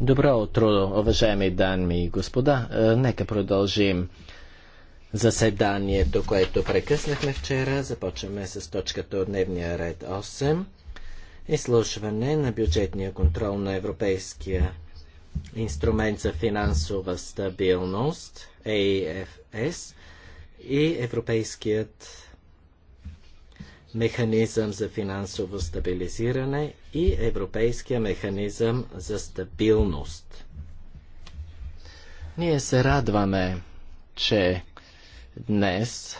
Добро утро, уважаеми дами и господа. Е, нека продължим заседанието, което прекъснахме вчера. Започваме с точката от дневния ред 8. Изслушване на бюджетния контрол на Европейския инструмент за финансова стабилност, AFS, и Европейският механизъм за финансово стабилизиране и Европейския механизъм за стабилност. Ние се радваме, че днес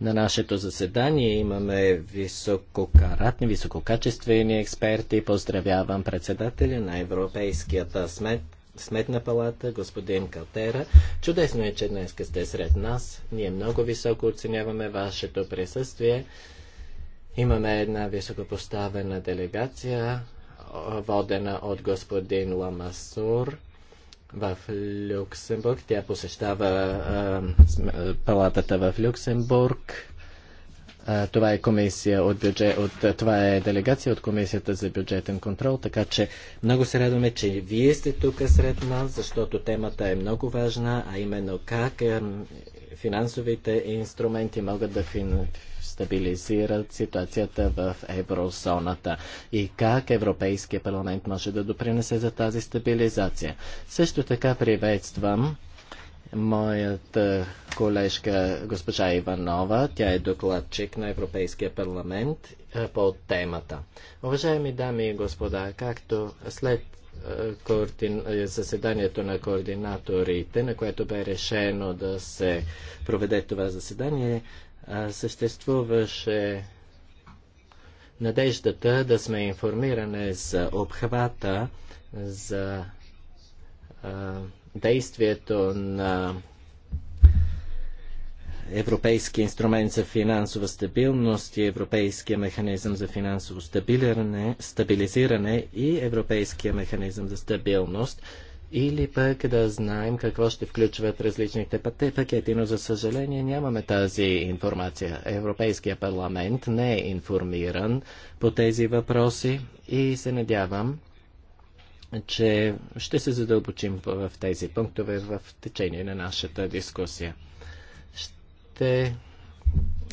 на нашето заседание. Имаме висококаратни, висококачествени експерти. Поздравявам председателя на Европейската смет, Сметна палата, господин Калтера. Чудесно е, че днес сте сред нас. Ние много високо оценяваме вашето присъствие. Имаме една високопоставена делегация, водена от господин Ламасур в Люксембург. Тя посещава а, палатата в Люксембург. А, това е комисия от бюджет, от, това е делегация от комисията за бюджетен контрол, така че много се радваме, че вие сте тук сред нас, защото темата е много важна, а именно как финансовите инструменти могат да фин... стабилизират ситуацията в еврозоната и как Европейския парламент може да допринесе за тази стабилизация. Също така приветствам моята колежка госпожа Иванова. Тя е докладчик на Европейския парламент по темата. Уважаеми дами и господа, както след е, заседанието на координаторите, на което бе решено да се проведе това заседание, съществуваше надеждата да сме информирани за обхвата, за действието на Европейския инструмент за финансова стабилност и Европейския механизъм за финансово стабилизиране и Европейския механизъм за стабилност или пък да знаем какво ще включват различните пакети, но за съжаление нямаме тази информация. Европейския парламент не е информиран по тези въпроси и се надявам, че ще се задълбочим в тези пунктове в течение на нашата дискусия ще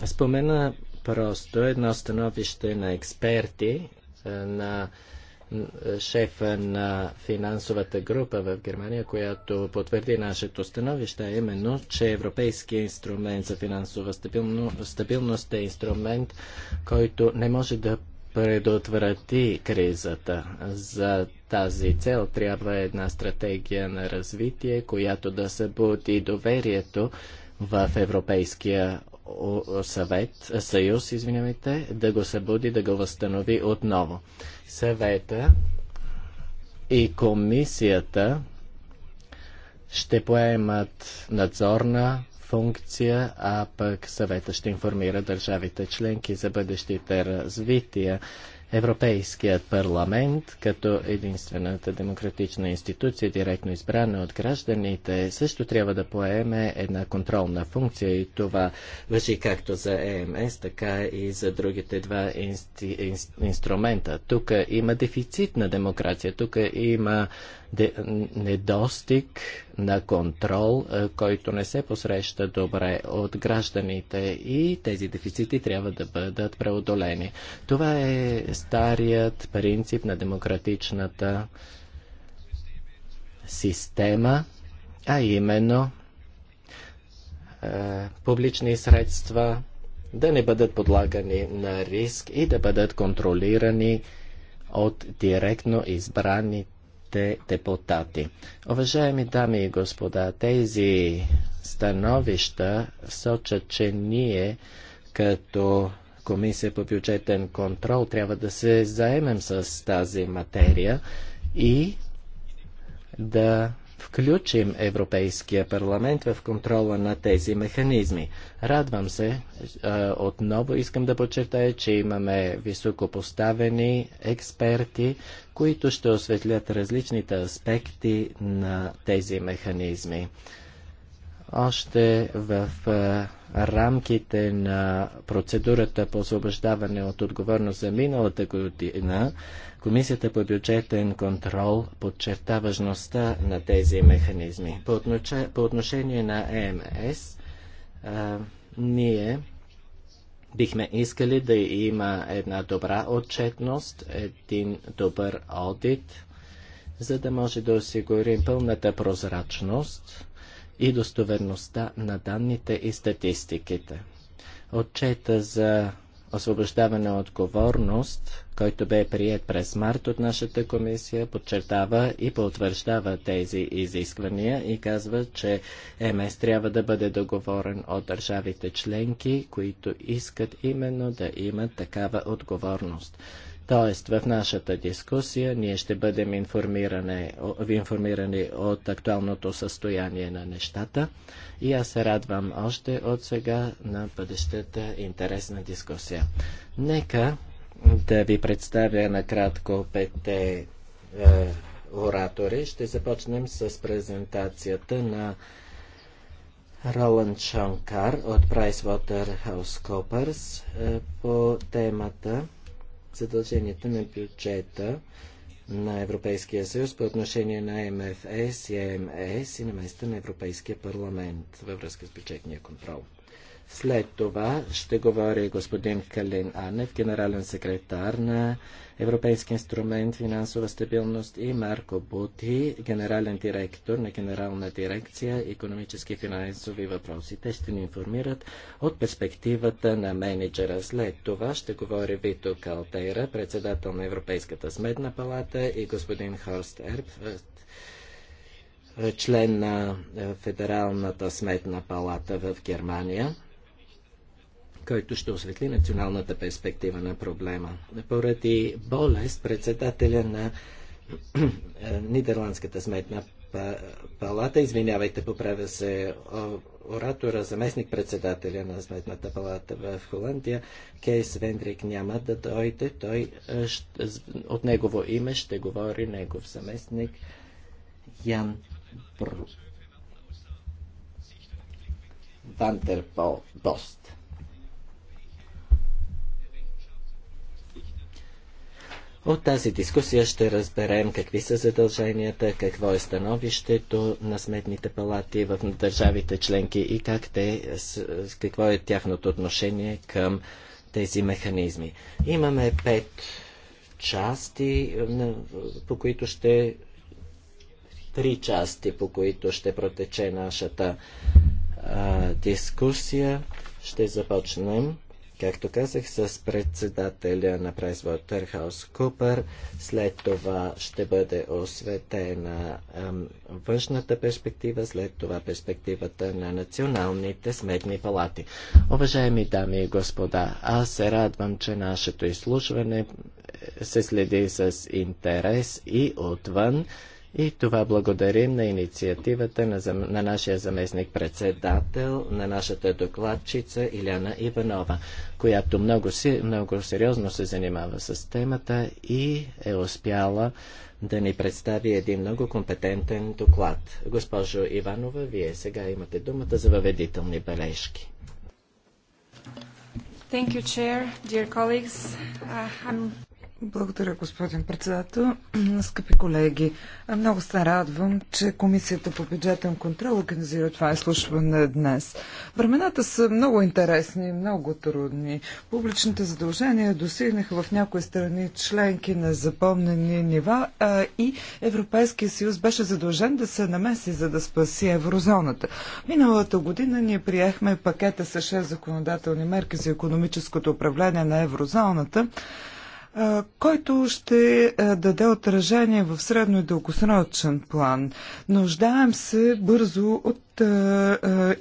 спомена просто едно становище на експерти на шефа на финансовата група в Германия, която потвърди нашето становище, именно, че Европейския инструмент за финансова стабилност е инструмент, който не може да предотврати кризата. За тази цел трябва една стратегия на развитие, която да събуди доверието в Европейския съвет, съюз, извинявайте, да го събуди, да го възстанови отново. Съвета и комисията ще поемат надзорна функция, а пък съвета ще информира държавите членки за бъдещите развития. Европейският парламент, като единствената демократична институция, директно избрана от гражданите, също трябва да поеме една контролна функция и това въжи както за ЕМС, така и за другите два инсти... инструмента. Тук има дефицит на демокрация, тук има недостиг на контрол, е, който не се посреща добре от гражданите и тези дефицити трябва да бъдат преодолени. Това е старият принцип на демократичната система, а именно е, публични средства да не бъдат подлагани на риск и да бъдат контролирани от директно избраните те депутати. Уважаеми дами и господа, тези становища сочат, че ние като Комисия по бюджетен контрол трябва да се заемем с тази материя и да включим Европейския парламент в контрола на тези механизми. Радвам се, отново искам да подчертая, че имаме високопоставени експерти, които ще осветлят различните аспекти на тези механизми. Още в рамките на процедурата по освобождаване от отговорност за миналата година, Комисията по бюджетен контрол подчерта важността на тези механизми. По, отнош... по отношение на ЕМС, а, ние бихме искали да има една добра отчетност, един добър одит, за да може да осигурим пълната прозрачност и достоверността на данните и статистиките. Отчета за освобождаване от отговорност който бе прият през март от нашата комисия, подчертава и потвърждава тези изисквания и казва, че МС трябва да бъде договорен от държавите членки, които искат именно да имат такава отговорност. Тоест, в нашата дискусия ние ще бъдем информирани, информирани от актуалното състояние на нещата и аз се радвам още от сега на бъдещата интересна дискусия. Нека да ви представя накратко пете е, оратори. Ще започнем с презентацията на Роланд Шонкар от PricewaterhouseCoopers е, по темата задълженията на бюджета на Европейския съюз по отношение на МФС и МС и на места на Европейския парламент във връзка с бюджетния контрол. След това ще говори господин Калин Анев, генерален секретар на Европейски инструмент финансова стабилност и Марко Бути, генерален директор на Генерална дирекция економически и финансови въпроси. Те ще ни информират от перспективата на менеджера. След това ще говори Вито Калтейра, председател на Европейската сметна палата и господин Хорст Ерб, член на Федералната сметна палата в Германия който ще осветли националната перспектива на проблема. Поради болест, председателя на Нидерландската сметна палата, извинявайте, поправя се оратора, заместник председателя на сметната палата в Холандия, Кейс Вендрик няма да дойде, той от негово име ще говори негов заместник Ян Бру. Вантер Бост. От тази дискусия ще разберем какви са задълженията, какво е становището на сметните палати в държавите членки и как те, какво е тяхното отношение към тези механизми. Имаме пет части, по които ще три части, по които ще протече нашата а, дискусия. Ще започнем както казах, с председателя на PricewaterhouseCoopers. След това ще бъде осветена външната перспектива, след това перспективата на националните сметни палати. Уважаеми дами и господа, аз се радвам, че нашето изслушване е, се следи с интерес и отвън и това благодарим на инициативата на, зам... на нашия заместник-председател, на нашата докладчица Иляна Иванова, която много, си... много сериозно се занимава с темата и е успяла да ни представи един много компетентен доклад. Госпожо Иванова, вие сега имате думата за въведителни бележки. Thank you, Chair. Dear colleagues, uh, I'm благодаря, господин председател. Скъпи колеги, много се радвам, че Комисията по бюджетен контрол организира това изслушване днес. Времената са много интересни и много трудни. Публичните задължения достигнаха в някои страни членки на запомнени нива а, и Европейския съюз беше задължен да се намеси, за да спаси еврозоната. Миналата година ние приехме пакета с 6 законодателни мерки за економическото управление на еврозоната който ще даде отражение в средно и дългосрочен план. Нуждаем се бързо от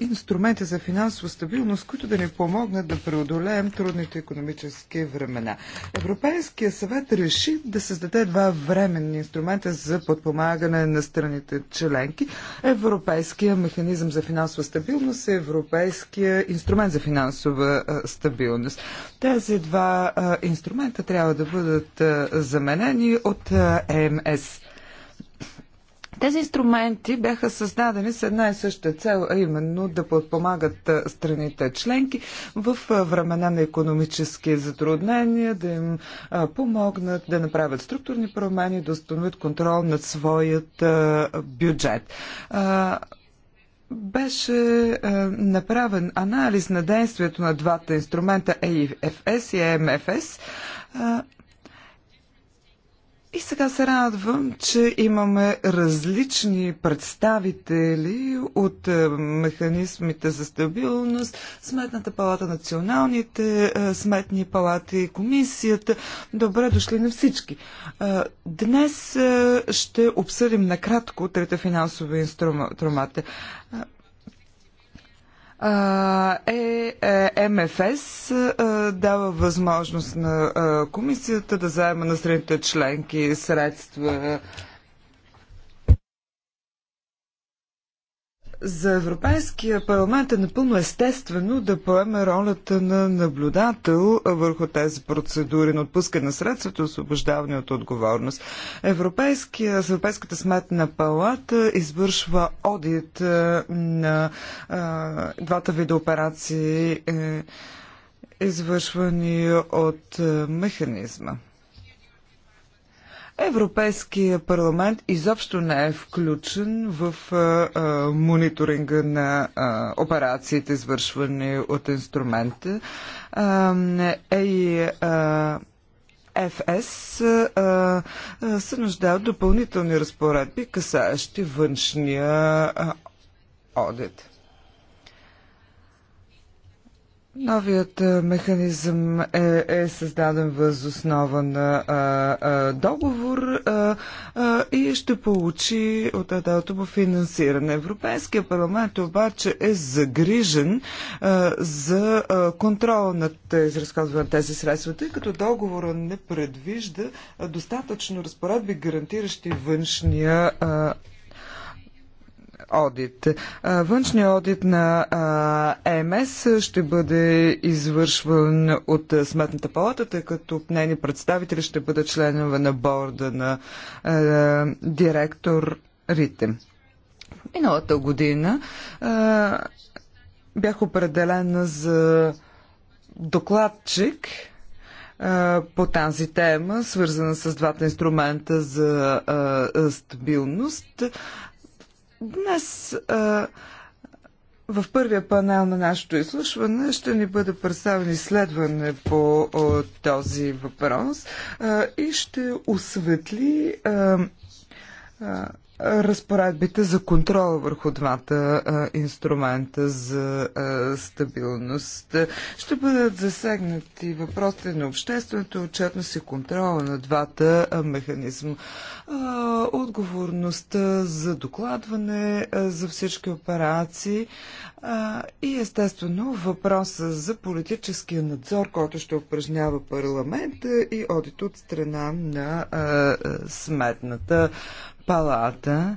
инструменти за финансова стабилност, които да ни помогнат да преодолеем трудните економически времена. Европейския съвет реши да създаде два временни инструмента за подпомагане на страните членки. Европейския механизъм за финансова стабилност и Европейския инструмент за финансова стабилност. Тези два инструмента трябва да бъдат заменени от МС. Тези инструменти бяха създадени с една и съща цел, а именно да подпомагат страните членки в времена на економически затруднения, да им помогнат да направят структурни промени, да установят контрол над своят бюджет беше е, направен анализ на действието на двата инструмента EFS и EMFS. Е, и сега се радвам, че имаме различни представители от е, механизмите за стабилност, Сметната палата, националните е, сметни палати, комисията. Добре дошли на всички. Е, днес ще обсъдим накратко трите финансови инструмента е, е МФС дава възможност на комисията да заема на страните членки средства За Европейския парламент е напълно естествено да поеме ролята на наблюдател върху тези процедури на отпускане на средствата и освобождаване от отговорност. Европейския, Европейската сметна палата извършва одит е, на а, е, двата вида операции, е, извършвани от е, механизма. Европейския парламент изобщо не е включен в мониторинга на операциите, извършвани от инструмента. ФС а, е ФС се нуждае от допълнителни разпоредби, касаещи външния а, одит. Новият е, механизъм е, е създаден въз основа на а, а, договор а, а, и ще получи от по финансиране. Европейския парламент обаче е загрижен а, за а, контрол над изразходване на тези средства, тъй като договора не предвижда достатъчно разпоредби, гарантиращи външния а, одит. Външният одит на ЕМС ще бъде извършван от Сметната палата, тъй като нейни представители ще бъдат членове на борда на директор-Рите. Миналата година бях определена за докладчик по тази тема, свързана с двата инструмента за стабилност. Днес в първия панел на нашето изслушване ще ни бъде представено изследване по този въпрос и ще осветли разпоредбите за контрола върху двата а, инструмента за а, стабилност. Ще бъдат засегнати въпросите на общественото отчетност и контрола на двата механизма. Отговорността за докладване за всички операции и естествено въпроса за политическия надзор, който ще упражнява парламент и одит от страна на сметната палата анализа.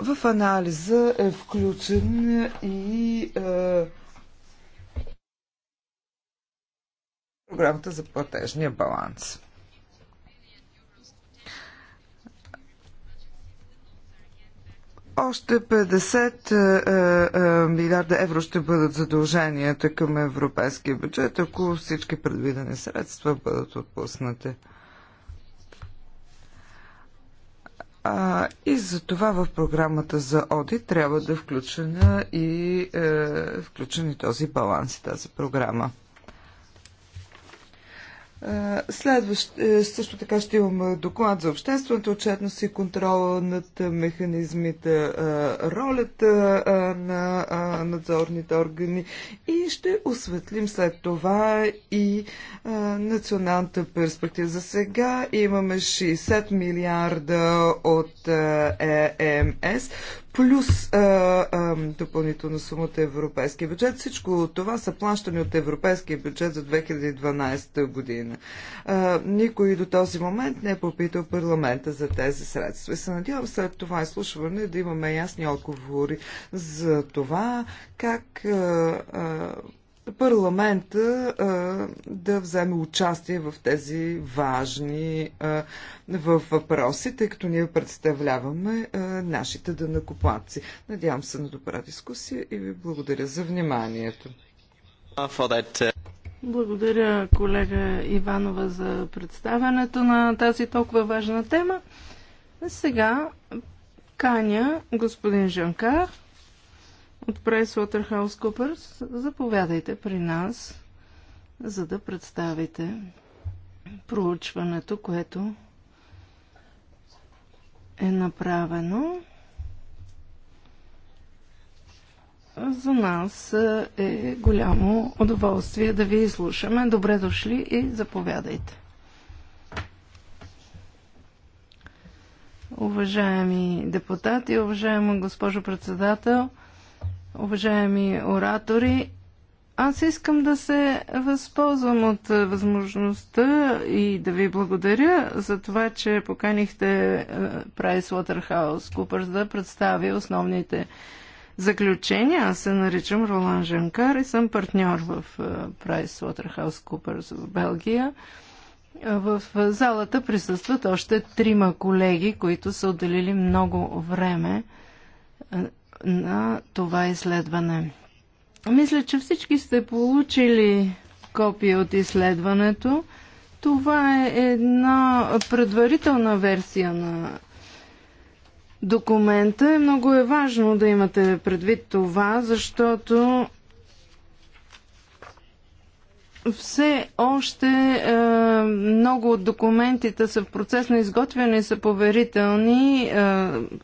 В анализа е включен и програмата за платежния баланс. Още 50 милиарда евро ще бъдат задълженията към европейския бюджет, ако всички предвидени средства бъдат отпуснати. А, и за това в програмата за одит трябва да включена и, е, включен и този баланс и тази програма. Следващ, е, също така ще имам доклад за обществената отчетност и контрола над механизмите, ролята на надзорните органи и ще осветлим след това и националната перспектива. За сега имаме 60 милиарда от ЕМС, плюс а, а, допълнителна сумата европейския бюджет. Всичко това са плащани от европейския бюджет за 2012 година. А, никой до този момент не е попитал парламента за тези средства. И се надявам след това изслушване да имаме ясни отговори за това как а, а, парламента да вземе участие в тези важни въпроси, тъй като ние представляваме нашите дънакоплатци. Надявам се на добра дискусия и ви благодаря за вниманието. Благодаря, колега Иванова, за представянето на тази толкова важна тема. Сега каня господин Жанкар от PricewaterhouseCoopers. Заповядайте при нас, за да представите проучването, което е направено. За нас е, е голямо удоволствие да ви изслушаме. Добре дошли и заповядайте. Уважаеми депутати, уважаема госпожо председател, уважаеми оратори. Аз искам да се възползвам от е, възможността и да ви благодаря за това, че поканихте е, PricewaterhouseCoopers да представи основните заключения. аз се наричам Ролан Жанкар и съм партньор в е, PricewaterhouseCoopers в Белгия. В залата присъстват още трима колеги, които са отделили много време на това изследване. Мисля, че всички сте получили копия от изследването. Това е една предварителна версия на документа. Много е важно да имате предвид това, защото все още е, много от документите са в процес на изготвяне и са поверителни. Е,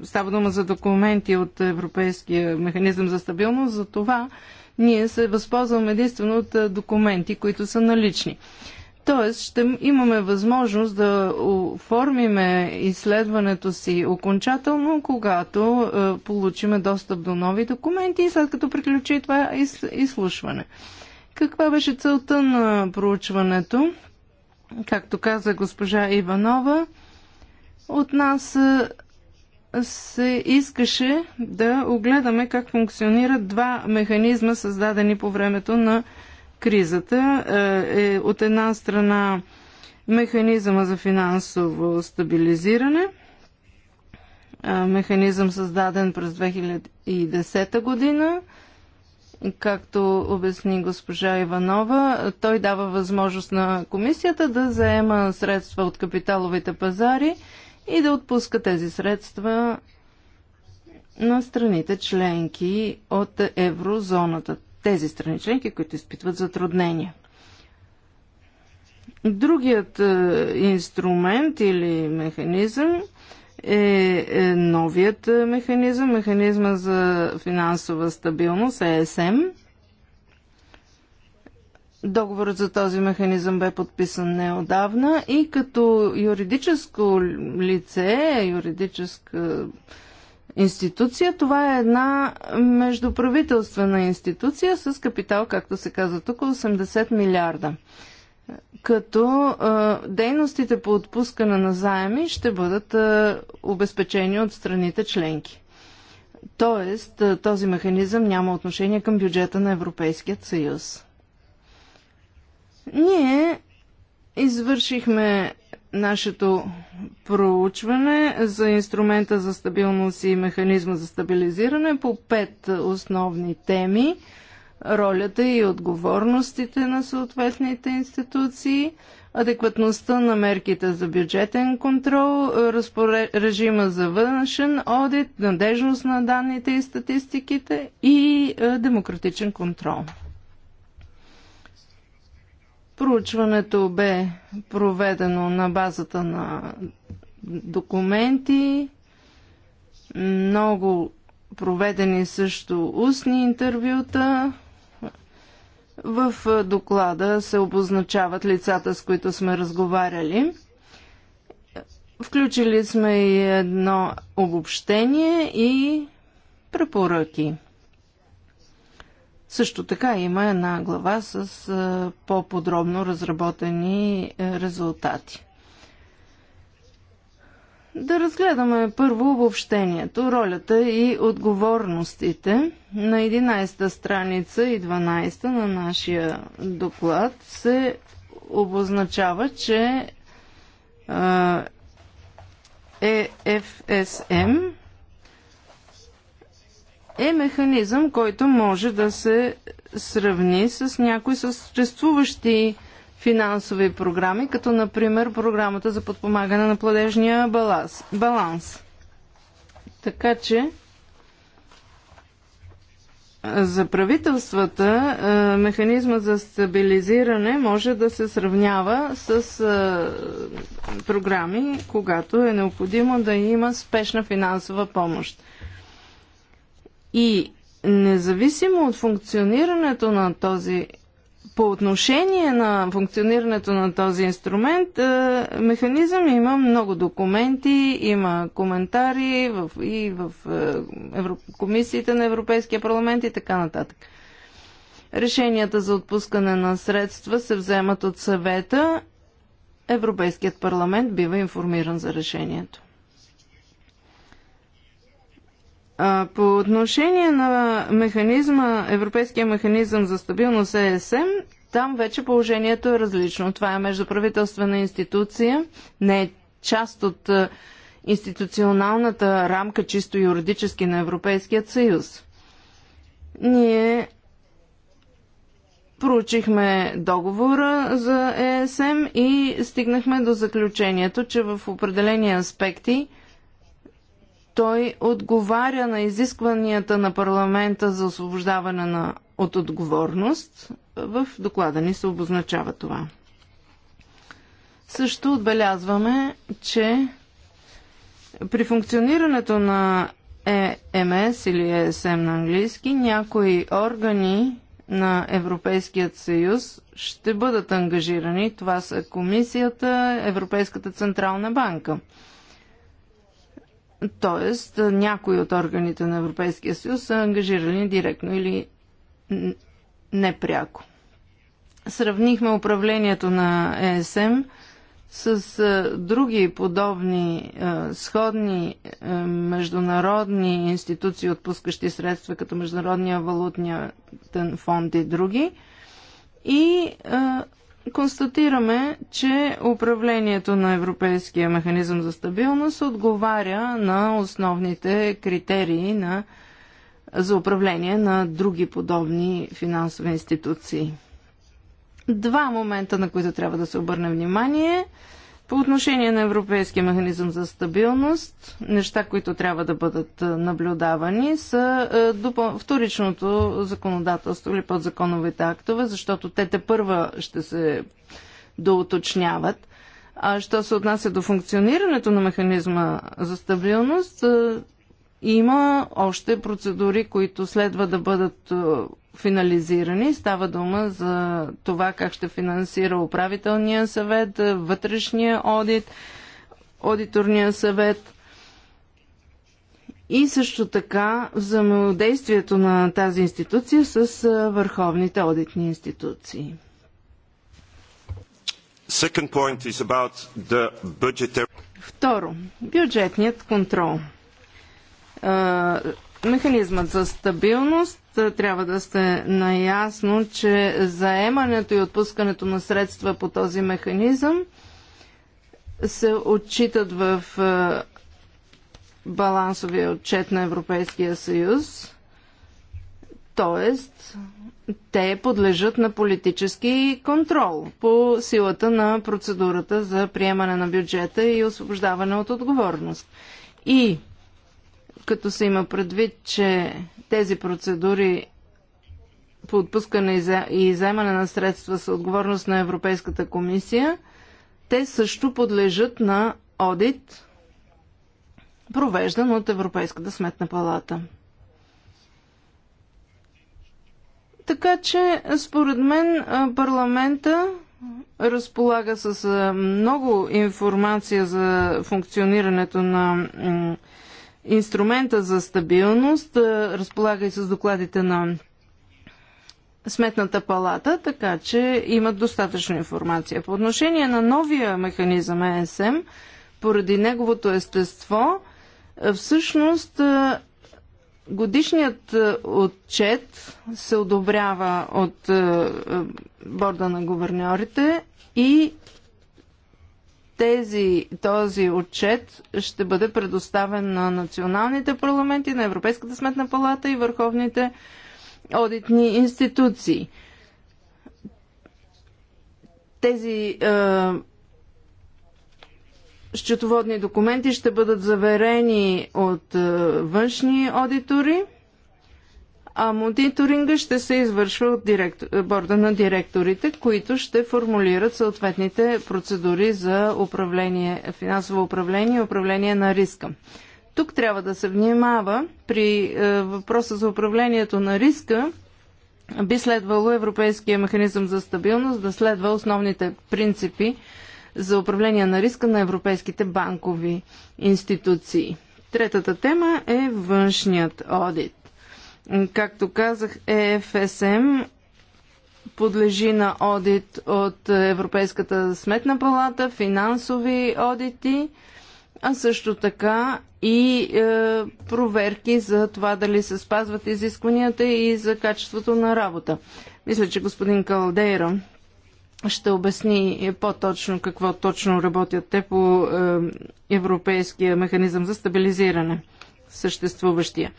става дума за документи от Европейския механизъм за стабилност. За това ние се възползваме единствено от е, документи, които са налични. Тоест, ще имаме възможност да оформиме изследването си окончателно, когато е, получиме достъп до нови документи и след като приключи това изслушване. Из- каква беше целта на проучването? Както каза госпожа Иванова, от нас се искаше да огледаме как функционират два механизма, създадени по времето на кризата. Е, от една страна механизма за финансово стабилизиране, механизъм създаден през 2010 година както обясни госпожа Иванова, той дава възможност на комисията да заема средства от капиталовите пазари и да отпуска тези средства на страните членки от еврозоната. Тези страни членки, които изпитват затруднения. Другият е, инструмент или механизъм е, е новият е, механизъм, механизма за финансова стабилност, ЕСМ. Договорът за този механизъм бе подписан неодавна и като юридическо лице, юридическа институция, това е една междуправителствена институция с капитал, както се казва тук, 80 милиарда като а, дейностите по отпускане на заеми ще бъдат а, обезпечени от страните членки. Тоест, а, този механизъм няма отношение към бюджета на Европейският съюз. Ние извършихме нашето проучване за инструмента за стабилност и механизма за стабилизиране по пет основни теми – ролята и отговорностите на съответните институции, адекватността на мерките за бюджетен контрол, разпоре... режима за външен одит, надежност на данните и статистиките и е, демократичен контрол. Проучването бе проведено на базата на документи, много проведени също устни интервюта, в доклада се обозначават лицата, с които сме разговаряли. Включили сме и едно обобщение и препоръки. Също така има една глава с по-подробно разработени резултати. Да разгледаме първо обобщението, ролята и отговорностите. На 11-та страница и 12-та на нашия доклад се обозначава, че ЕФСМ е механизъм, който може да се сравни с някои съществуващи финансови програми, като например програмата за подпомагане на Пладежния баланс. баланс. Така че за правителствата е, механизма за стабилизиране може да се сравнява с е, програми, когато е необходимо да има спешна финансова помощ. И независимо от функционирането на този по отношение на функционирането на този инструмент, е, механизъм има много документи, има коментари в, и в е, Евро... комисиите на Европейския парламент и така нататък. Решенията за отпускане на средства се вземат от съвета. Европейският парламент бива информиран за решението. По отношение на механизма, Европейския механизъм за стабилност ЕСМ, там вече положението е различно. Това е междуправителствена институция, не е част от институционалната рамка, чисто юридически на Европейският съюз. Ние проучихме договора за ЕСМ и стигнахме до заключението, че в определени аспекти – той отговаря на изискванията на парламента за освобождаване на, от отговорност. В доклада ни се обозначава това. Също отбелязваме, че при функционирането на ЕМС или ЕСМ на английски, някои органи на Европейският съюз ще бъдат ангажирани. Това са Комисията, Европейската централна банка – т.е. някои от органите на Европейския съюз са ангажирани директно или непряко. Сравнихме управлението на ЕСМ с други подобни сходни международни институции, отпускащи средства, като Международния валутния фонд и други. И констатираме, че управлението на Европейския механизъм за стабилност отговаря на основните критерии на, за управление на други подобни финансови институции. Два момента, на които трябва да се обърне внимание – по отношение на Европейския механизъм за стабилност, неща, които трябва да бъдат наблюдавани, са вторичното законодателство или подзаконовите актове, защото те те първа ще се доуточняват. А що се отнася до функционирането на механизма за стабилност, има още процедури, които следва да бъдат финализирани. Става дума за това как ще финансира управителния съвет, вътрешния одит, аудиторния съвет и също така взаимодействието на тази институция с върховните одитни институции. Budgetary... Второ, бюджетният контрол Механизмът за стабилност е, трябва да сте наясно, че заемането и отпускането на средства по този механизъм се отчитат в е, балансовия отчет на Европейския съюз, т.е. те подлежат на политически контрол по силата на процедурата за приемане на бюджета и освобождаване от отговорност. И като се има предвид, че тези процедури по отпускане и вземане на средства са отговорност на Европейската комисия, те също подлежат на одит, провеждан от Европейската сметна палата. Така че, според мен, парламента разполага с много информация за функционирането на инструмента за стабилност разполага и с докладите на Сметната палата, така че имат достатъчно информация. По отношение на новия механизъм ЕСМ, поради неговото естество, всъщност годишният отчет се одобрява от борда на гуверньорите и тези, този отчет ще бъде предоставен на националните парламенти, на Европейската сметна палата и върховните одитни институции. Тези е, счетоводни документи ще бъдат заверени от е, външни аудитори а мониторинга ще се извършва от директор, борда на директорите, които ще формулират съответните процедури за управление, финансово управление и управление на риска. Тук трябва да се внимава при е, въпроса за управлението на риска. Би следвало Европейския механизъм за стабилност да следва основните принципи за управление на риска на европейските банкови институции. Третата тема е външният одит. Както казах, ЕФСМ подлежи на одит от Европейската сметна палата, финансови одити, а също така и е, проверки за това дали се спазват изискванията и за качеството на работа. Мисля, че господин Калдейра ще обясни по-точно какво точно работят те по е, Европейския механизъм за стабилизиране, съществуващия.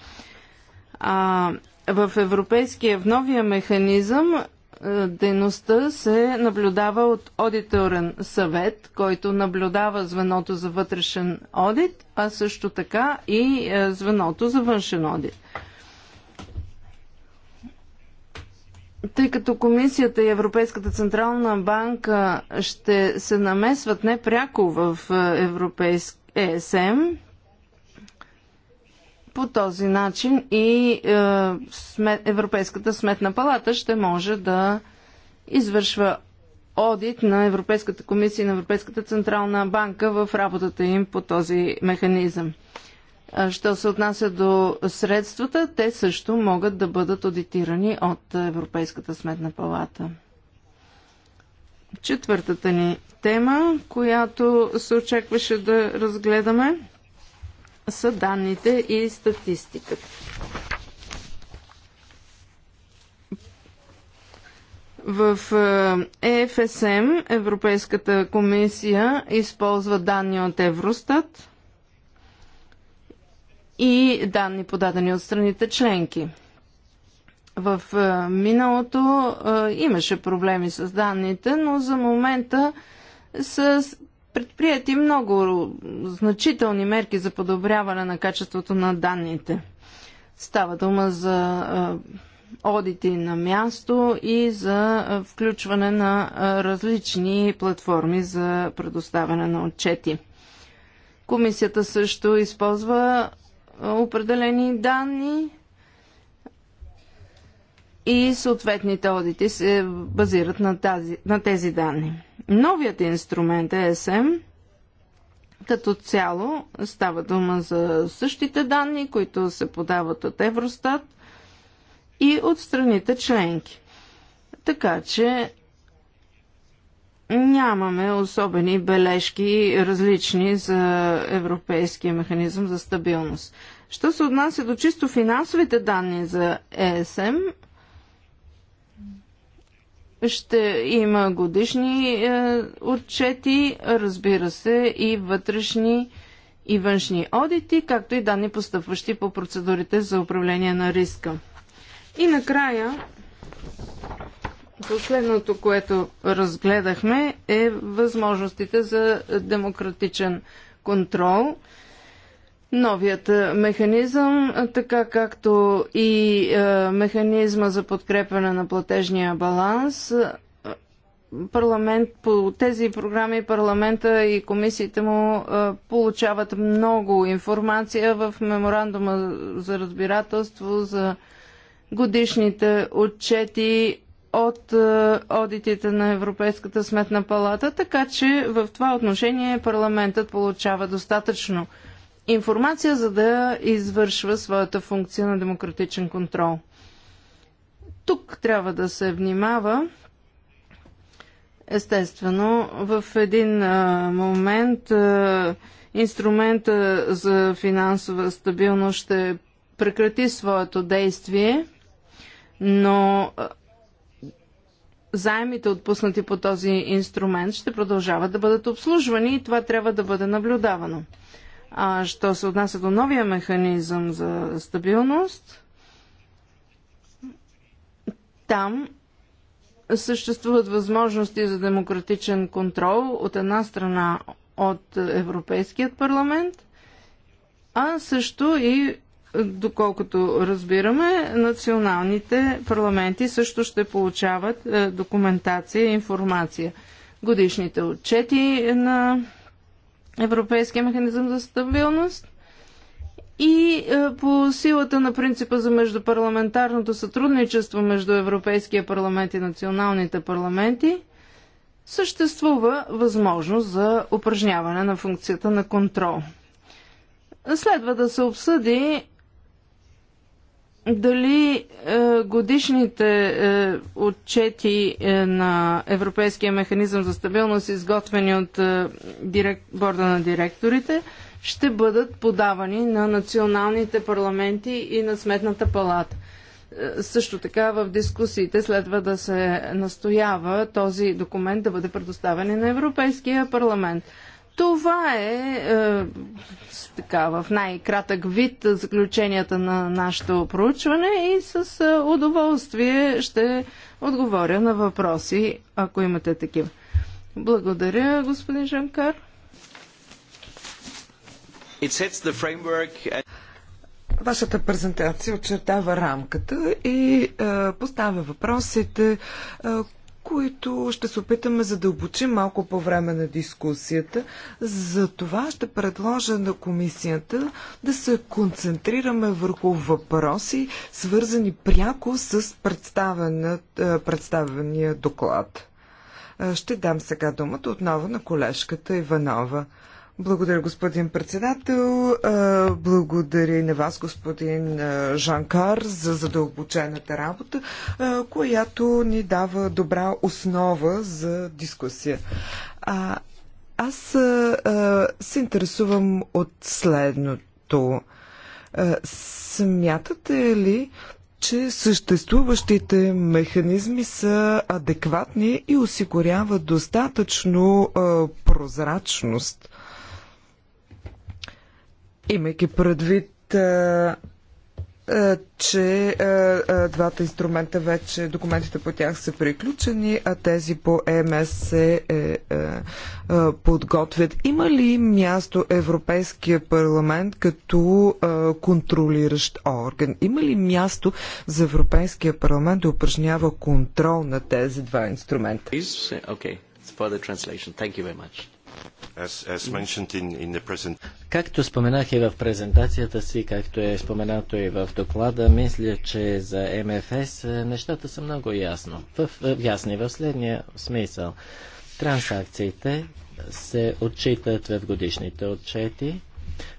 А в европейския, в новия механизъм е, дейността се наблюдава от аудиторен съвет, който наблюдава звеното за вътрешен одит, а също така и е, звеното за външен одит. Тъй като Комисията и Европейската Централна банка ще се намесват непряко в е, европейск ЕСМ, по този начин и е, Европейската сметна палата ще може да извършва одит на Европейската комисия и на Европейската централна банка в работата им по този механизъм. Е, що се отнася до средствата, те също могат да бъдат аудитирани от Европейската сметна палата. Четвъртата ни тема, която се очакваше да разгледаме са данните и статистиката. В е, ЕФСМ Европейската комисия използва данни от Евростат и данни подадени от страните членки. В е, миналото е, имаше проблеми с данните, но за момента са предприяти много значителни мерки за подобряване на качеството на данните. Става дума за одити на място и за включване на различни платформи за предоставяне на отчети. Комисията също използва определени данни и съответните одити се базират на, тази, на тези данни. Новият инструмент ЕСМ като цяло става дума за същите данни, които се подават от Евростат и от страните членки. Така че нямаме особени бележки различни за Европейския механизъм за стабилност. Що се отнася до чисто финансовите данни за ЕСМ, ще има годишни е, отчети, разбира се, и вътрешни и външни одити, както и данни постъпващи по процедурите за управление на риска. И накрая, последното, което разгледахме, е възможностите за демократичен контрол – Новият е, механизъм, така както и е, механизма за подкрепяне на платежния баланс, е, парламент, по тези програми парламента и комисиите му получават много информация в меморандума за разбирателство, за годишните отчети от одитите на Европейската сметна палата, така че в това отношение парламентът получава достатъчно информация, за да извършва своята функция на демократичен контрол. Тук трябва да се внимава. Естествено, в един а, момент а, инструмента за финансова стабилност ще прекрати своето действие, но заемите отпуснати по този инструмент ще продължават да бъдат обслужвани и това трябва да бъде наблюдавано. А що се отнася до новия механизъм за стабилност, там съществуват възможности за демократичен контрол от една страна от Европейският парламент, а също и, доколкото разбираме, националните парламенти също ще получават е, документация и информация. Годишните отчети на Европейския механизъм за стабилност и е, по силата на принципа за междупарламентарното сътрудничество между Европейския парламент и националните парламенти съществува възможност за упражняване на функцията на контрол. Следва да се обсъди дали е, годишните е, отчети е, на Европейския механизъм за стабилност, изготвени от е, директ, борда на директорите, ще бъдат подавани на националните парламенти и на Сметната палата. Е, също така в дискусиите следва да се настоява този документ да бъде предоставен и на Европейския парламент. Това е, е така, в най-кратък вид заключенията на нашето проучване и с е, удоволствие ще отговоря на въпроси, ако имате такива. Благодаря, господин Жанкар. And... Вашата презентация очертава рамката и е, поставя въпросите, е, които ще се опитаме задълбочим малко по време на дискусията. За това ще предложа на комисията да се концентрираме върху въпроси, свързани пряко с е, представения доклад. Е, ще дам сега думата отново на колежката Иванова. Благодаря, господин председател. Благодаря и на вас, господин Жанкар, за задълбочената работа, която ни дава добра основа за дискусия. А, аз а, се интересувам от следното. А, смятате ли, че съществуващите механизми са адекватни и осигуряват достатъчно а, прозрачност? Имайки предвид че а, а, двата инструмента вече, документите по тях са приключени, а тези по ЕМС се е, е, подготвят. Има ли място Европейския парламент като контролиращ орган? Има ли място за Европейския парламент да упражнява контрол на тези два инструмента? Okay. Както споменах и в презентацията си, както е споменато и в доклада, мисля, че за МФС е, нещата са много ясно. В, е, ясни в следния смисъл. Трансакциите се отчитат в годишните отчети,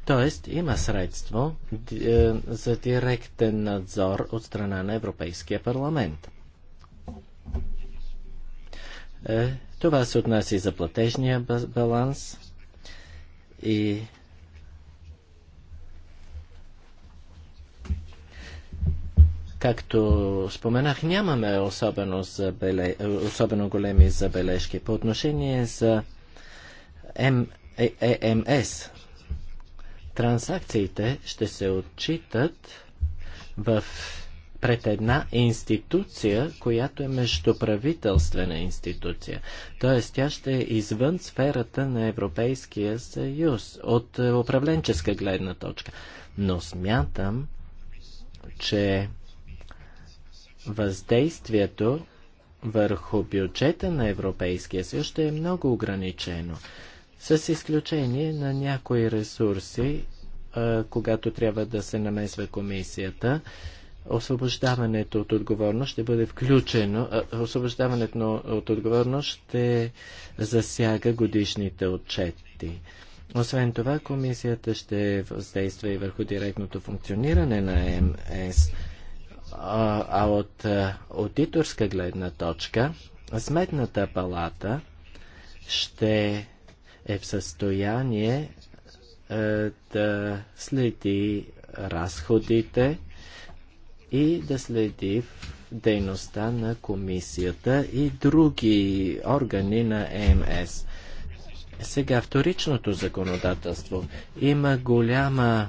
т.е. има средство е, за директен надзор от страна на Европейския парламент това се отнася и за платежния баланс и Както споменах, нямаме особено, забеле... особено големи забележки. По отношение за М... ЕМС, е, е транзакциите ще се отчитат в пред една институция, която е междуправителствена институция. Тоест, тя ще е извън сферата на Европейския съюз от е, управленческа гледна точка. Но смятам, че въздействието върху бюджета на Европейския съюз ще е много ограничено, с изключение на някои ресурси, е, когато трябва да се намесва комисията освобождаването от отговорност ще бъде включено, освобождаването от отговорност ще засяга годишните отчети. Освен това, комисията ще въздейства и върху директното функциониране на МС, а, от аудиторска гледна точка, Сметната палата ще е в състояние да следи разходите, и да следи дейността на комисията и други органи на ЕМС. Сега вторичното законодателство. Има голяма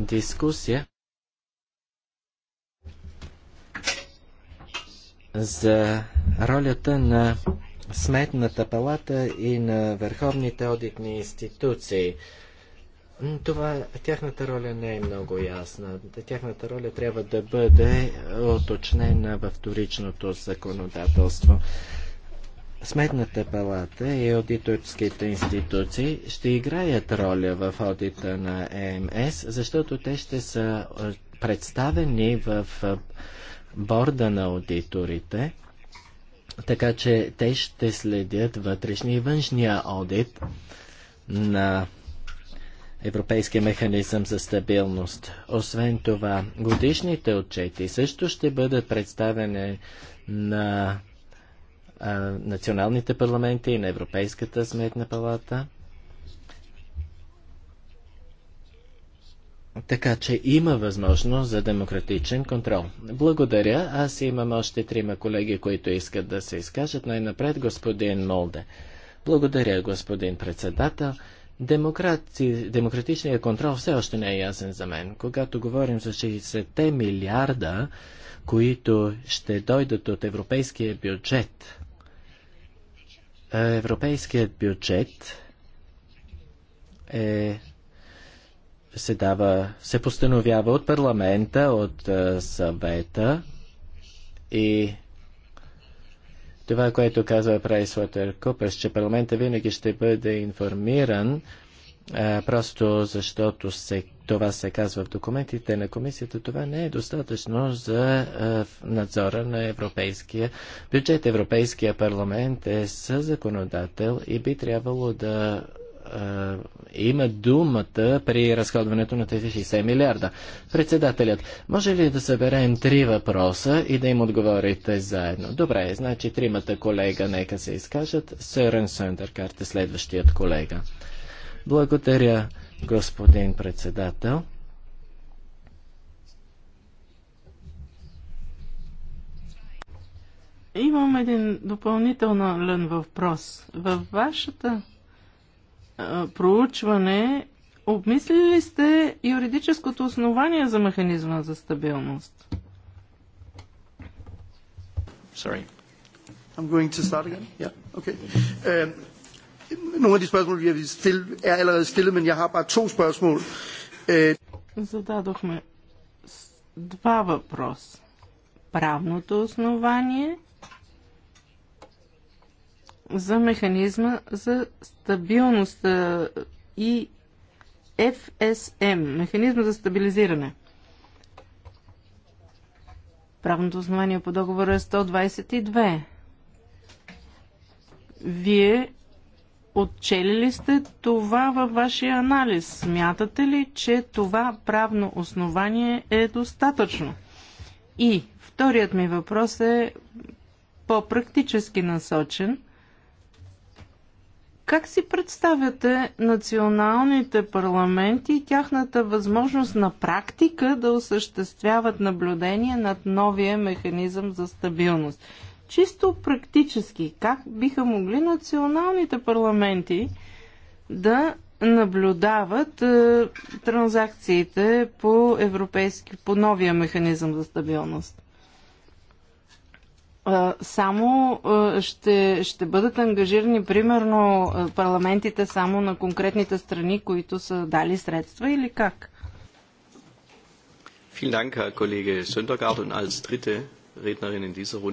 дискусия за ролята на Сметната палата и на върховните одитни институции това, тяхната роля не е много ясна. Тяхната роля трябва да бъде оточнена във вторичното законодателство. Сметната палата и аудиторските институции ще играят роля в аудита на ЕМС, защото те ще са представени в борда на аудиторите, така че те ще следят вътрешния и външния аудит на Европейския механизъм за стабилност. Освен това, годишните отчети също ще бъдат представени на а, националните парламенти и на Европейската сметна палата. Така че има възможност за демократичен контрол. Благодаря. Аз имам още трима колеги, които искат да се изкажат. Най-напред господин Молде. Благодаря, господин председател. Демократи... Демократичният контрол все още не е ясен за мен. Когато говорим за 60 милиарда, които ще дойдат от европейския бюджет, е, европейският бюджет е се дава, се постановява от парламента, от е, съвета и това, което казва Купърс, че парламента винаги ще бъде информиран, а, просто защото се, това се казва в документите на комисията, това не е достатъчно за а, надзора на европейския бюджет. Европейския парламент е съзаконодател и би трябвало да е, има думата при разходването на тези 60 милиарда. Председателят, може ли да съберем три въпроса и да им отговорите заедно? Добре, значи тримата колега нека се изкажат. Сърен Съндъркарт е следващият колега. Благодаря, господин председател. Имам един допълнителен въпрос. Във вашата проучване, обмислили ли сте юридическото основание за механизма за стабилност? Sorry. I'm going to start again? Yeah, okay. Uh, nogle af de spørgsmål, vi har stillet, er allerede stillet, men jeg har bare to spørgsmål. Uh... Зададохме два въпроса. Правното основание – за механизма за стабилност и FSM, механизма за стабилизиране. Правното основание по договора е 122. Вие отчели ли сте това във вашия анализ? Смятате ли, че това правно основание е достатъчно? И вторият ми въпрос е по-практически насочен – как си представяте националните парламенти и тяхната възможност на практика да осъществяват наблюдение над новия механизъм за стабилност? Чисто практически, как биха могли националните парламенти да наблюдават е, транзакциите по, европейски, по новия механизъм за стабилност? само ще, ще бъдат ангажирани, примерно, парламентите само на конкретните страни, които са дали средства или как?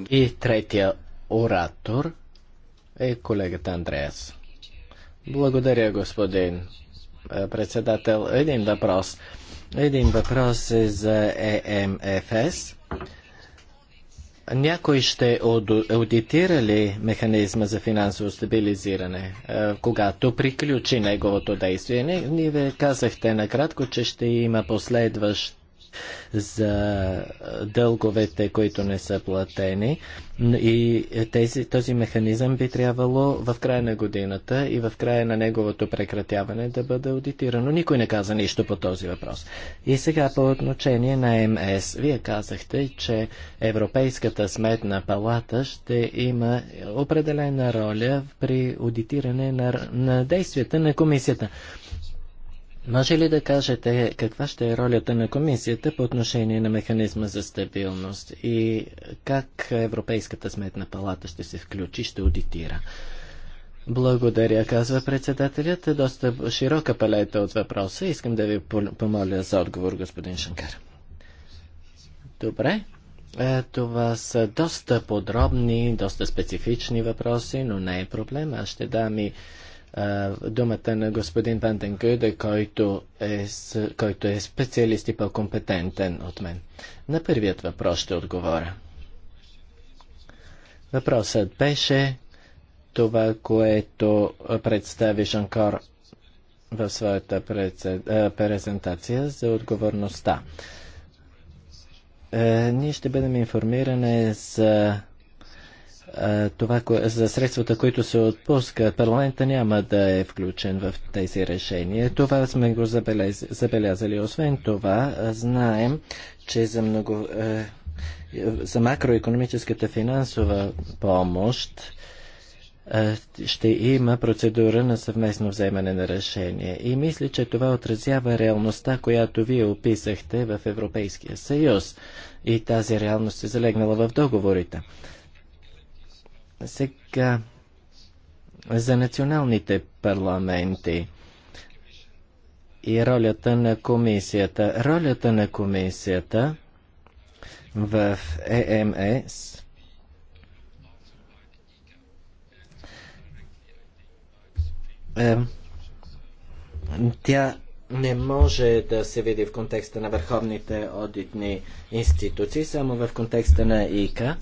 И третия оратор е колегата Андреас. Благодаря, господин председател. Един въпрос. Един въпрос е за е ЕМФС. Някой ще аудитира ли механизма за финансово стабилизиране, когато приключи неговото действие? Ние ви казахте накратко, че ще има последващ за дълговете, които не са платени. И тези, този механизъм би трябвало в края на годината и в края на неговото прекратяване да бъде аудитирано. Никой не каза нищо по този въпрос. И сега по отношение на МС. Вие казахте, че Европейската сметна палата ще има определена роля при аудитиране на, на действията на комисията. Може ли да кажете каква ще е ролята на комисията по отношение на механизма за стабилност и как Европейската сметна палата ще се включи, ще аудитира? Благодаря, казва председателят. Доста широка палета от въпроса. Искам да ви помоля за отговор, господин Шанкар. Добре. Е, това са доста подробни, доста специфични въпроси, но не е проблем. Аз ще дам и думата на господин Ванден Гюде, който е, който е специалист и по-компетентен от мен. На първият въпрос ще отговоря. Въпросът беше това, което представи Жанкор в своята презентация за отговорността. Е, ние ще бъдем информирани за това, за средствата, които се отпуска Парламента няма да е включен в тези решения. Това сме го забелязали. Освен това, знаем, че за много за макроекономическата финансова помощ ще има процедура на съвместно вземане на решение. И мисля, че това отразява реалността, която вие описахте в Европейския съюз. И тази реалност е залегнала в договорите. Сега за националните парламенти и ролята на комисията. Ролята на комисията в ЕМС е, тя не може да се види в контекста на върховните одитни институции, само в контекста на ИКА.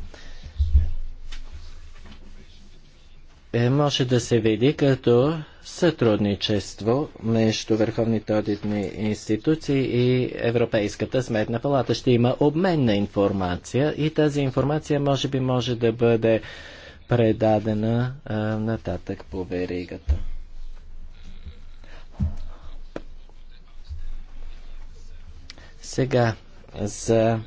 Е, може да се види като сътрудничество между върховните одитни институции и Европейската сметна палата. Ще има обмен на информация и тази информация може би може да бъде предадена а, нататък по веригата. Сега за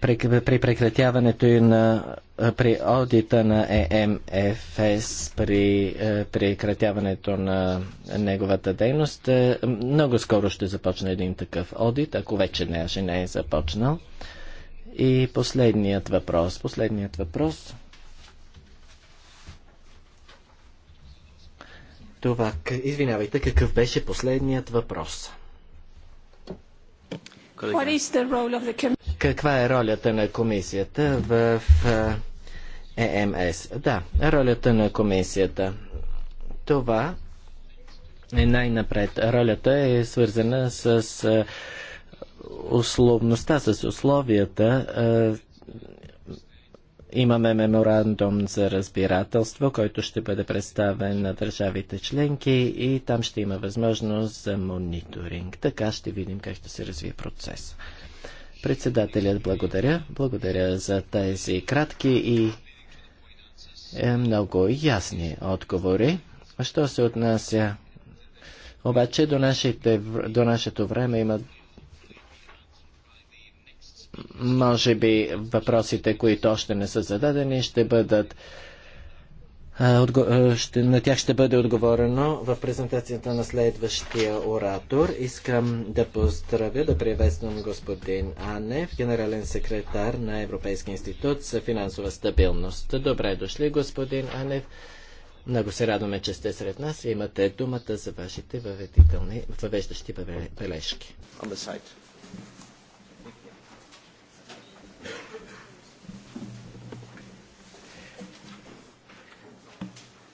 при прекратяването и на при одита на ЕМФС, при е, прекратяването на неговата дейност. Е, много скоро ще започне един такъв одит, ако вече не, аж не е започнал. И последният въпрос. Последният въпрос. Това, извинявайте, какъв беше последният въпрос? What is the role of the каква е ролята на комисията в ЕМС? Да, ролята на комисията. Това е най-напред. Ролята е свързана с условността, с условията. Имаме меморандум за разбирателство, който ще бъде представен на държавите членки и там ще има възможност за мониторинг. Така ще видим как ще се развие процесът. Председателят благодаря. Благодаря за тези кратки и е, много ясни отговори. Що се отнася обаче до, нашите, до нашето време има може би въпросите, които още не са зададени, ще бъдат на тях ще бъде отговорено в презентацията на следващия оратор. Искам да поздравя, да приветствам господин Анев, генерален секретар на Европейския институт за финансова стабилност. Добре дошли, господин Анев. Много се радваме, че сте сред нас и имате думата за вашите въведителни, въвеждащи бележки. On the site.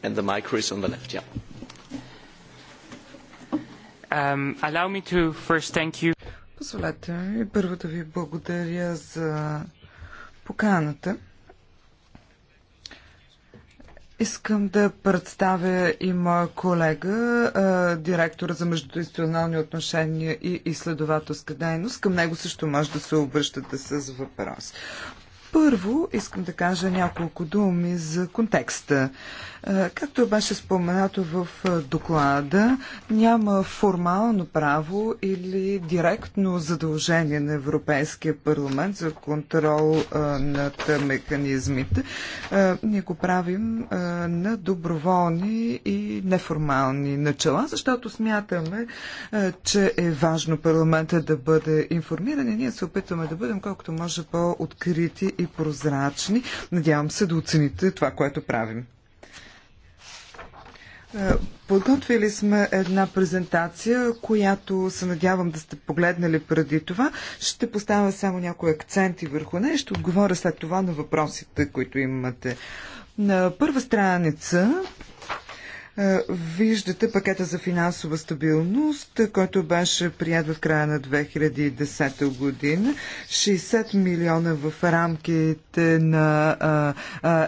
And the micro is on the left, yeah. Um, allow me to first thank you. Позволете ми първо да ви благодаря за поканата. Искам да представя и моя колега, директора за междуинституционални отношения и изследователска дейност. Към него също може да се обръщате с въпрос. Първо искам да кажа няколко думи за контекста. Е, както беше споменато в е, доклада, няма формално право или директно задължение на Европейския парламент за контрол е, над механизмите. Ние го правим на доброволни и неформални начала, защото смятаме, че е важно парламента да бъде информиран и ние се опитваме да бъдем колкото може по-открити и прозрачни. Надявам се да оцените това, което правим. Е, подготвили сме една презентация, която се надявам да сте погледнали преди това. Ще поставя само някои акценти върху нея. Ще отговоря след това на въпросите, които имате. На първа страница е, виждате пакета за финансова стабилност, който беше прият в края на 2010 година. 60 милиона в рамките на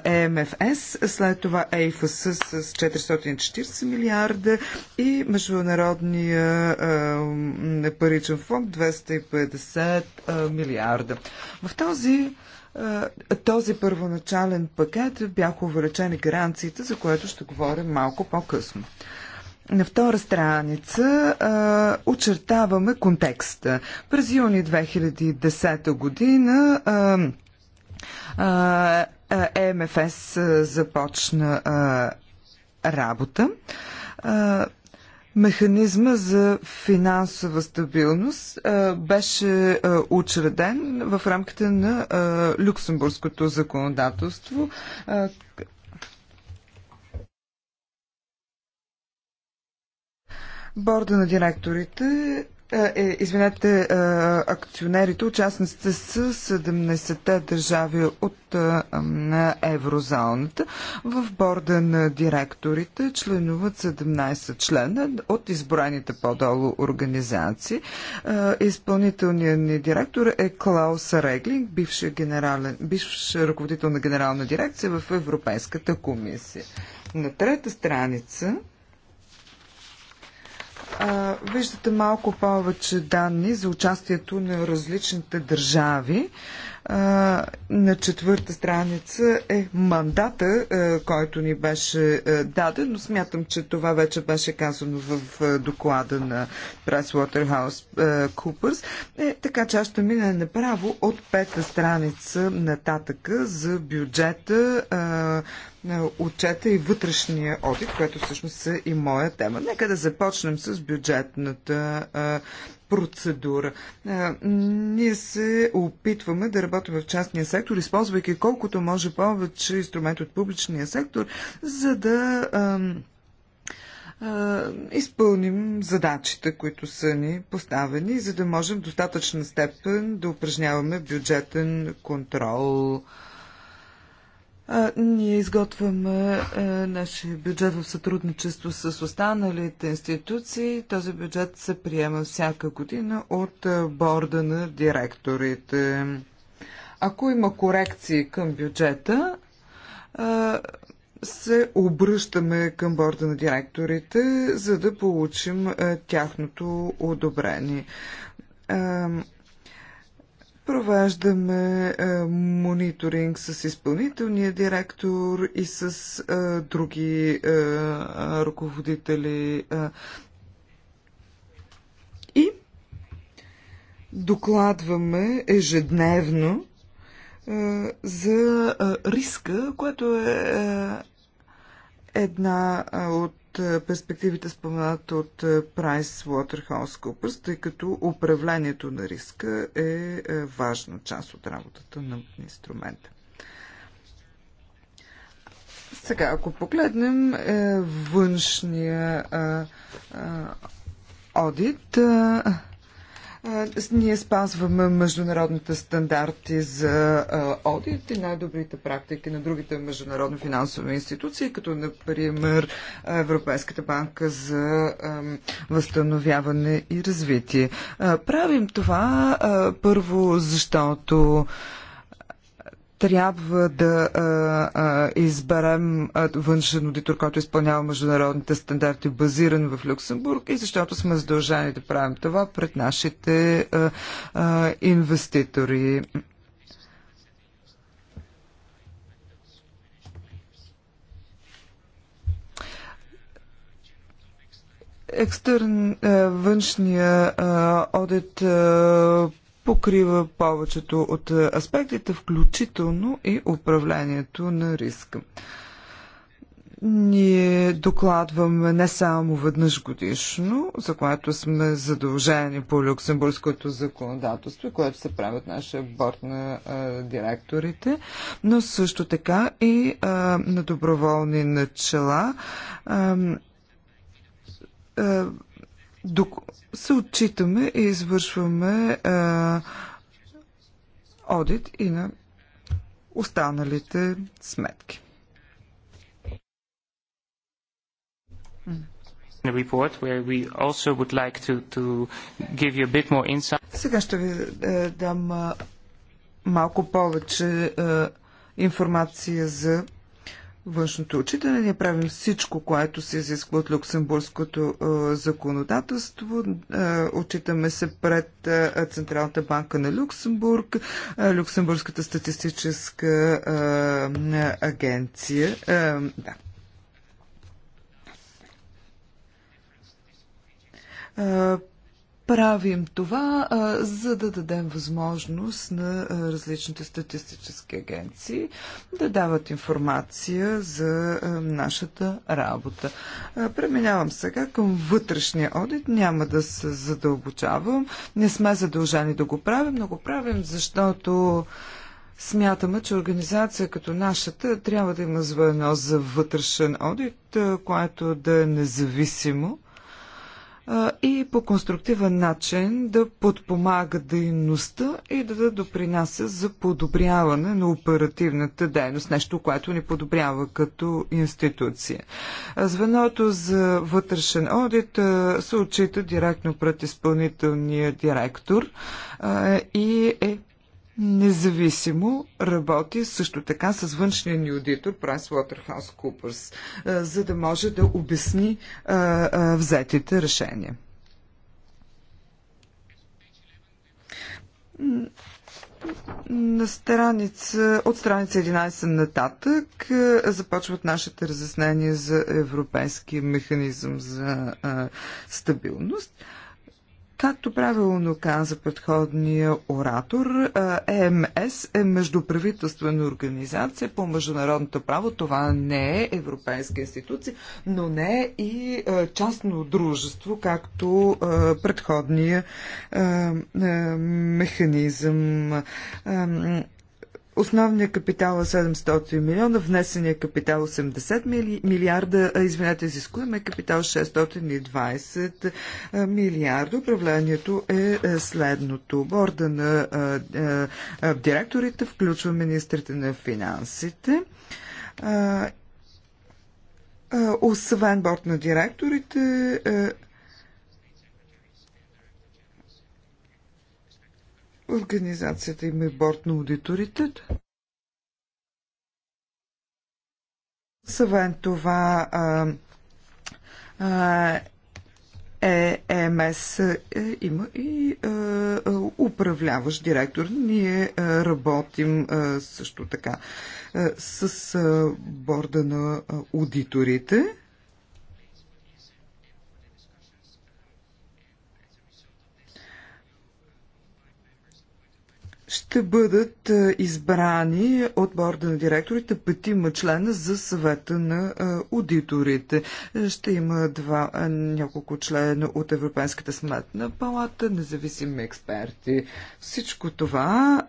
ЕМФС, е, е след това ЕФС с 440 милиарда и Международния паричен фонд 250 милиарда. В този този първоначален пакет бяха увеличени гаранциите, за което ще говорим малко по-късно. На втора страница а, очертаваме контекста. През юни 2010 година а, а, ЕМФС започна а, работа. А, Механизма за финансова стабилност а, беше а, учреден в рамките на а, люксембургското законодателство. А, Борда на директорите е, е, извинете, е, акционерите участниците с 70 те държави от еврозоната. В борда на директорите членуват 17 члена от избраните по-долу организации. Изпълнителният ни директор е Клаус Реглинг, бивш, генерален, бивш ръководител на генерална дирекция в Европейската комисия. На трета страница а, виждате малко повече данни за участието на различните държави на четвърта страница е мандата, който ни беше даден, но смятам, че това вече беше казано в доклада на PricewaterhouseCoopers. Е, така че аз ще мина направо от пета страница нататъка за бюджета, отчета и вътрешния одит, което всъщност е и моя тема. Нека да започнем с бюджетната процедура. Ние се опитваме да работим в частния сектор, използвайки колкото може повече инструмент от публичния сектор, за да изпълним задачите, които са ни поставени, за да можем в достатъчна степен да упражняваме бюджетен контрол. Ние изготвяме нашия бюджет в сътрудничество с останалите институции. Този бюджет се приема всяка година от борда на директорите. Ако има корекции към бюджета, се обръщаме към борда на директорите, за да получим тяхното одобрение. Провеждаме е, мониторинг с изпълнителния директор и с е, други е, ръководители. Е. И докладваме ежедневно е, за е, риска, което е една от е, перспективите споменат от Price е, PricewaterhouseCoopers, тъй като управлението на риска е, е важна част от работата на инструмента. Сега, ако погледнем е, външния е, е, одит, е, ние спазваме международните стандарти за одит и най-добрите практики на другите международни финансови институции, като например Европейската банка за възстановяване и развитие. Правим това първо, защото трябва да а, а, изберем външен аудитор, който изпълнява международните стандарти, базиран в Люксембург и защото сме задължени да правим това пред нашите а, а, инвеститори. екстерн, външния одит покрива повечето от аспектите, включително и управлението на риска. Ние докладваме не само веднъж годишно, за което сме задължени по люксембургското законодателство, което се прави от нашия борт на а, директорите, но също така и а, на доброволни начала. А, а, се отчитаме и извършваме а, одит и на останалите сметки. Сега ще ви е, дам малко повече е, информация за външното отчитане. Ние правим всичко, което се изисква от люксембургското е, законодателство. Е, отчитаме се пред е, Централната банка на Люксембург, е, Люксембургската статистическа е, агенция. Е, да правим това, а, за да дадем възможност на а, различните статистически агенции да дават информация за а, нашата работа. А, преминавам сега към вътрешния одит. Няма да се задълбочавам. Не сме задължени да го правим, но го правим, защото смятаме, че организация като нашата трябва да има звено за вътрешен одит, което да е независимо и по конструктивен начин да подпомага дейността и да допринася за подобряване на оперативната дейност, нещо, което ни подобрява като институция. Звеното за вътрешен одит се отчита директно пред изпълнителния директор и е независимо работи също така с външния ни аудитор PricewaterhouseCoopers, за да може да обясни взетите решения. На страница, от страница 11 нататък започват нашите разяснения за Европейския механизъм за стабилност. Както правилно каза предходния оратор, ЕМС е междуправителствена организация по международното право. Това не е европейска институция, но не е и частно дружество, както предходния механизъм. Основният капитал е 700 милиона, внесения капитал 80 е милиарда, извинете, е капитал 620 милиарда. Управлението е, е следното. Борда на директорите включва министрите на финансите. освен борт на директорите, е, Организацията им е борт на аудиторите. Съвен това а, а, ЕМС е, има и а, управляващ директор. Ние а, работим а, също така а, с а, борда на аудиторите. ще бъдат е, избрани от борда на директорите петима члена за съвета на е, аудиторите. Ще има два, е, няколко члена от Европейската сметна палата, независими експерти. Всичко това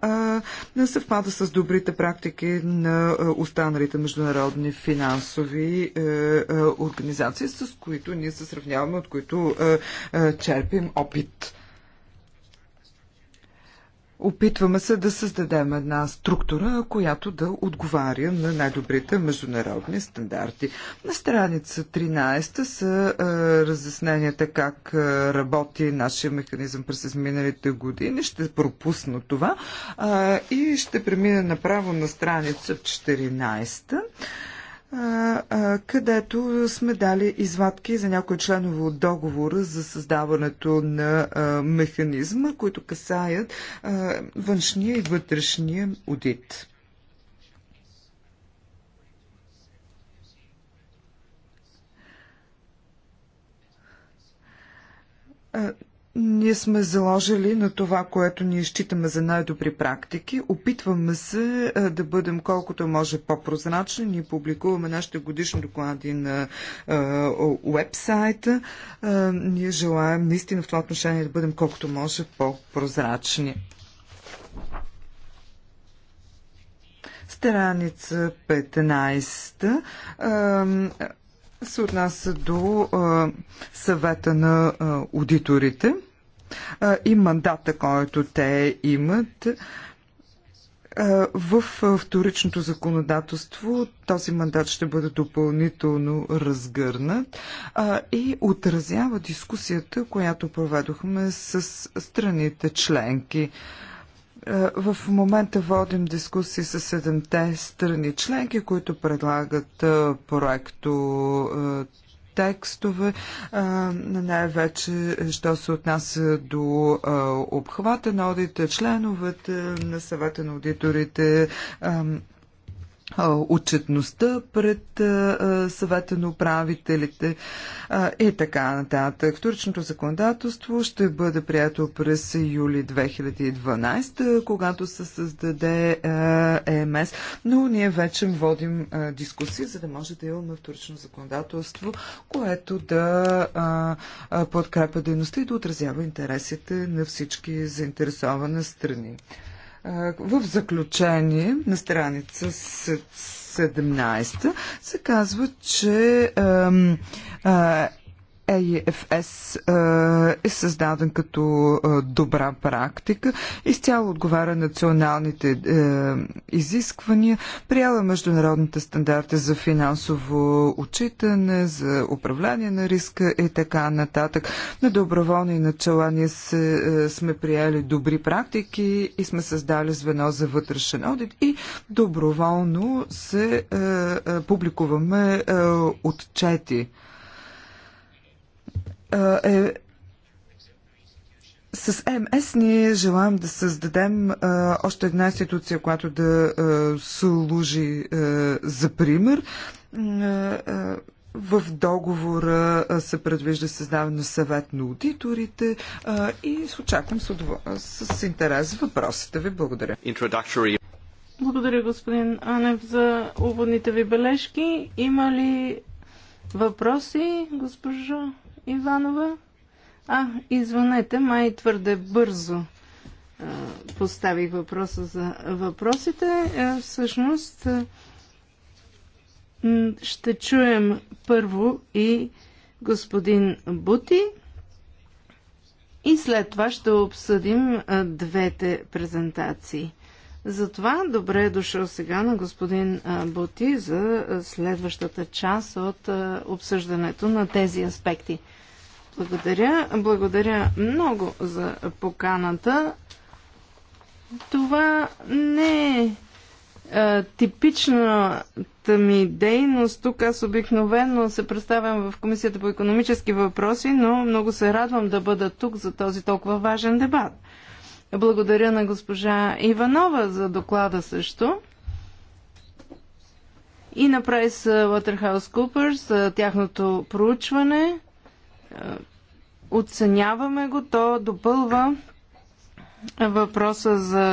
не съвпада с добрите практики на останалите международни финансови организации, с които ние се сравняваме, от които черпим опит. Опитваме се да създадем една структура, която да отговаря на най-добрите международни стандарти. На страница 13 са е, разясненията как е, работи нашия механизъм през изминалите години. Ще пропусна това е, и ще премина направо на страница 14 където сме дали извадки за някои членове от договора за създаването на механизма, които касаят външния и вътрешния одит. Ние сме заложили на това, което ние считаме за най-добри практики. Опитваме се е, да бъдем колкото може по-прозрачни. Ние публикуваме нашите годишни доклади на е, уебсайта. Е, ние желаем наистина в това отношение да бъдем колкото може по-прозрачни. Страница 15 се отнася до а, съвета на а, аудиторите а, и мандата, който те имат. В вторичното законодателство този мандат ще бъде допълнително разгърнат и отразява дискусията, която проведохме с страните членки. Е, в момента водим дискусии с седемте страни членки, които предлагат е, проекто е, текстове, най-вече, що се отнася до обхвата на одите, членовете на съвета на аудиторите, отчетността пред съвета на управителите и така нататък. Вторичното законодателство ще бъде прието през юли 2012, когато се създаде ЕМС, но ние вече водим дискусии, за да може да имаме вторично законодателство, което да подкрепя дейността и да отразява интересите на всички заинтересовани страни. В заключение на страница 17 се казва, че AIFS е, е създаден като е, добра практика, изцяло отговаря националните е, изисквания, приела международните стандарти за финансово отчитане, за управление на риска и така нататък. На доброволни начала ние се, сме приели добри практики и сме създали звено за вътрешен одит и доброволно се публикуваме отчети е с МС ние желаем да създадем а, още една институция, която да а, служи а, за пример. А, а, в договора а, се предвижда създаване на съвет на аудиторите а, и с очаквам с, удов... с интерес въпросите ви. Благодаря. Благодаря, господин Анев, за уводните ви бележки. Има ли въпроси, госпожа? Иванова. А, извънете, май твърде бързо поставих въпроса за въпросите. Е, всъщност е, ще чуем първо и господин Бути и след това ще обсъдим е, двете презентации. Затова добре е дошъл сега на господин Бути за следващата част от обсъждането на тези аспекти. Благодаря. Благодаря много за поканата. Това не е типичната ми дейност. Тук аз обикновено се представям в Комисията по економически въпроси, но много се радвам да бъда тук за този толкова важен дебат. Благодаря на госпожа Иванова за доклада също. И на PricewaterhouseCoopers за тяхното проучване – Оценяваме го, то допълва въпроса за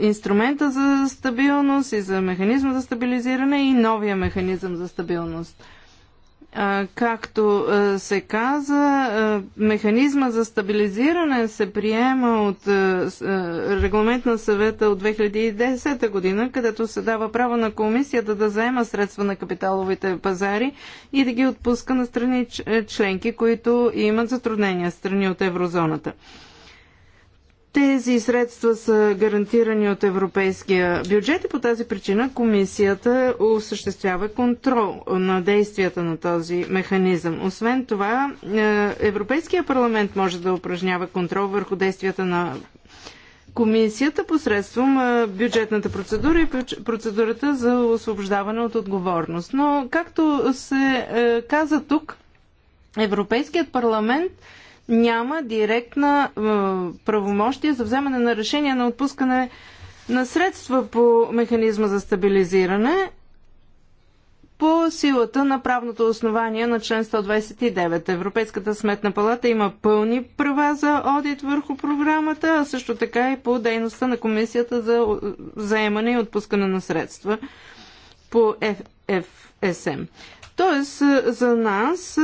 инструмента за стабилност и за механизма за стабилизиране и новия механизъм за стабилност. Както се каза, механизма за стабилизиране се приема от регламент на съвета от 2010 година, където се дава право на комисията да заема средства на капиталовите пазари и да ги отпуска на страни членки, които имат затруднения страни от еврозоната. Тези средства са гарантирани от европейския бюджет и по тази причина комисията осъществява контрол на действията на този механизъм. Освен това, е, Европейския парламент може да упражнява контрол върху действията на комисията посредством е, бюджетната процедура и процедурата за освобождаване от отговорност. Но, както се е, каза тук, Европейският парламент няма директна е, правомощие за вземане на решение на отпускане на средства по механизма за стабилизиране по силата на правното основание на член 129. Европейската сметна палата има пълни права за одит върху програмата, а също така и по дейността на Комисията за е, заемане и отпускане на средства по ФСМ. Тоест, е, за нас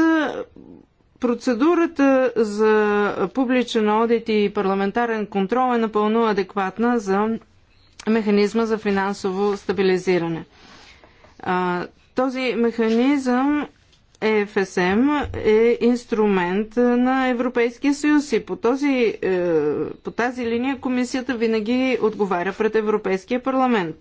Процедурата за публичен одит и парламентарен контрол е напълно адекватна за механизма за финансово стабилизиране. Този механизъм ЕФСМ е инструмент на Европейския съюз и по, този, е, по тази линия комисията винаги отговаря пред Европейския парламент.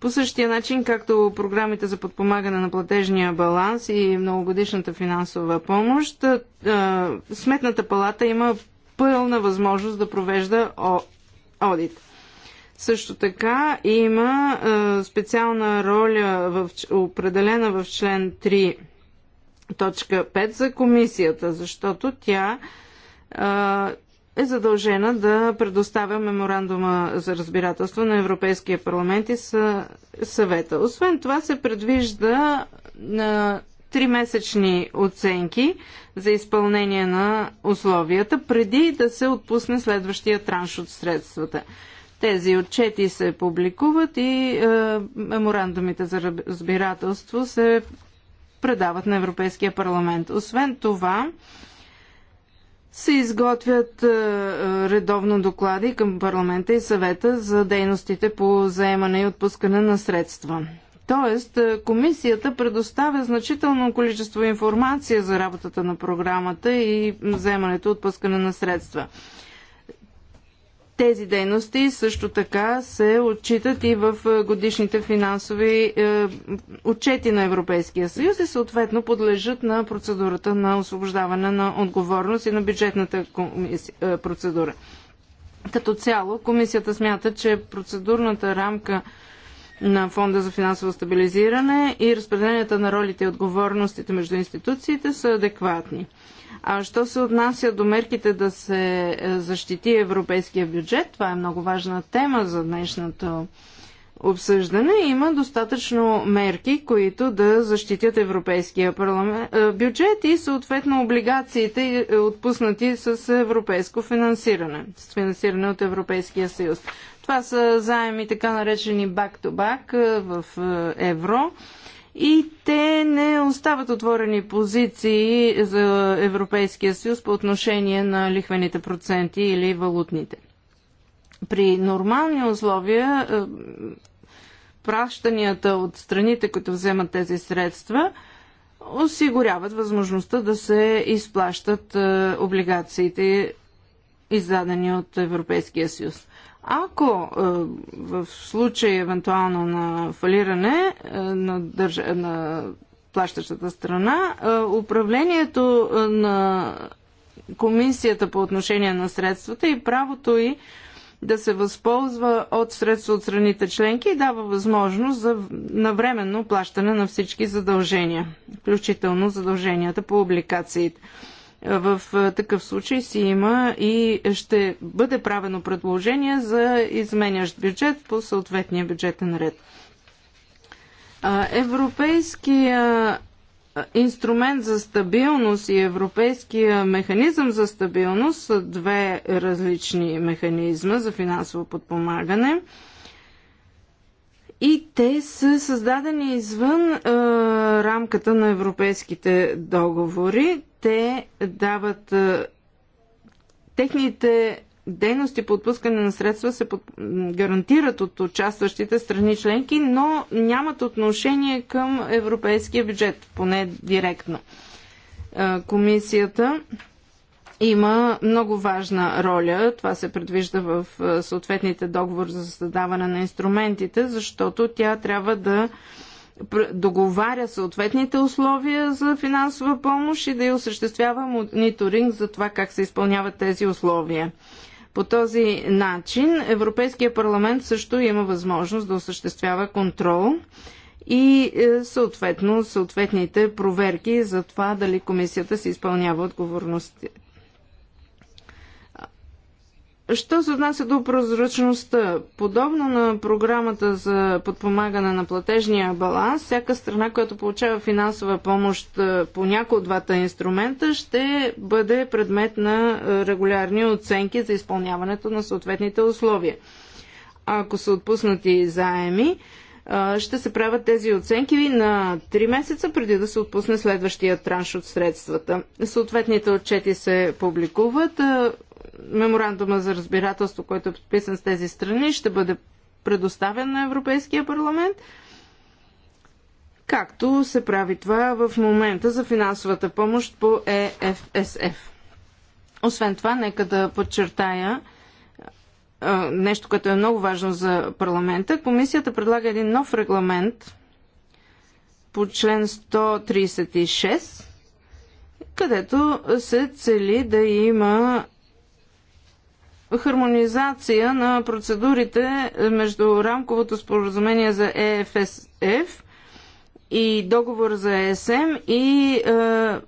По същия начин, както програмите за подпомагане на платежния баланс и многогодишната финансова помощ, Сметната палата има пълна възможност да провежда одит. Също така има специална роля, в, определена в член 3 точка 5 за комисията, защото тя е задължена да предоставя меморандума за разбирателство на Европейския парламент и съвета. Освен това се предвижда на месечни оценки за изпълнение на условията, преди да се отпусне следващия транш от средствата. Тези отчети се публикуват и е, меморандумите за разбирателство се предават на Европейския парламент. Освен това, се изготвят е, е, редовно доклади към парламента и съвета за дейностите по заемане и отпускане на средства. Тоест, е, комисията предоставя значително количество информация за работата на програмата и вземането отпускане на средства. Тези дейности също така се отчитат и в е, годишните финансови е, отчети на Европейския съюз и съответно подлежат на процедурата на освобождаване на отговорност и на бюджетната е, процедура. Като цяло, комисията смята, че процедурната рамка на Фонда за финансово стабилизиране и разпределенията на ролите и отговорностите между институциите са адекватни. А що се отнася до мерките да се е, защити европейския бюджет, това е много важна тема за днешното обсъждане. Има достатъчно мерки, които да защитят европейския е, бюджет и съответно облигациите, е, отпуснати с европейско финансиране, с финансиране от Европейския съюз. Това са заеми така наречени back-to-back -back в евро и те не остават отворени позиции за Европейския съюз по отношение на лихвените проценти или валутните. При нормални условия е, пращанията от страните, които вземат тези средства, осигуряват възможността да се изплащат е, облигациите, издадени от Европейския съюз. Ако е, в случай евентуално на фалиране е, на, държа, на плащащата страна, е, управлението на комисията по отношение на средствата и правото и да се възползва от средства от страните членки и дава възможност за навременно плащане на всички задължения, включително задълженията по обликациите. В такъв случай си има и ще бъде правено предложение за изменящ бюджет по съответния бюджетен ред. Европейския инструмент за стабилност и Европейския механизъм за стабилност са две различни механизма за финансово подпомагане. И те са създадени извън е, рамката на европейските договори те дават е, техните дейности по отпускане на средства се под... гарантират от участващите страни членки, но нямат отношение към европейския бюджет, поне директно. Е, комисията има много важна роля. Това се предвижда в е, съответните договори за създаване на инструментите, защото тя трябва да договаря съответните условия за финансова помощ и да и осъществява мониторинг за това как се изпълняват тези условия. По този начин Европейския парламент също има възможност да осъществява контрол и е, съответно съответните проверки за това дали комисията се изпълнява отговорностите Що се отнася до прозрачността? Подобно на програмата за подпомагане на платежния баланс, всяка страна, която получава финансова помощ по някои от двата инструмента, ще бъде предмет на регулярни оценки за изпълняването на съответните условия. Ако са отпуснати заеми, ще се правят тези оценки на 3 месеца преди да се отпусне следващия транш от средствата. Съответните отчети се публикуват меморандума за разбирателство, който е подписан с тези страни, ще бъде предоставен на Европейския парламент, както се прави това в момента за финансовата помощ по ЕФСФ. Освен това, нека да подчертая нещо, което е много важно за парламента. Комисията предлага един нов регламент по член 136, където се цели да има хармонизация на процедурите между рамковото споразумение за ЕФСФ и договор за ЕСМ и е,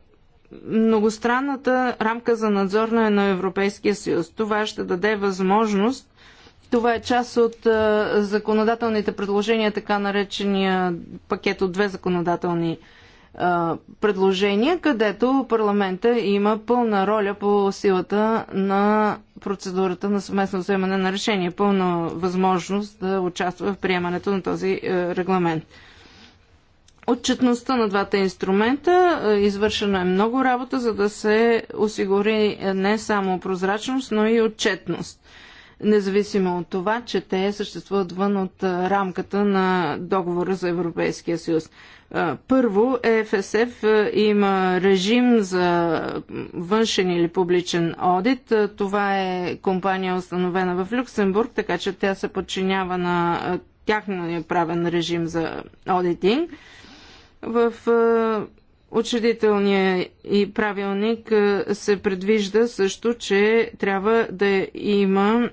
многостранната рамка за надзор на Европейския съюз. Това ще даде възможност това е част от е, законодателните предложения, така наречения пакет от две законодателни предложения, където парламента има пълна роля по силата на процедурата на съвместно вземане на решение, пълна възможност да участва в приемането на този е, регламент. Отчетността на двата инструмента е, извършена е много работа, за да се осигури не само прозрачност, но и отчетност независимо от това, че те съществуват вън от рамката на договора за Европейския съюз. Първо, ЕФСФ има режим за външен или публичен одит. Това е компания установена в Люксембург, така че тя се подчинява на тяхния правен режим за одитинг. В учредителния и правилник се предвижда също, че трябва да има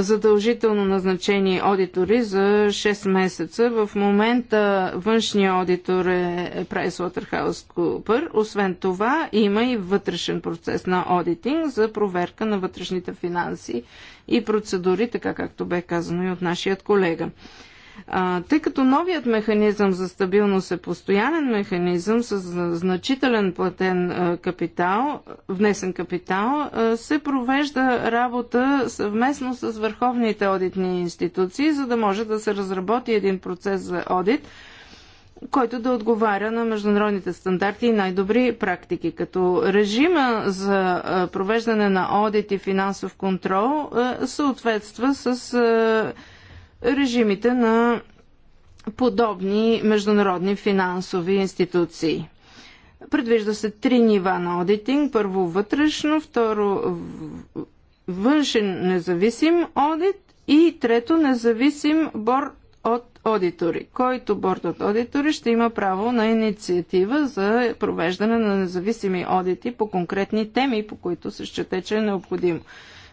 задължително назначени аудитори за 6 месеца. В момента външния аудитор е PricewaterhouseCoopers. Освен това има и вътрешен процес на аудитинг за проверка на вътрешните финанси и процедури, така както бе казано и от нашият колега. А, тъй като новият механизъм за стабилност е постоянен механизъм с значителен платен а, капитал, внесен капитал, а, се провежда работа съвместно с върховните одитни институции, за да може да се разработи един процес за одит, който да отговаря на международните стандарти и най-добри практики. Като режима за провеждане на одит и финансов контрол съответства с режимите на подобни международни финансови институции. Предвижда се три нива на одитинг. Първо вътрешно, второ външен независим одит и трето независим бор от аудитори. който борд от аудитори ще има право на инициатива за провеждане на независими одити по конкретни теми, по които се счете, че е необходимо.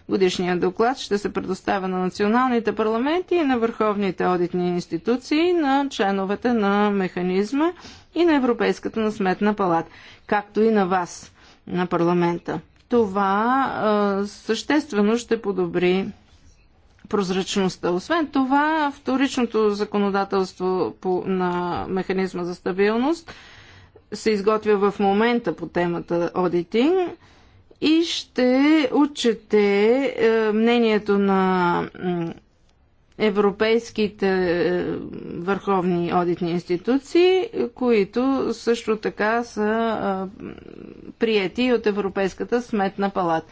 Годишният доклад ще се предоставя на националните парламенти и на върховните одитни институции, на членовете на механизма и на Европейската насметна палата, както и на вас, на парламента. Това съществено ще подобри прозрачността. Освен това, вторичното законодателство по, на механизма за стабилност се изготвя в момента по темата одитинг и ще учете е, мнението на европейските е, върховни одитни институции, които също така са е, прияти от Европейската сметна палата.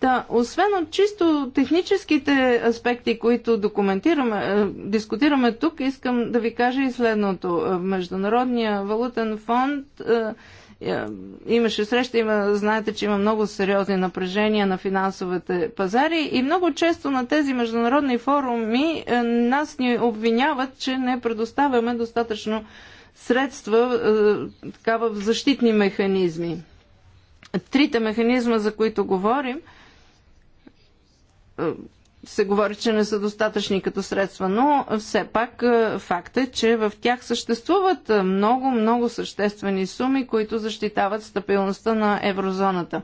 Та, освен от чисто техническите аспекти, които документираме, дискутираме тук, искам да ви кажа и следното. Международния валутен фонд е, имаше среща, има, знаете, че има много сериозни напрежения на финансовите пазари и много често на тези международни форуми е, нас ни обвиняват, че не предоставяме достатъчно средства е, така, в защитни механизми. Трите механизма, за които говорим, се говори, че не са достатъчни като средства, но все пак е, факт е, че в тях съществуват е, много, много съществени суми, които защитават стабилността на еврозоната.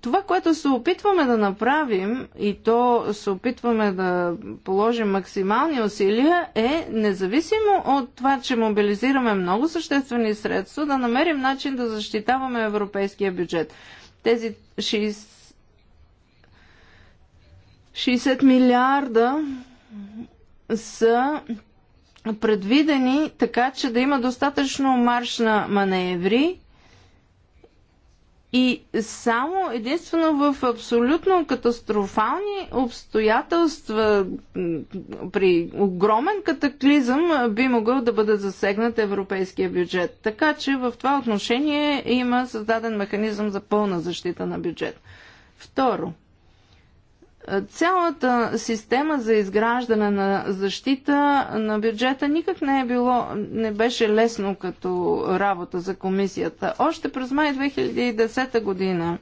Това, което се опитваме да направим и то се опитваме да положим максимални усилия е, независимо от това, че мобилизираме много съществени средства, да намерим начин да защитаваме европейския бюджет. Тези 60 60 милиарда са предвидени така, че да има достатъчно марш на маневри и само единствено в абсолютно катастрофални обстоятелства при огромен катаклизъм би могъл да бъде засегнат европейския бюджет. Така че в това отношение има създаден механизъм за пълна защита на бюджет. Второ, Цялата система за изграждане на защита на бюджета никак не е било, не беше лесно като работа за комисията. Още през май 2010 година,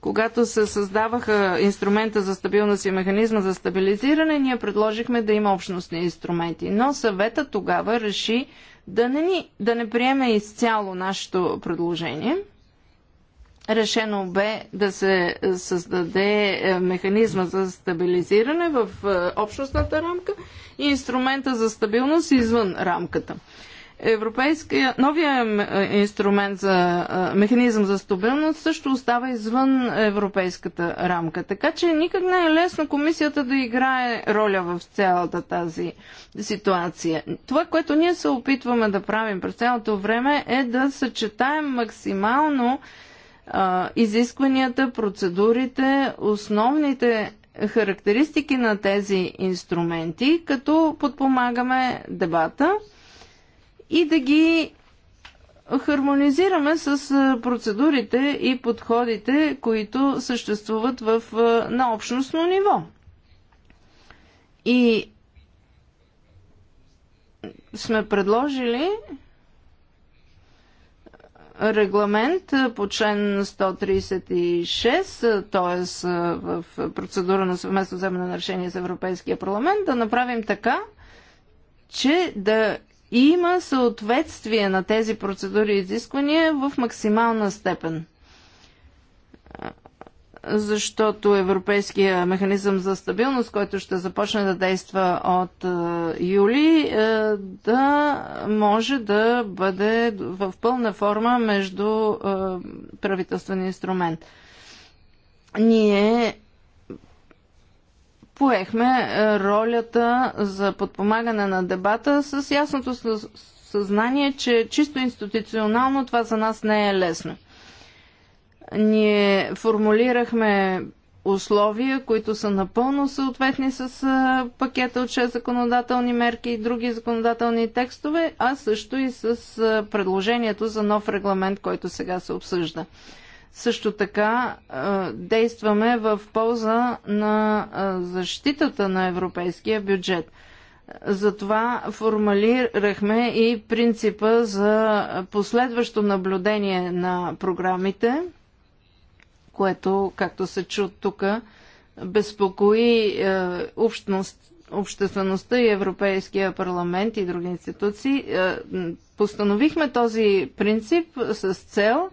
когато се създаваха инструмента за стабилност и механизма за стабилизиране, ние предложихме да има общностни инструменти. Но съвета тогава реши да не, ни, да не приеме изцяло нашето предложение – Решено бе да се създаде е, механизма за стабилизиране в е, общностната рамка и инструмента за стабилност извън рамката. Европейския, новия е, инструмент за механизъм за стабилност също остава извън европейската рамка. Така че никак не е лесно комисията да играе роля в цялата тази ситуация. Това, което ние се опитваме да правим през цялото време е да съчетаем максимално изискванията, процедурите, основните характеристики на тези инструменти, като подпомагаме дебата и да ги хармонизираме с процедурите и подходите, които съществуват в, на общностно ниво. И сме предложили регламент по член 136, т.е. в процедура на съвместно вземане на решение с Европейския парламент, да направим така, че да има съответствие на тези процедури и изисквания в максимална степен защото Европейския механизъм за стабилност, който ще започне да действа от е, юли, е, да може да бъде в пълна форма между е, правителствен инструмент. Ние поехме ролята за подпомагане на дебата с ясното съзнание, че чисто институционално това за нас не е лесно. Ние формулирахме условия, които са напълно съответни с пакета от 6 законодателни мерки и други законодателни текстове, а също и с предложението за нов регламент, който сега се обсъжда. Също така действаме в полза на защитата на европейския бюджет. Затова формулирахме и принципа за последващо наблюдение на програмите – което, както се чу тук, безпокои е, общност, обществеността и Европейския парламент и други институции. Е, постановихме този принцип с цел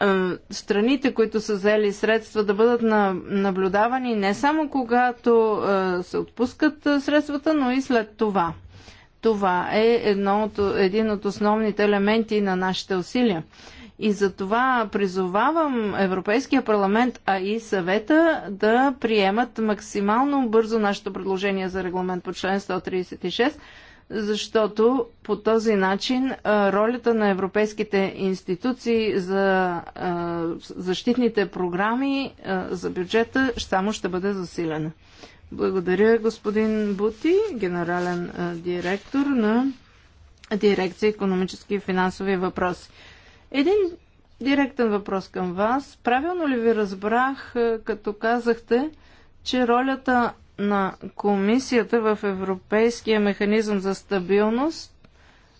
е, страните, които са взели средства да бъдат на, наблюдавани не само когато е, се отпускат е, средствата, но и след това. Това е едно от, един от основните елементи на нашите усилия. И затова призовавам Европейския парламент, а и съвета да приемат максимално бързо нашето предложение за регламент по член 136, защото по този начин ролята на европейските институции за защитните програми за бюджета само ще бъде засилена. Благодаря господин Бути, генерален директор на дирекция економически и финансови въпроси. Един директен въпрос към вас. Правилно ли ви разбрах, е, като казахте, че ролята на комисията в Европейския механизъм за стабилност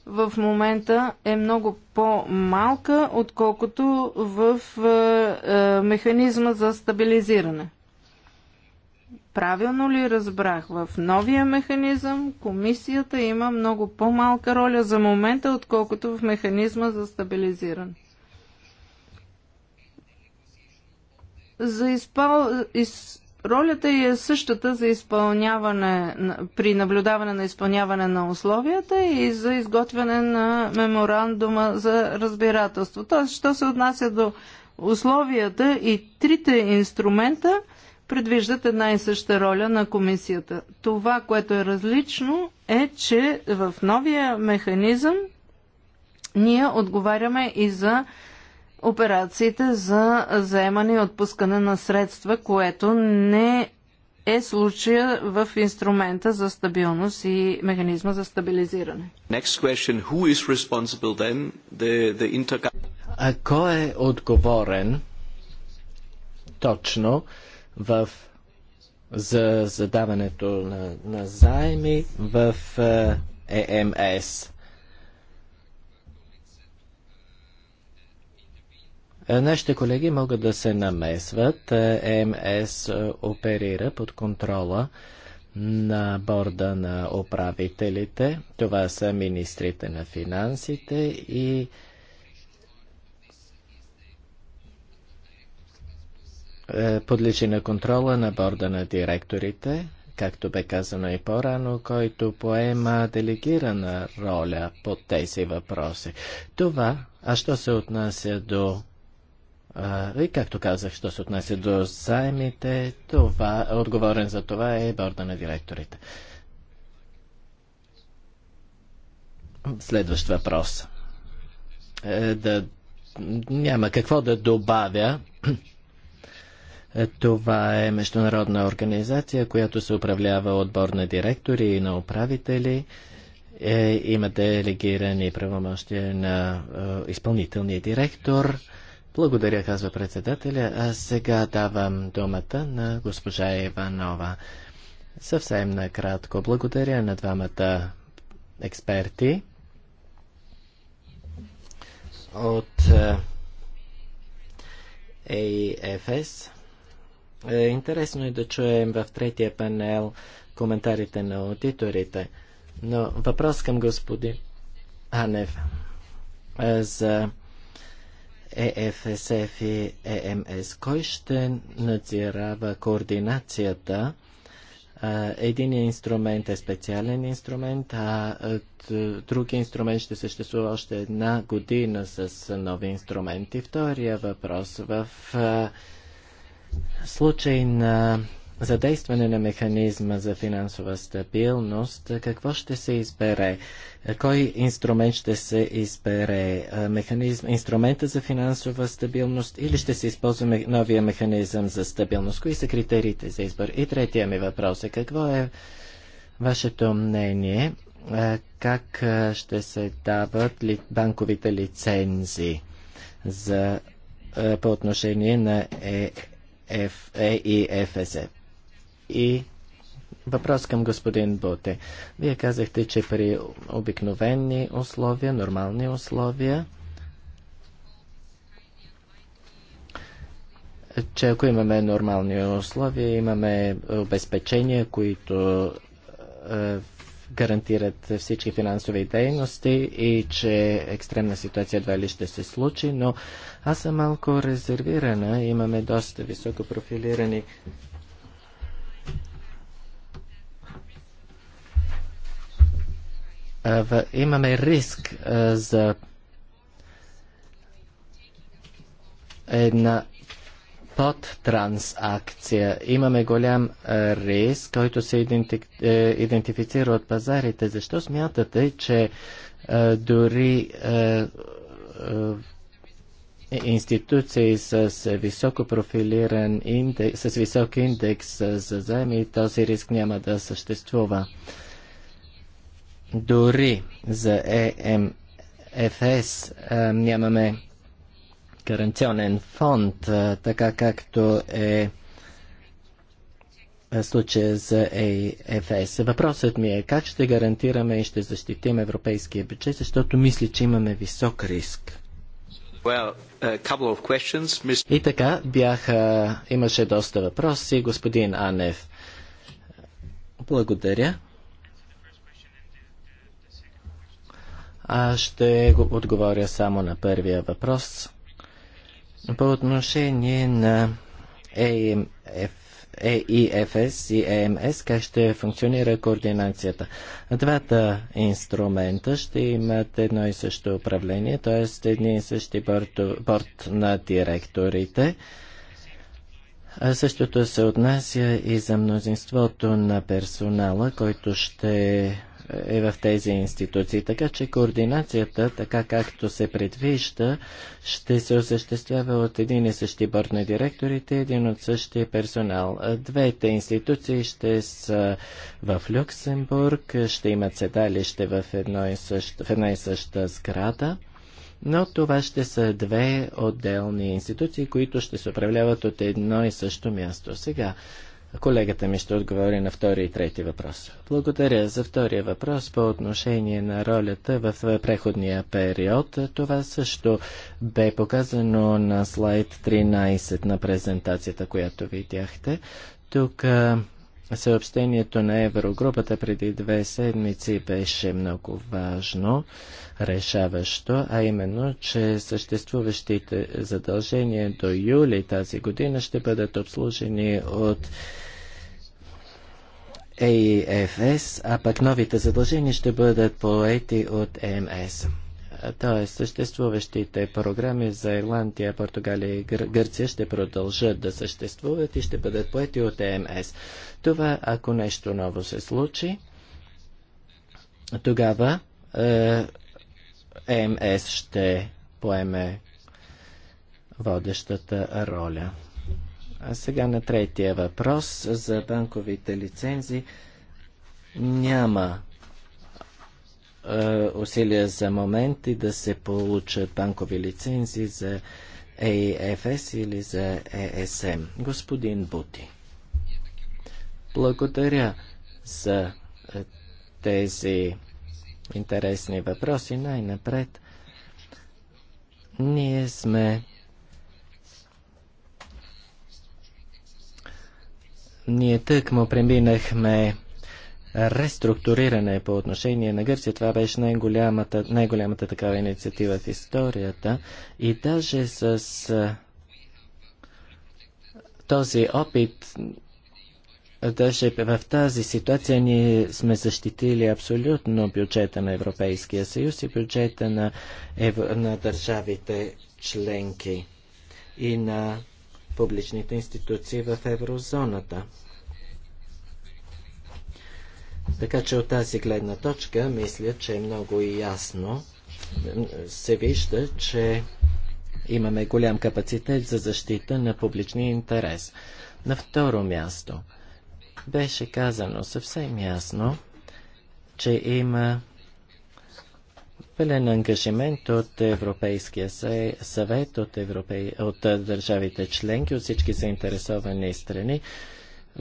в момента е много по-малка, отколкото в е, е механизма за стабилизиране правилно ли разбрах, в новия механизъм комисията има много по-малка роля за момента, отколкото в механизма за стабилизиране. За изпал... из... Ролята е същата за изпълняване, при наблюдаване на изпълняване на условията и за изготвяне на меморандума за разбирателство. Тоест, що се отнася до условията и трите инструмента, предвиждат една и съща роля на комисията. Това, което е различно, е, че в новия механизъм ние отговаряме и за операциите за заемане и отпускане на средства, което не е случая в инструмента за стабилност и механизма за стабилизиране. Question, the, the inter... А кой е отговорен точно в, за задаването на, на заеми в е, ЕМС. Е, нашите колеги могат да се намесват. Е, ЕМС оперира под контрола на борда на управителите. Това са министрите на финансите и Е, подлежи на контрола на борда на директорите, както бе казано и по-рано, който поема делегирана роля по тези въпроси. Това, а що се отнася до е, и както казах, що се отнася до заемите, това, отговорен за това е борда на директорите. Следващ въпрос. Е, да, няма какво да добавя това е международна организация, която се управлява от на директори и на управители. Е, има делегирани правомощия на е, изпълнителния директор. Благодаря, казва председателя. А сега давам думата на госпожа Иванова. Съвсем накратко. Благодаря на двамата експерти от е, AFS. Е, интересно е да чуем в третия панел коментарите на аудиторите. Но въпрос към господин Анев е, за ЕФСФ и ЕМС. Кой ще надзирава координацията? Е, един инструмент е специален инструмент, а друг инструмент ще съществува още една година с нови инструменти. Втория въпрос в случай на задействане на механизма за финансова стабилност, какво ще се избере? Кой инструмент ще се избере? Механизм, инструмента за финансова стабилност или ще се използва новия механизъм за стабилност? Кои са критериите за избор? И третия ми въпрос е какво е вашето мнение? Как ще се дават ли банковите лицензии за, по отношение на е, F- е и ФС. И въпрос към господин Боте. Вие казахте, че при обикновени условия, нормални условия, че ако имаме нормални условия, имаме обезпечения, които е, гарантират всички финансови дейности и че екстремна ситуация едва ли ще се случи, но аз съм малко резервирана. Имаме доста високо профилирани имаме риск за една подтрансакция. Имаме голям е, риск, който се е, идентифицира от пазарите. Защо смятате, че е, дори институции с високо профилиран индекс, с висок индекс за заеми, този риск няма да съществува. Дори за ЕМФС нямаме гаранционен фонд, така както е случая за ЕФС. Въпросът ми е как ще гарантираме и ще защитим европейския бюджет, защото мисля, че имаме висок риск. Well, Mr... И така бяха, имаше доста въпроси, господин Анев. Благодаря. А ще отговоря само на първия въпрос. По отношение на ЕМФ, ЕИФС e и ЕМС, как ще функционира координацията. Двата инструмента ще имат едно и също управление, т.е. едни и същи борт, борт на директорите. А същото се отнася и за мнозинството на персонала, който ще е в тези институции. Така че координацията, така както се предвижда, ще се осъществява от един и същи борт на директорите, един от същия персонал. Двете институции ще са в Люксембург, ще имат седалище в, едно и същ, в една и съща сграда. Но това ще са две отделни институции, които ще се управляват от едно и също място. Сега, Колегата ми ще отговори на втори и трети въпрос. Благодаря за втория въпрос по отношение на ролята в преходния период. Това също бе показано на слайд 13 на презентацията, която видяхте. Тук Съобщението на Еврогрупата преди две седмици беше много важно, решаващо, а именно, че съществуващите задължения до юли тази година ще бъдат обслужени от AFS, а пък новите задължения ще бъдат поети от МС т.е. съществуващите програми за Ирландия, Португалия и Гър Гърция ще продължат да съществуват и ще бъдат поети от ЕМС. Това, ако нещо ново се случи, тогава е, ЕМС ще поеме водещата роля. А сега на третия въпрос за банковите лицензи няма е, усилия за момент и да се получат банкови лицензии за AFS или за ESM. Господин Бути, благодаря за е, тези интересни въпроси. Най-напред, ние сме ние тък му преминахме реструктуриране по отношение на Гърция. Това беше най-голямата, най-голямата такава инициатива в историята. И даже с този опит, даже в тази ситуация ние сме защитили абсолютно бюджета на Европейския съюз и бюджета на, ев... на държавите членки и на публичните институции в еврозоната. Така че от тази гледна точка мисля, че е много ясно се вижда, че имаме голям капацитет за защита на публичния интерес. На второ място беше казано съвсем ясно, че има пълен ангажимент от Европейския съвет, от, европей... от държавите членки, от всички заинтересовани страни.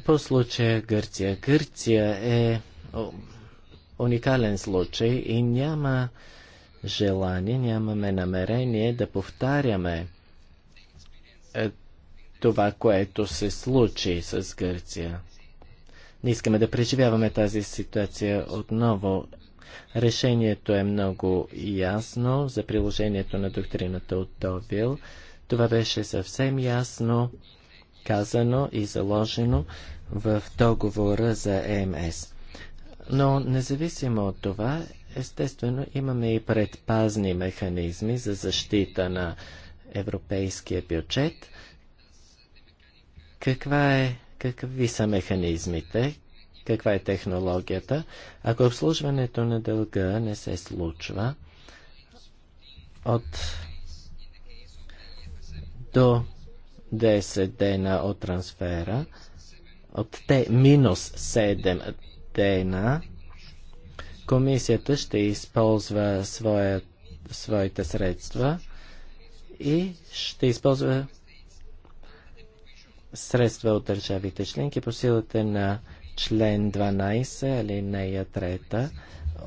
По случая Гърция. Гърция е уникален случай и няма желание, нямаме намерение да повтаряме е, това, което се случи с Гърция. Не искаме да преживяваме тази ситуация отново. Решението е много ясно за приложението на доктрината от Товил. Това беше съвсем ясно казано и заложено в договора за ЕМС. Но независимо от това, естествено имаме и предпазни механизми за защита на европейския бюджет. Каква е, какви са механизмите? Каква е технологията? Ако обслужването на дълга не се случва от до 10 дена от трансфера, от те минус 7 платена, комисията ще използва своя, своите средства и ще използва средства от държавите членки по силата на член 12, алинея 3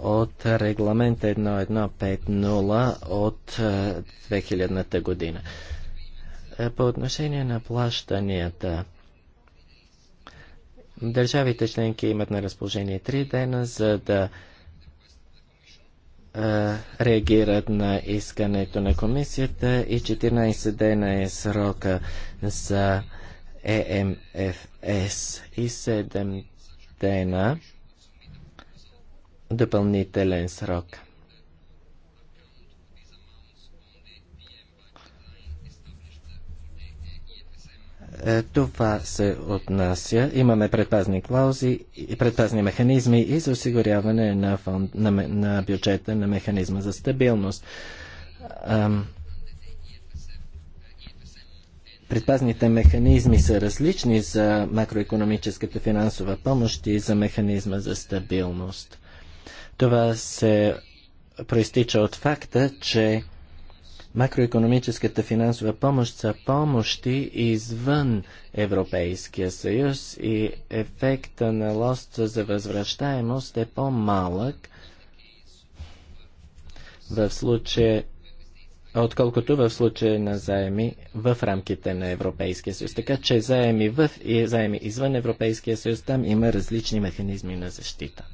от регламент 1150 от 2000 е, година. Е, по отношение на плащанията, Държавите членки имат на разположение три дена, за да реагират на искането на комисията и 14 дена е срока за ЕМФС и 7 дена допълнителен срок. Е, това се отнася. Имаме предпазни клаузи и предпазни механизми и за осигуряване на, фонд, на, на бюджета на механизма за стабилност. Предпазните механизми са различни за макроекономическата финансова помощ и за механизма за стабилност. Това се проистича от факта, че Макроекономическата финансова помощ са помощи извън Европейския съюз и ефекта на лоста за възвръщаемост е по-малък в случая отколкото в случая на заеми в рамките на Европейския съюз. Така че заеми в и заеми извън Европейския съюз, там има различни механизми на защита.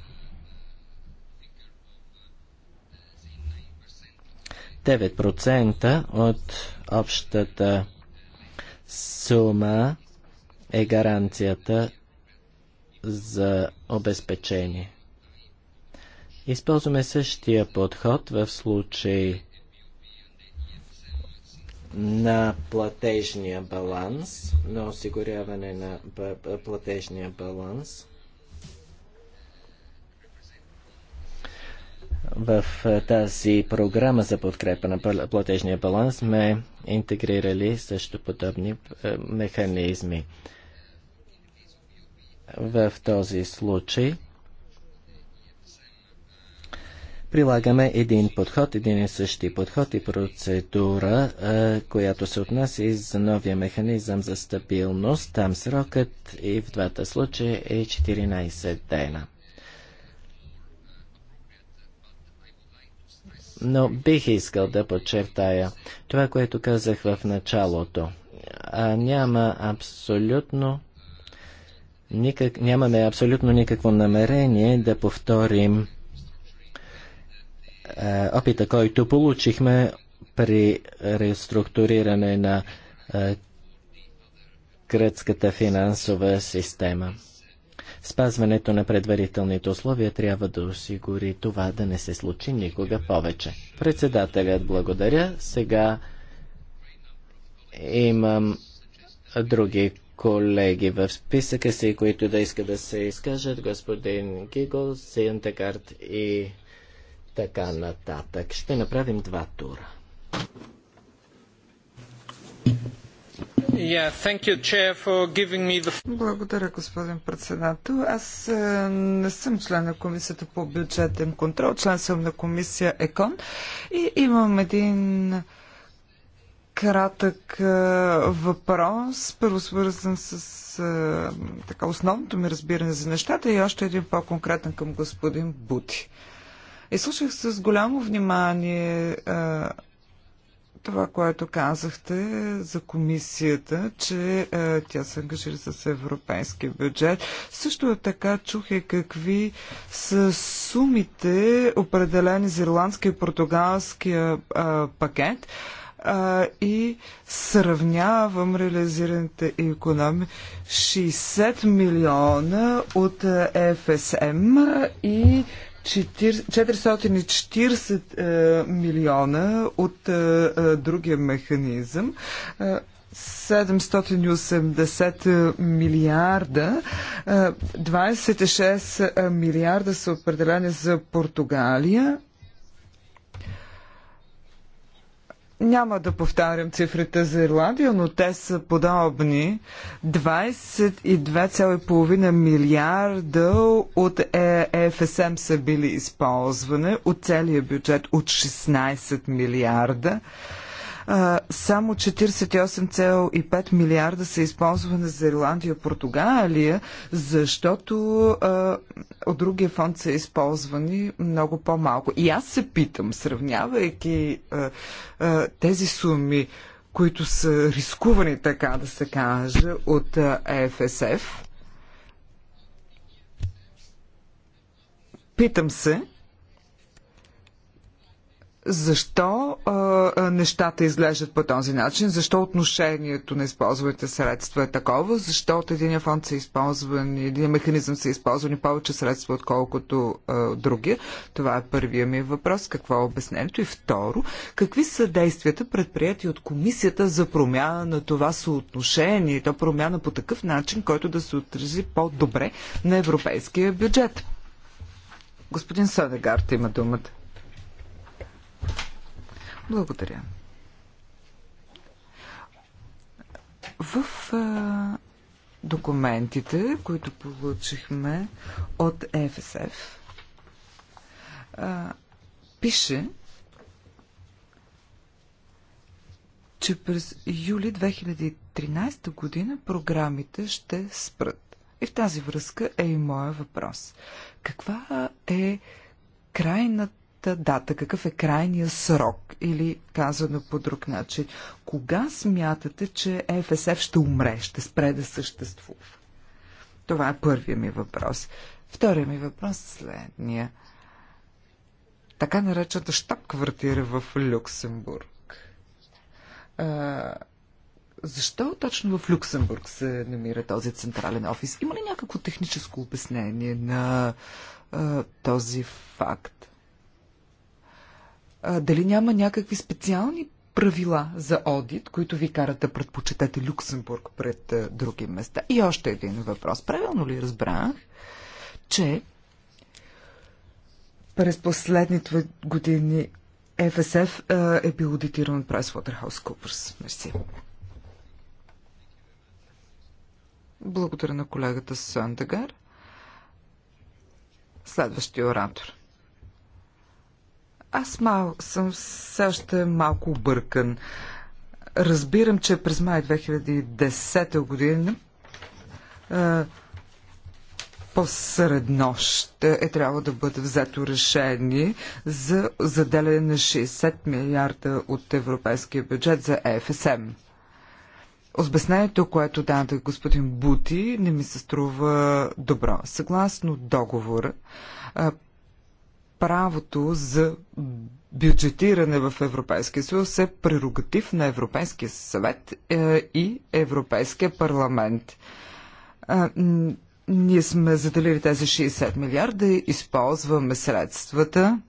9% от общата сума е гаранцията за обезпечение. Използваме същия подход в случай на платежния баланс, на осигуряване на платежния баланс. В е, тази програма за подкрепа на платежния баланс сме интегрирали също подобни е, механизми. В този случай прилагаме един подход, един и същи подход и процедура, е, която се отнася и за новия механизъм за стабилност. Там срокът и в двата случая е 14 дена. Но бих искал да подчертая това, което казах в началото. А няма абсолютно никак, нямаме абсолютно никакво намерение да повторим а, опита, който получихме при реструктуриране на а, гръцката финансова система. Спазването на предварителните условия трябва да осигури това да не се случи никога повече. Председателят благодаря. Сега имам други колеги в списъка си, които да искат да се изкажат. Господин Гигол, Сиентекарт и така нататък. Ще направим два тура. Благодаря, господин председател. Аз е, не съм член на комисията по бюджетен контрол, член съм на комисия ЕКОН и имам един кратък е, въпрос, първо свързан с е, така, основното ми разбиране за нещата и още един по-конкретен към господин Бути. И слушах с голямо внимание това, което казахте за комисията, че е, тя се ангажира с европейския бюджет. Също е така чух е какви са сумите, определени за ирландския и португалския е, пакет е, и сравнявам реализираните економи 60 милиона от е ФСМ и 440 е, милиона от е, е, другия механизъм. 780 милиарда, 26 милиарда са определени за Португалия, Няма да повтарям цифрите за Ирландия, но те са подобни. 22,5 милиарда от е, ЕФСМ са били използвани от целия бюджет от 16 милиарда само 48,5 милиарда са използвани за Ирландия и Португалия, защото от другия фонд са използвани много по-малко. И аз се питам, сравнявайки тези суми, които са рискувани, така да се каже, от ЕФСФ. Питам се, защо а, нещата изглеждат по този начин? Защо отношението на използваните средства е такова? Защо от един фонд са използвани, един механизъм са използвани повече средства, отколкото а, другия? Това е първия ми въпрос. Какво е обяснението? И второ, какви са действията предприяти от комисията за промяна на това съотношение? И то промяна по такъв начин, който да се отрази по-добре на европейския бюджет. Господин Садегард има думата. Благодаря. В а, документите, които получихме от ЕФСФ, а, пише, че през юли 2013 година програмите ще спрат. И в тази връзка е и моя въпрос. Каква е крайната крайната дата, какъв е крайния срок или казано по друг начин. Кога смятате, че ФСФ ще умре, ще спре да съществува? Това е първия ми въпрос. Втория ми въпрос е следния. Така наречената щаб-квартира в Люксембург. А, защо точно в Люксембург се намира този централен офис? Има ли някакво техническо обяснение на а, този факт? дали няма някакви специални правила за одит, които ви карат да предпочитате Люксембург пред други места? И още един въпрос. Правилно ли разбрах, че през последните години ФСФ е бил аудитиран от PricewaterhouseCoopers? Мерси. Благодаря на колегата Сандагар. Следващия оратор. Аз мал, съм все още малко объркан. Разбирам, че през май 2010 година посред нощ е трябва да бъде взето решение за заделяне на 60 милиарда от европейския бюджет за ЕФСМ. Обяснението, което даде господин Бути, не ми се струва добро. Съгласно договора, правото за бюджетиране в Европейския съюз е прерогатив на Европейския съвет е, и Европейския парламент. Ние сме заделили тези 60 милиарда и използваме средствата.